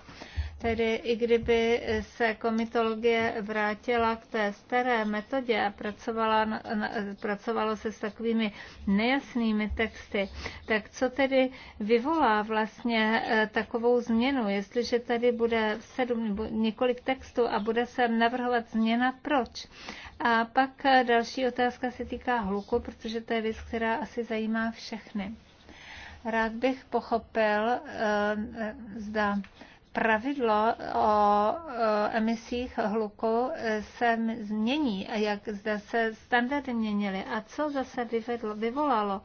Tedy i kdyby se komitologie vrátila k té staré metodě a pracovala, pracovalo se s takovými nejasnými texty, tak co tedy vyvolá vlastně eh, takovou změnu, jestliže tady bude sedm, několik textů a bude se navrhovat změna, proč? A pak eh, další otázka se týká hluku, protože to je věc, která asi zajímá všechny. Rád bych pochopil, eh, zda pravidlo o emisích hluku se změní a jak zde se standardy měnily a co zase vyvedlo, vyvolalo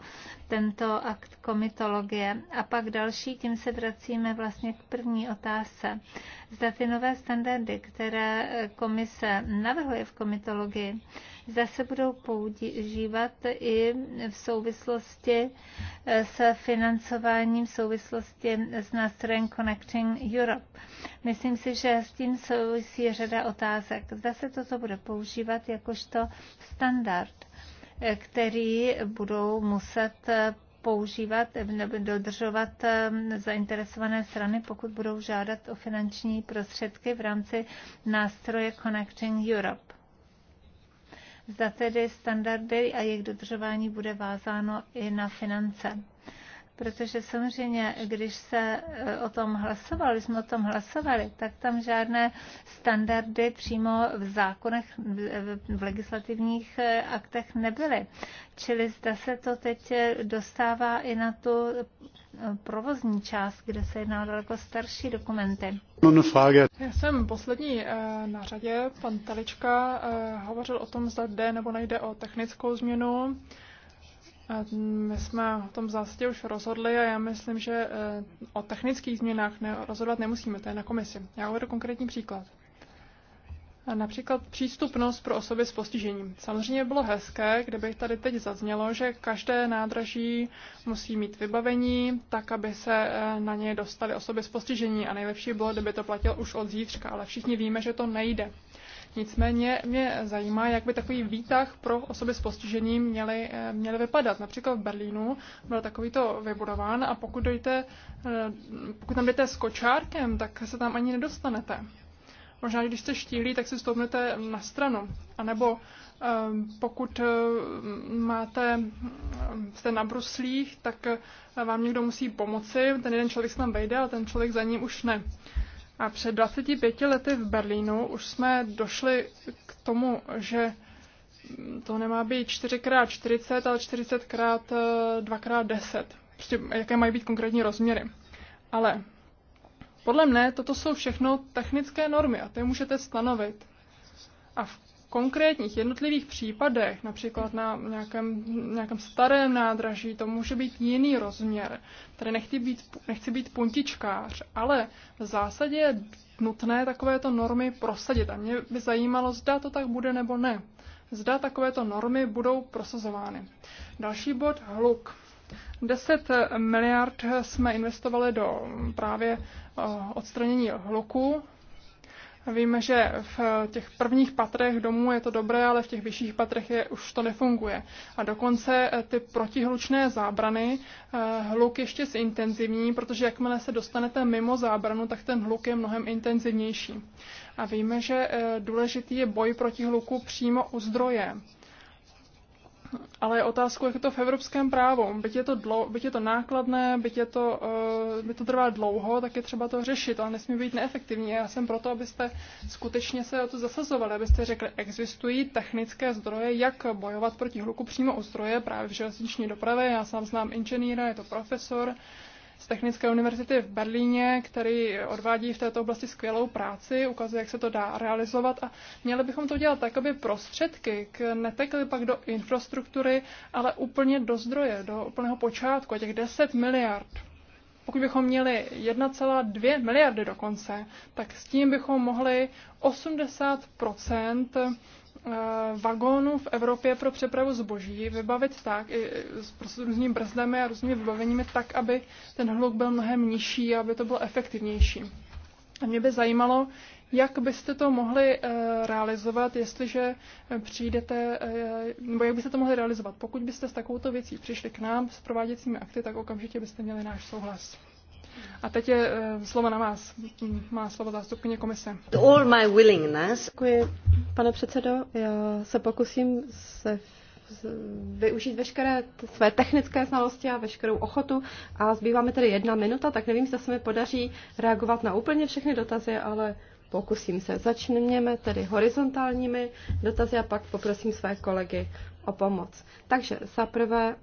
tento akt komitologie. A pak další, tím se vracíme vlastně k první otázce. Zda ty nové standardy, které komise navrhuje v komitologii, zase budou používat i v souvislosti s financováním, v souvislosti s nástrojem Connecting Europe. Myslím si, že s tím souvisí řada otázek. Zda se toto bude používat jakožto standard který budou muset používat nebo dodržovat ehm, zainteresované strany, pokud budou žádat o finanční prostředky v rámci nástroje Connecting Europe. Zda tedy standardy a jejich dodržování bude vázáno i na finance protože samozřejmě, když se eh, o tom hlasovali, jsme o tom hlasovali, tak tam žádné standardy přímo v zákonech, v legislativních eh, aktech nebyly. Čili zda se to teď eh, dostává i na tu provozní část, kde se jedná o daleko starší dokumenty.
No, no,
Já jsem poslední na řadě. Pan Talička hovořil o tom, zda jde nebo nejde o technickou změnu. My jsme o tom zásadě už rozhodli a já myslím, že eh, o technických změnách rozhodovat nemusíme, to je na komisi. Já uvedu konkrétní příklad. Například přístupnost pro osoby s postižením. Samozřejmě bylo hezké, kdyby tady teď zaznělo, že každé nádraží musí mít vybavení, tak aby se eh, na ně dostaly osoby s postižením. A nejlepší bylo, kdyby to platilo už od zítřka, ale všichni víme, že to nejde. Nicméně mě zajímá, jak by takový výtah pro osoby s postižením měly, eh, měly vypadat. Například v Berlínu byl takovýto vybudován a pokud, dojte, eh, pokud tam jdete s kočárkem, tak se tam ani nedostanete. Možná, když jste štíhlí, tak si stoupnete na stranu. A nebo eh, pokud máte, jste na bruslích, tak vám někdo musí pomoci, ten jeden člověk se tam vejde a ten člověk za ním už ne. A před 25 lety v Berlínu už jsme došli k tomu, že to nemá být 4x40, ale 40x2x10. Eh, prostě jaké mají být konkrétní rozměry. Ale podle mne toto jsou všechno technické normy a ty můžete stanovit. A v konkrétních jednotlivých případech, například na nějakém, nějakém starém nádraží, to může být jiný rozměr. Tady nechci být, nechci být puntičkář, ale v zásadě je nutné takovéto normy prosadit. A mě by zajímalo, zda to tak bude nebo ne. Zda takovéto normy budou prosazovány. Další bod, hluk. 10 miliard jsme investovali do právě eh, odstranění hluku Víme, že v těch prvních patrech domů je to dobré, ale v těch vyšších patrech je, už to nefunguje. A dokonce eh, ty protihlučné zábrany eh, hluk ještě zintenzivní, protože jakmile se dostanete mimo zábranu, tak ten hluk je mnohem intenzivnější. A víme, že eh, důležitý je boj proti hluku přímo u zdroje ale je otázka, jak je to v evropském právu. Byť je to, dlou, byť je to nákladné, byť, je to, uh, byť to trvá dlouho, tak je třeba to řešit, ale nesmí být neefektivní. Já jsem proto, abyste skutečně se o to zasazovali, abyste řekli, existují technické zdroje, jak bojovat proti hluku přímo u zdroje právě v železniční dopravě. Já sám znám inženýra, je to profesor, uh, z Technické univerzity v Berlíně, který odvádí v této oblasti skvělou práci, ukazuje, jak se to dá realizovat a měli bychom to dělat tak, aby prostředky k netekly pak do infrastruktury, ale úplně do zdroje, do úplného počátku, a těch 10 miliard. Pokud bychom měli 1,2 miliardy dokonce, tak s tím bychom mohli 80 Eh, vagónů v Evropě pro přepravu zboží vybavit tak, i s různými brzdami a různými vybaveními, tak, aby ten hluk byl mnohem nižší a aby to bylo efektivnější. A mě by zajímalo, jak byste to mohli eh, realizovat, jestliže eh, přijdete, nebo jak byste to mohli realizovat. Pokud byste s takovouto věcí přišli k nám s prováděcími akty, tak okamžitě byste měli náš souhlas. A teď je slovo na vás. Má slovo zástupkyně komise.
All my
willingness. Děkuji Pane předsedo, já se pokusím se využít veškeré své technické znalosti a veškerou ochotu a zbývá mi tedy jedna minuta, tak nevím, zda se mi podaří reagovat na úplně všechny dotazy, ale pokusím se. Začněme tedy horizontálními dotazy a pak poprosím své kolegy o pomoc. Takže za prvé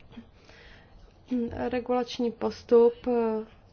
regulační postup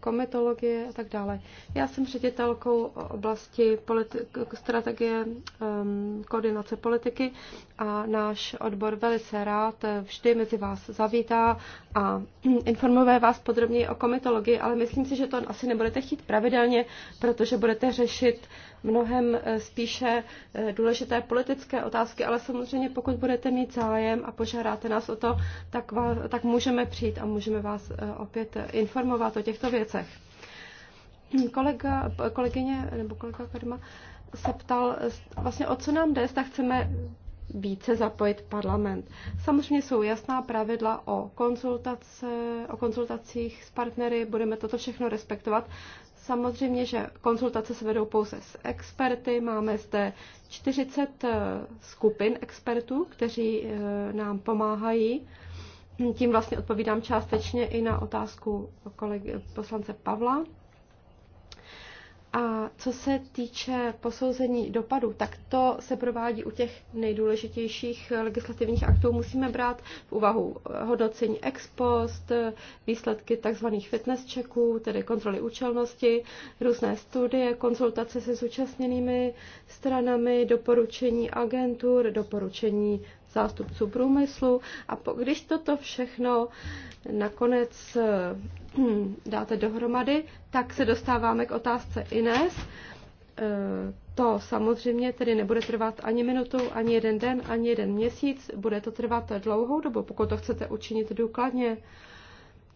kometologie a tak dále. Já jsem ředitelkou oblasti politi- strategie um, koordinace politiky a náš odbor velice rád vždy mezi vás zavítá a informuje vás podrobně o kometologii, ale myslím si, že to asi nebudete chtít pravidelně, protože budete řešit mnohem eh, spíše eh, důležité politické otázky, ale samozřejmě pokud budete mít zájem a požádáte nás o to, tak, vás, tak můžeme přijít a můžeme vás eh, opět informovat o těchto věcech. Kolega, kolegyně nebo kolega Karma se ptal, vlastně o co nám jde, tak chceme více zapojit parlament. Samozřejmě jsou jasná pravidla o, konzultace, o konzultacích s partnery, budeme toto všechno respektovat. Samozřejmě, že konzultace se vedou pouze s experty. Máme zde 40 eh, skupin expertů, kteří eh, nám pomáhají. Tím vlastně odpovídám částečně i na otázku kolegy, poslance Pavla. A co se týče posouzení dopadu, tak to se provádí u těch nejdůležitějších legislativních aktů. Musíme brát v úvahu eh, hodnocení ex post, eh, výsledky tzv. fitness checků, tedy kontroly účelnosti, různé studie, konzultace se zúčastněnými stranami, doporučení agentur, doporučení zástupců průmyslu. A po, když toto všechno nakonec eh, dáte dohromady, tak se dostáváme k otázce Ines. Eh, to samozřejmě tedy nebude trvat ani minutu, ani jeden den, ani jeden měsíc. Bude to trvat dlouhou dobu, pokud to chcete učinit důkladně.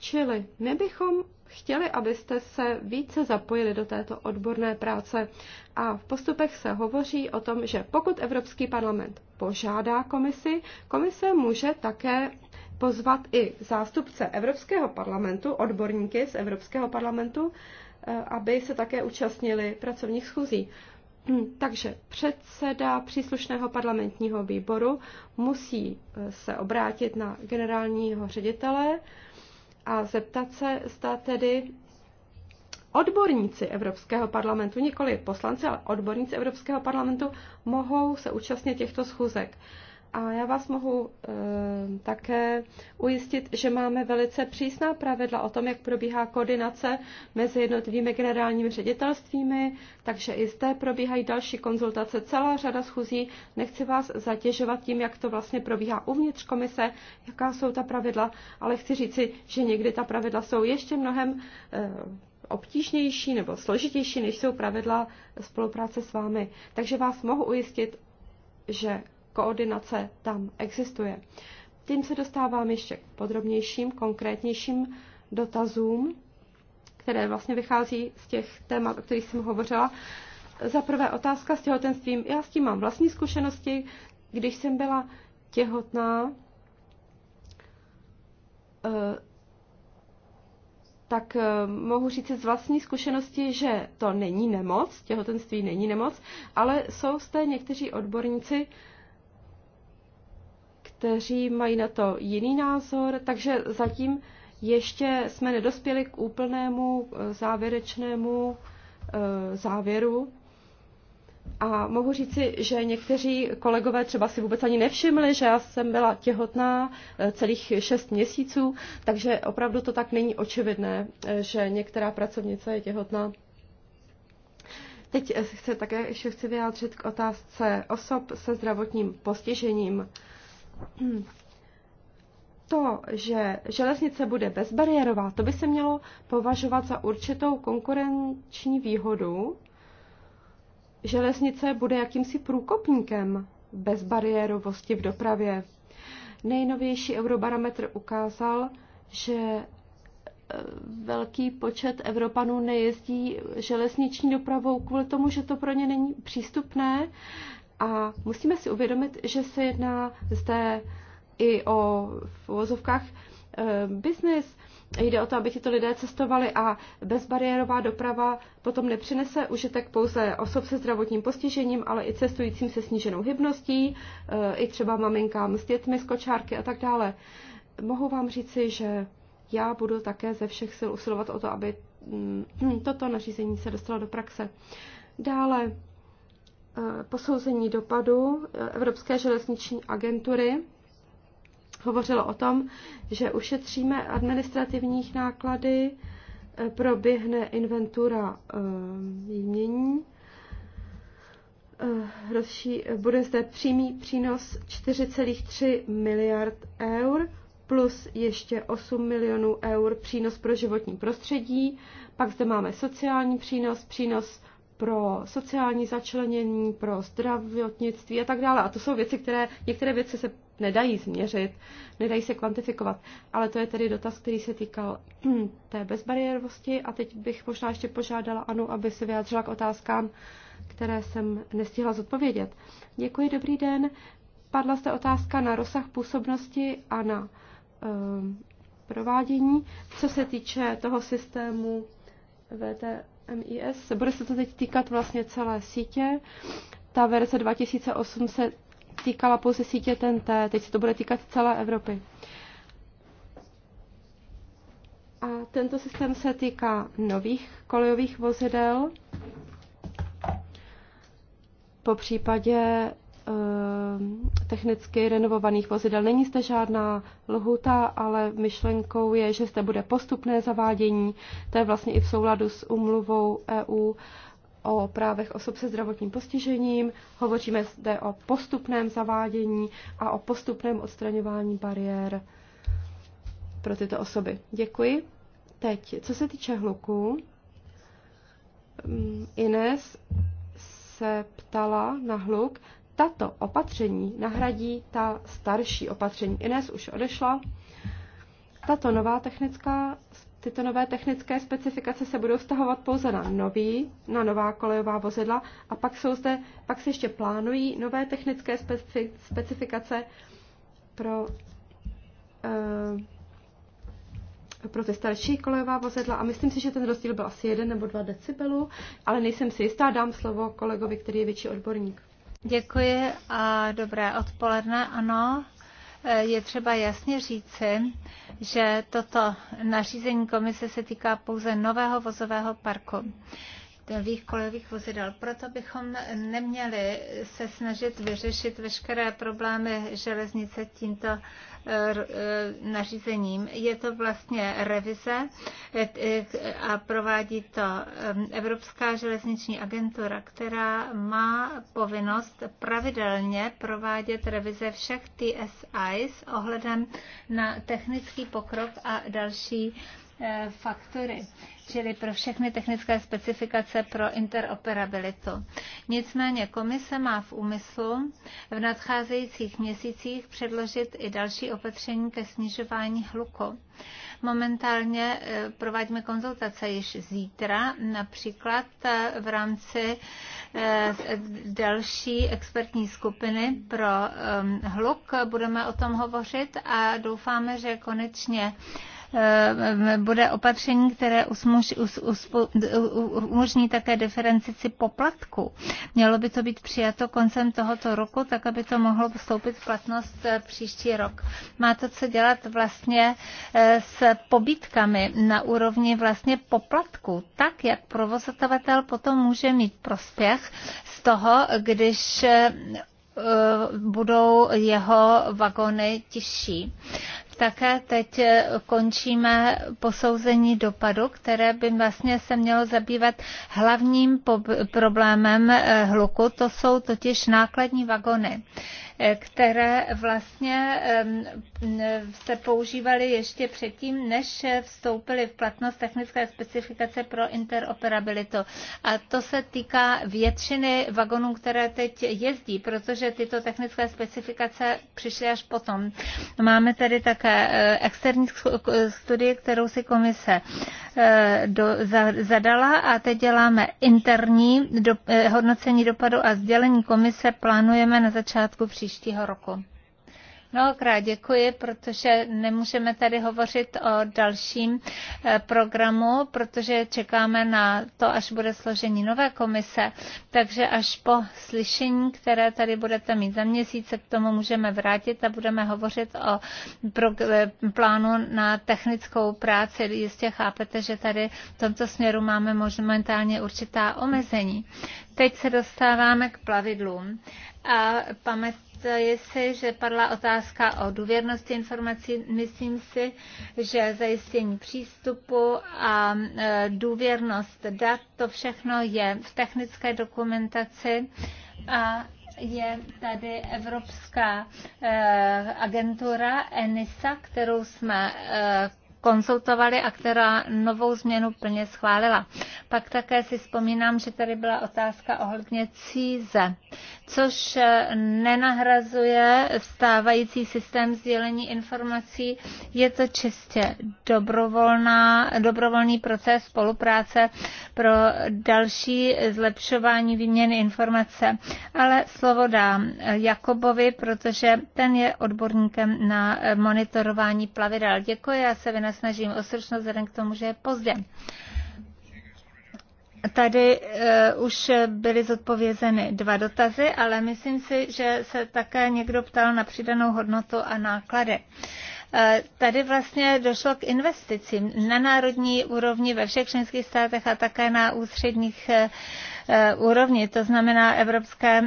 Čili my bychom chtěli, abyste se více zapojili do této odborné práce. A v postupech se hovoří o tom, že pokud Evropský parlament požádá komisi, komise může také pozvat i zástupce Evropského parlamentu, odborníky z Evropského parlamentu, eh, aby se také účastnili pracovních schůzí. Hm, takže předseda příslušného parlamentního výboru musí eh, se obrátit na generálního ředitele, a zeptat se, zda tedy odborníci Evropského parlamentu, nikoli poslanci, ale odborníci Evropského parlamentu mohou se účastnit těchto schůzek. A já vás mohu e, také ujistit, že máme velice přísná pravidla o tom, jak probíhá koordinace mezi jednotlivými generálními ředitelstvími, takže i zde probíhají další konzultace, celá řada schůzí. Nechci vás zatěžovat tím, jak to vlastně probíhá uvnitř komise, jaká jsou ta pravidla, ale chci říci, že někdy ta pravidla jsou ještě mnohem e, obtížnější nebo složitější, než jsou pravidla spolupráce s vámi. Takže vás mohu ujistit, že koordinace tam existuje. Tím se dostávám ještě k podrobnějším, konkrétnějším dotazům, které vlastně vychází z těch témat, o kterých jsem hovořila. Za prvé otázka s těhotenstvím. Já s tím mám vlastní zkušenosti. Když jsem byla těhotná, eh, tak eh, mohu říct z vlastní zkušenosti, že to není nemoc, těhotenství není nemoc, ale jsou zde někteří odborníci, kteří mají na to jiný názor, takže zatím ještě jsme nedospěli k úplnému eh, závěrečnému eh, závěru. A mohu říci, že někteří kolegové třeba si vůbec ani nevšimli, že já jsem byla těhotná eh, celých šest měsíců, takže opravdu to tak není očividné, že některá pracovnice je těhotná. Teď se také ještě chci vyjádřit k otázce osob se zdravotním postižením to, že železnice bude bezbariérová, to by se mělo považovat za určitou konkurenční výhodu. Železnice bude jakýmsi průkopníkem bezbariérovosti v dopravě. Nejnovější eurobarometr ukázal, že e, velký počet Evropanů nejezdí železniční dopravou kvůli tomu, že to pro ně není přístupné, a musíme si uvědomit, že se jedná zde i o v vozovkách eh, business. Jde o to, aby tito lidé cestovali a bezbariérová doprava potom nepřinese užitek pouze osob se zdravotním postižením, ale i cestujícím se sníženou hybností, eh, i třeba maminkám s dětmi, z kočárky a tak dále. Mohu vám říci, že já budu také ze všech sil usilovat o to, aby mm, toto nařízení se dostalo do praxe. Dále Eh, posouzení dopadu eh, Evropské železniční agentury hovořilo o tom, že ušetříme administrativních náklady, eh, proběhne inventura jmění, bude zde přímý přínos 4,3 miliard eur plus ještě 8 milionů eur přínos pro životní prostředí. Pak zde máme sociální přínos, přínos pro sociální začlenění, pro zdravotnictví a tak dále. A to jsou věci, které, některé věci se nedají změřit, nedají se kvantifikovat. Ale to je tedy dotaz, který se týkal hm, té bezbariérovosti. A teď bych možná ještě požádala Anu, aby se vyjádřila k otázkám, které jsem nestihla zodpovědět. Děkuji, dobrý den. Padla jste otázka na rozsah působnosti a na um, provádění. Co se týče toho systému VT, MIS. Bude se to teď týkat vlastně celé sítě. Ta verze 2008 se týkala pouze sítě TNT, teď se to bude týkat celé Evropy. A tento systém se týká nových kolejových vozidel, po případě Eh, technicky renovovaných vozidel. Není zde žádná lhuta, ale myšlenkou je, že zde bude postupné zavádění. To je vlastně i v souladu s umluvou EU o právech osob se zdravotním postižením. Hovoříme zde o postupném zavádění a o postupném odstraňování bariér pro tyto osoby. Děkuji. Teď, co se týče hluku, mm, Ines se ptala na hluk tato opatření nahradí ta starší opatření. Ines už odešla. Tato nová technická, tyto nové technické specifikace se budou vztahovat pouze na nový, na nová kolejová vozidla a pak, jsou zde, pak se ještě plánují nové technické specifikace pro, e, pro ty starší kolejová vozidla a myslím si, že ten rozdíl byl asi 1 nebo 2 decibelů, ale nejsem si jistá, dám slovo kolegovi, který je větší odborník.
Děkuji a dobré odpoledne. Ano, e, je třeba jasně říci, že toto nařízení komise se týká pouze nového vozového parku nových kolejových vozidel. Proto bychom neměli se snažit vyřešit veškeré problémy železnice tímto eh, eh, nařízením. Je to vlastně revize eh, a provádí to Evropská železniční agentura, která má povinnost pravidelně provádět revize všech TSI s ohledem na technický pokrok a další Eh, faktory, čili pro všechny technické specifikace pro interoperabilitu. Nicméně komise má v úmyslu v nadcházejících měsících předložit i další opatření ke snižování hluku. Momentálně eh, provádíme konzultace již zítra, například eh, v rámci další expertní skupiny pro hluk. Budeme o tom hovořit a doufáme, že konečně bude opatření, které umožní také diferencici poplatku. Mělo by to být přijato koncem tohoto roku, tak aby to mohlo vstoupit v platnost eh, příští rok. Má to co dělat vlastně eh, s pobítkami na úrovni vlastně poplatku, tak jak provozovatel potom může mít prospěch z toho, když eh, budou jeho vagony těžší také teď eh, končíme posouzení dopadu, které by vlastně se mělo zabývat hlavním problémem eh, hluku, to jsou totiž nákladní vagony které vlastně se používaly ještě předtím, než vstoupily v platnost technické specifikace pro interoperabilitu. A to se týká většiny vagonů, které teď jezdí, protože tyto technické specifikace přišly až potom. Máme tady také eh, externí studii, kterou si komise eh, do, za, zadala a teď děláme interní do, eh, hodnocení dopadu a sdělení komise plánujeme na začátku příští příštího roku. Mnohokrát děkuji, protože nemůžeme tady hovořit o dalším eh, programu, protože čekáme na to, až bude složení nové komise. Takže až po slyšení, které tady budete mít za měsíc, se k tomu můžeme vrátit a budeme hovořit o eh, plánu na technickou práci. Jistě chápete, že tady v tomto směru máme momentálně určitá omezení. Teď se dostáváme k plavidlům. A pamat, se, že padla otázka o důvěrnosti informací. Myslím si, že zajištění přístupu a e, důvěrnost dat, to všechno je v technické dokumentaci a je tady Evropská e, agentura ENISA, kterou jsme e, konzultovali a která novou změnu plně schválila. Pak také si vzpomínám, že tady byla otázka ohledně cíze, což nenahrazuje stávající systém sdělení informací. Je to čistě dobrovolná, dobrovolný proces spolupráce pro další zlepšování výměny informace. Ale slovo dám Jakobovi, protože ten je odborníkem na monitorování plavidel. Děkuji, já se vynasím nesnažím o srčnost, vzhledem k tomu, že je pozdě. Tady uh, už byly zodpovězeny dva dotazy, ale myslím si, že se také někdo ptal na přidanou hodnotu a náklady. Eh, tady vlastně došlo k investicím na národní úrovni ve všech členských státech a také na ústředních eh, Eh, úrovni, to znamená Evropské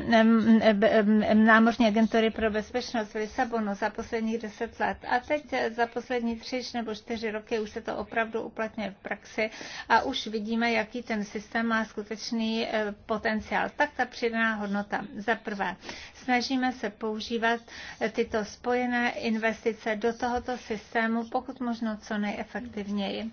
námořní agentury pro bezpečnost v Lisabonu za posledních deset let. A teď za poslední tři nebo čtyři roky už se to opravdu uplatňuje v praxi a už vidíme, jaký ten systém má skutečný eh, potenciál. Tak ta přidaná hodnota. Za prvé, snažíme se používat eh, tyto spojené investice do tohoto systému, pokud možno co nejefektivněji.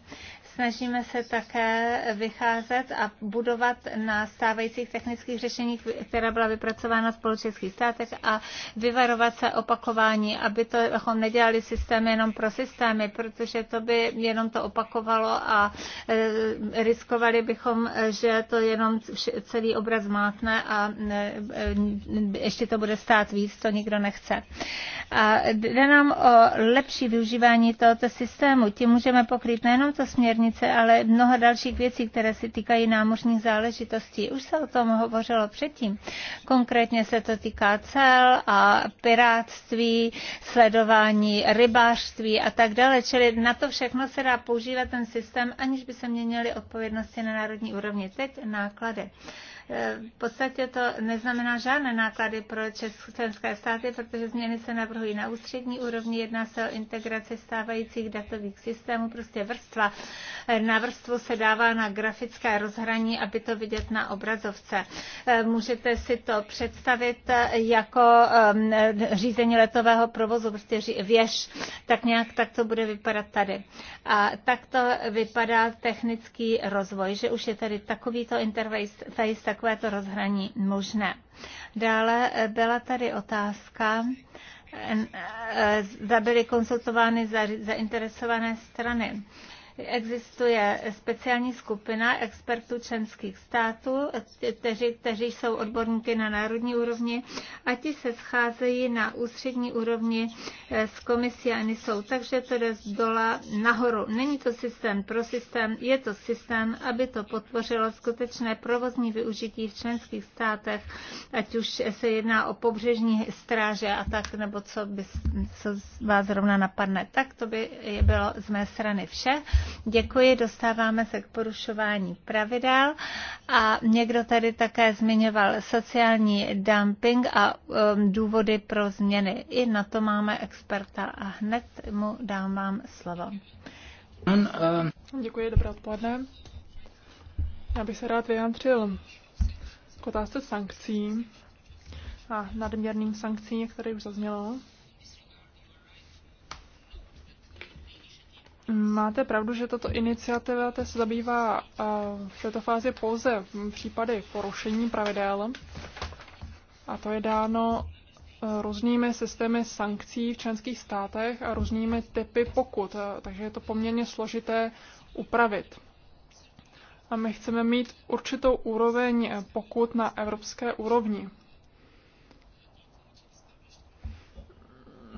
Snažíme se také vycházet a budovat na stávajících technických řešeních, která byla vypracována v společenských státech a vyvarovat se opakování, aby to abychom nedělali systém jenom pro systémy, protože to by jenom to opakovalo a e, riskovali bychom, že to jenom celý obraz mátne a e, e, ještě to bude stát víc, to nikdo nechce. A jde nám o lepší využívání tohoto systému. Tím můžeme pokrýt nejenom to směrnice, železnice, ale mnoha dalších věcí, které se týkají námořních záležitostí. Už se o tom hovořilo předtím. Konkrétně se to týká cel a pirátství, sledování rybářství a tak dále. Čili na to všechno se dá používat ten systém, aniž by se měnily odpovědnosti na národní úrovni. Teď náklady. E, v podstatě to neznamená žádné náklady pro české státy, protože změny se navrhují na ústřední úrovni. Jedná se o integraci stávajících datových systémů, prostě vrstva. E, na vrstvu se dává na grafické rozhraní, aby to vidět na obrazovce. E, můžete si to představit jako řízení letového provozu, prostě věž, tak nějak tak to bude vypadat tady. A tak to vypadá technický rozvoj, že už je tady takovýto interface, takovéto rozhraní možné. Dále eh, byla tady otázka, eh, eh, zda byly konsultovány zainteresované strany. Existuje speciální skupina expertů členských států, kteří, kteří jsou odborníky na národní úrovni a ti se scházejí na ústřední úrovni s eh, komisí a jsou, takže to jde z dola nahoru. Není to systém pro systém, je to systém, aby to podpořilo skutečné provozní využití v členských státech, ať už se jedná o pobřežní stráže a tak, nebo co by co vás zrovna napadne. Tak to by bylo z mé strany vše. Děkuji, dostáváme se k porušování pravidel a někdo tady také zmiňoval sociální dumping a um, důvody pro změny. I na to máme experta a hned mu
dám vám slovo. Um, Děkuji, dobré odpoledne. Já bych se rád vyjádřil k otázce sankcí a nadměrným sankcím, které už zaznělo. Máte pravdu, že tato iniciativa se zabývá eh, v této fázi pouze v případy porušení pravidel a to je dáno eh, různými systémy sankcí v členských státech a různými typy pokut, eh, takže je to poměrně složité upravit. A my chceme mít určitou úroveň pokut na evropské úrovni.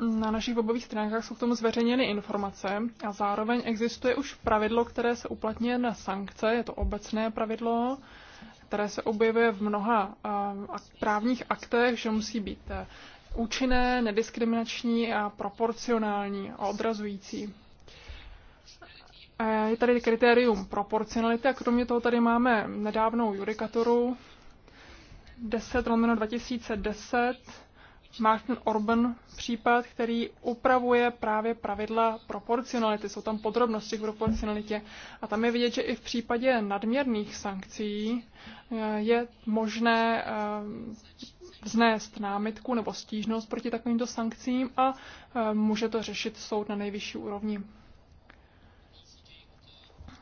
na našich webových stránkách jsou k tomu zveřejněny informace a zároveň existuje už pravidlo, které se uplatňuje na sankce, je to obecné pravidlo, které se objevuje v mnoha eh, právních aktech, že musí být eh, účinné, nediskriminační a proporcionální a odrazující. Je tady kritérium proporcionality a kromě toho tady máme nedávnou judikaturu 10 2010 Martin Orban případ, který upravuje právě pravidla proporcionality. Jsou tam podrobnosti k proporcionalitě. A tam je vidět, že i v případě nadměrných sankcí eh, je možné eh, vznést námitku nebo stížnost proti takovýmto sankcím a eh, může to řešit soud na nejvyšší úrovni.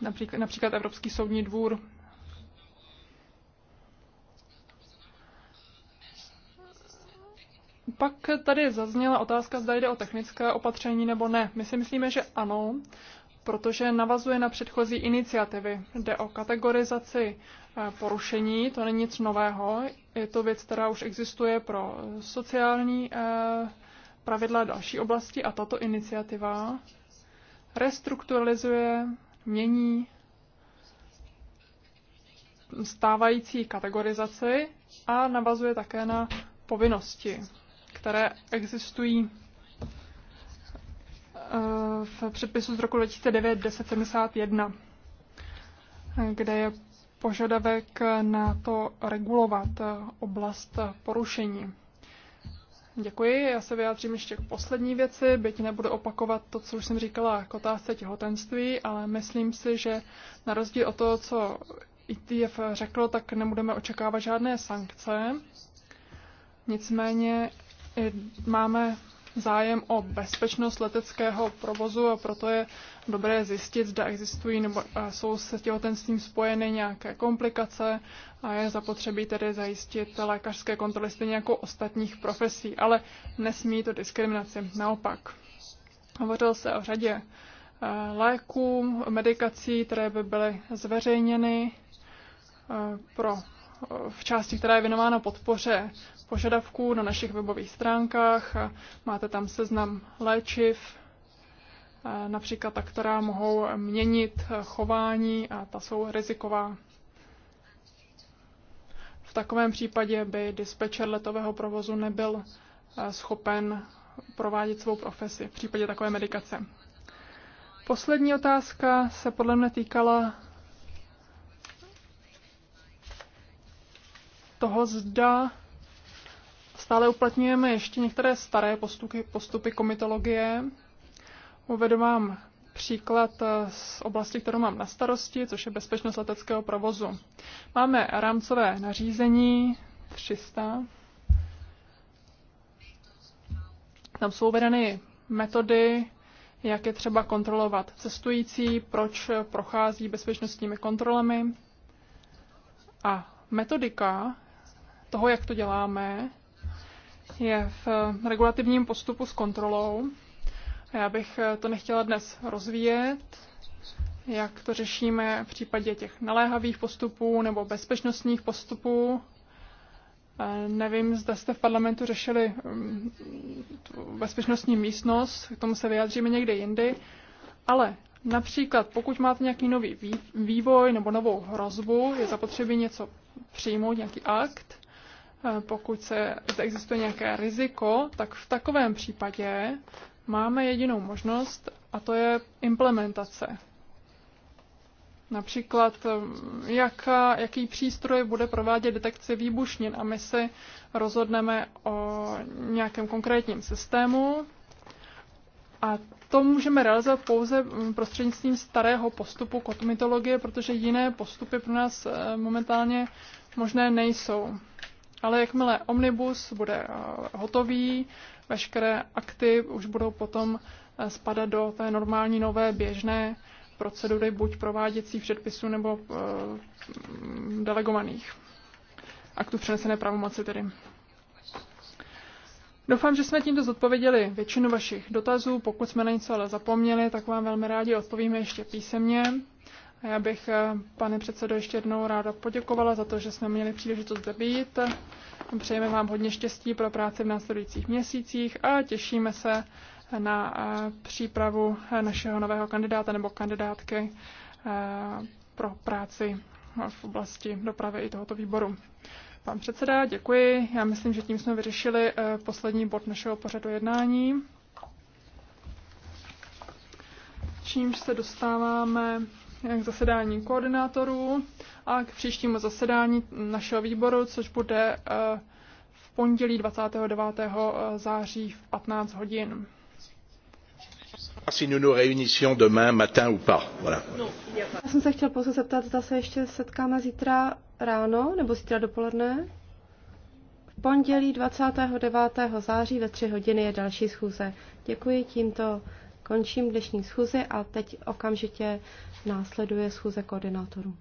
Například, například Evropský soudní dvůr Pak tady zazněla otázka, zda jde o technické opatření nebo ne. My si myslíme, že ano, protože navazuje na předchozí iniciativy. Jde o kategorizaci eh, porušení, to není nic nového, je to věc, která už existuje pro sociální eh, pravidla další oblasti a tato iniciativa restrukturalizuje, mění stávající kategorizaci a navazuje také na povinnosti které existují eh, v předpisu z roku 2009 1071, kde je požadavek na to regulovat eh, oblast porušení. Děkuji, já se vyjádřím ještě k poslední věci, byť nebudu opakovat to, co už jsem říkala k otázce těhotenství, ale myslím si, že na rozdíl od toho, co ITF řekl, tak nebudeme očekávat žádné sankce. Nicméně máme zájem o bezpečnost leteckého provozu a proto je dobré zjistit, zda existují nebo eh, jsou se těhotenstvím spojeny nějaké komplikace a je zapotřebí tedy zajistit lékařské kontroly stejně jako ostatních profesí, ale nesmí to diskriminaci, naopak. Hovořil se o řadě eh, léků, medikací, které by byly zveřejněny eh, pro v části, která je věnována podpoře požadavků na našich webových stránkách. Máte tam seznam léčiv, e, například ta, která mohou měnit e, chování a ta jsou riziková. V takovém případě by dispečer letového provozu nebyl e, schopen provádět svou profesi v případě takové medikace. Poslední otázka se podle mne týkala toho, zda Stále uplatňujeme ještě některé staré postupy, postupy komitologie. Uvedu vám příklad eh, z oblasti, kterou mám na starosti, což je bezpečnost leteckého provozu. Máme rámcové nařízení 300. Tam jsou uvedeny metody, jak je třeba kontrolovat cestující, proč prochází bezpečnostními kontrolami. A metodika toho, jak to děláme, je v eh, regulativním postupu s kontrolou. Já bych eh, to nechtěla dnes rozvíjet, jak to řešíme v případě těch naléhavých postupů nebo bezpečnostních postupů. Eh, nevím, zda jste v parlamentu řešili mm, tu bezpečnostní místnost, k tomu se vyjádříme někde jindy, ale například pokud máte nějaký nový vývoj nebo novou hrozbu, je zapotřebí něco přijmout, nějaký akt, Eh, pokud se existuje nějaké riziko, tak v takovém případě máme jedinou možnost a to je implementace. Například, eh, jak, jaký přístroj bude provádět detekci výbušnin a my si rozhodneme o nějakém konkrétním systému a to můžeme realizovat pouze mm, prostřednictvím starého postupu kotmitologie, protože jiné postupy pro nás eh, momentálně možné nejsou. Ale jakmile omnibus bude eh, hotový, veškeré akty už budou potom eh, spadat do té normální nové běžné procedury buď prováděcí předpisů nebo eh, mm, delegovaných aktů přenesené pravomoci tedy. Doufám, že jsme tímto zodpověděli většinu vašich dotazů. Pokud jsme na něco ale zapomněli, tak vám velmi rádi odpovíme ještě písemně. Já bych, eh, pane předsedo, ještě jednou ráda poděkovala za to, že jsme měli příležitost zde být. Přejeme vám hodně štěstí pro práci v následujících měsících a těšíme se na eh, přípravu eh, našeho nového kandidáta nebo kandidátky pro práci v oblasti dopravy i tohoto výboru. Pan předseda, děkuji. Já myslím, že tím jsme vyřešili poslední bod našeho pořadu jednání. Čímž se dostáváme k zasedání koordinátorů a k příštímu zasedání našeho výboru, což bude eh, v pondělí 29. Eh, září v 15 hodin.
Si nous nous réunissions demain matin ou pas. Voilà.
Já jsem se chtěl pouze zeptat, zda se ještě setkáme
zítra ráno nebo zítra dopoledne. V pondělí 29. září ve 3 hodiny je další schůze. Děkuji tímto. Končím dnešní schůzi a teď okamžitě následuje schůze koordinátorů.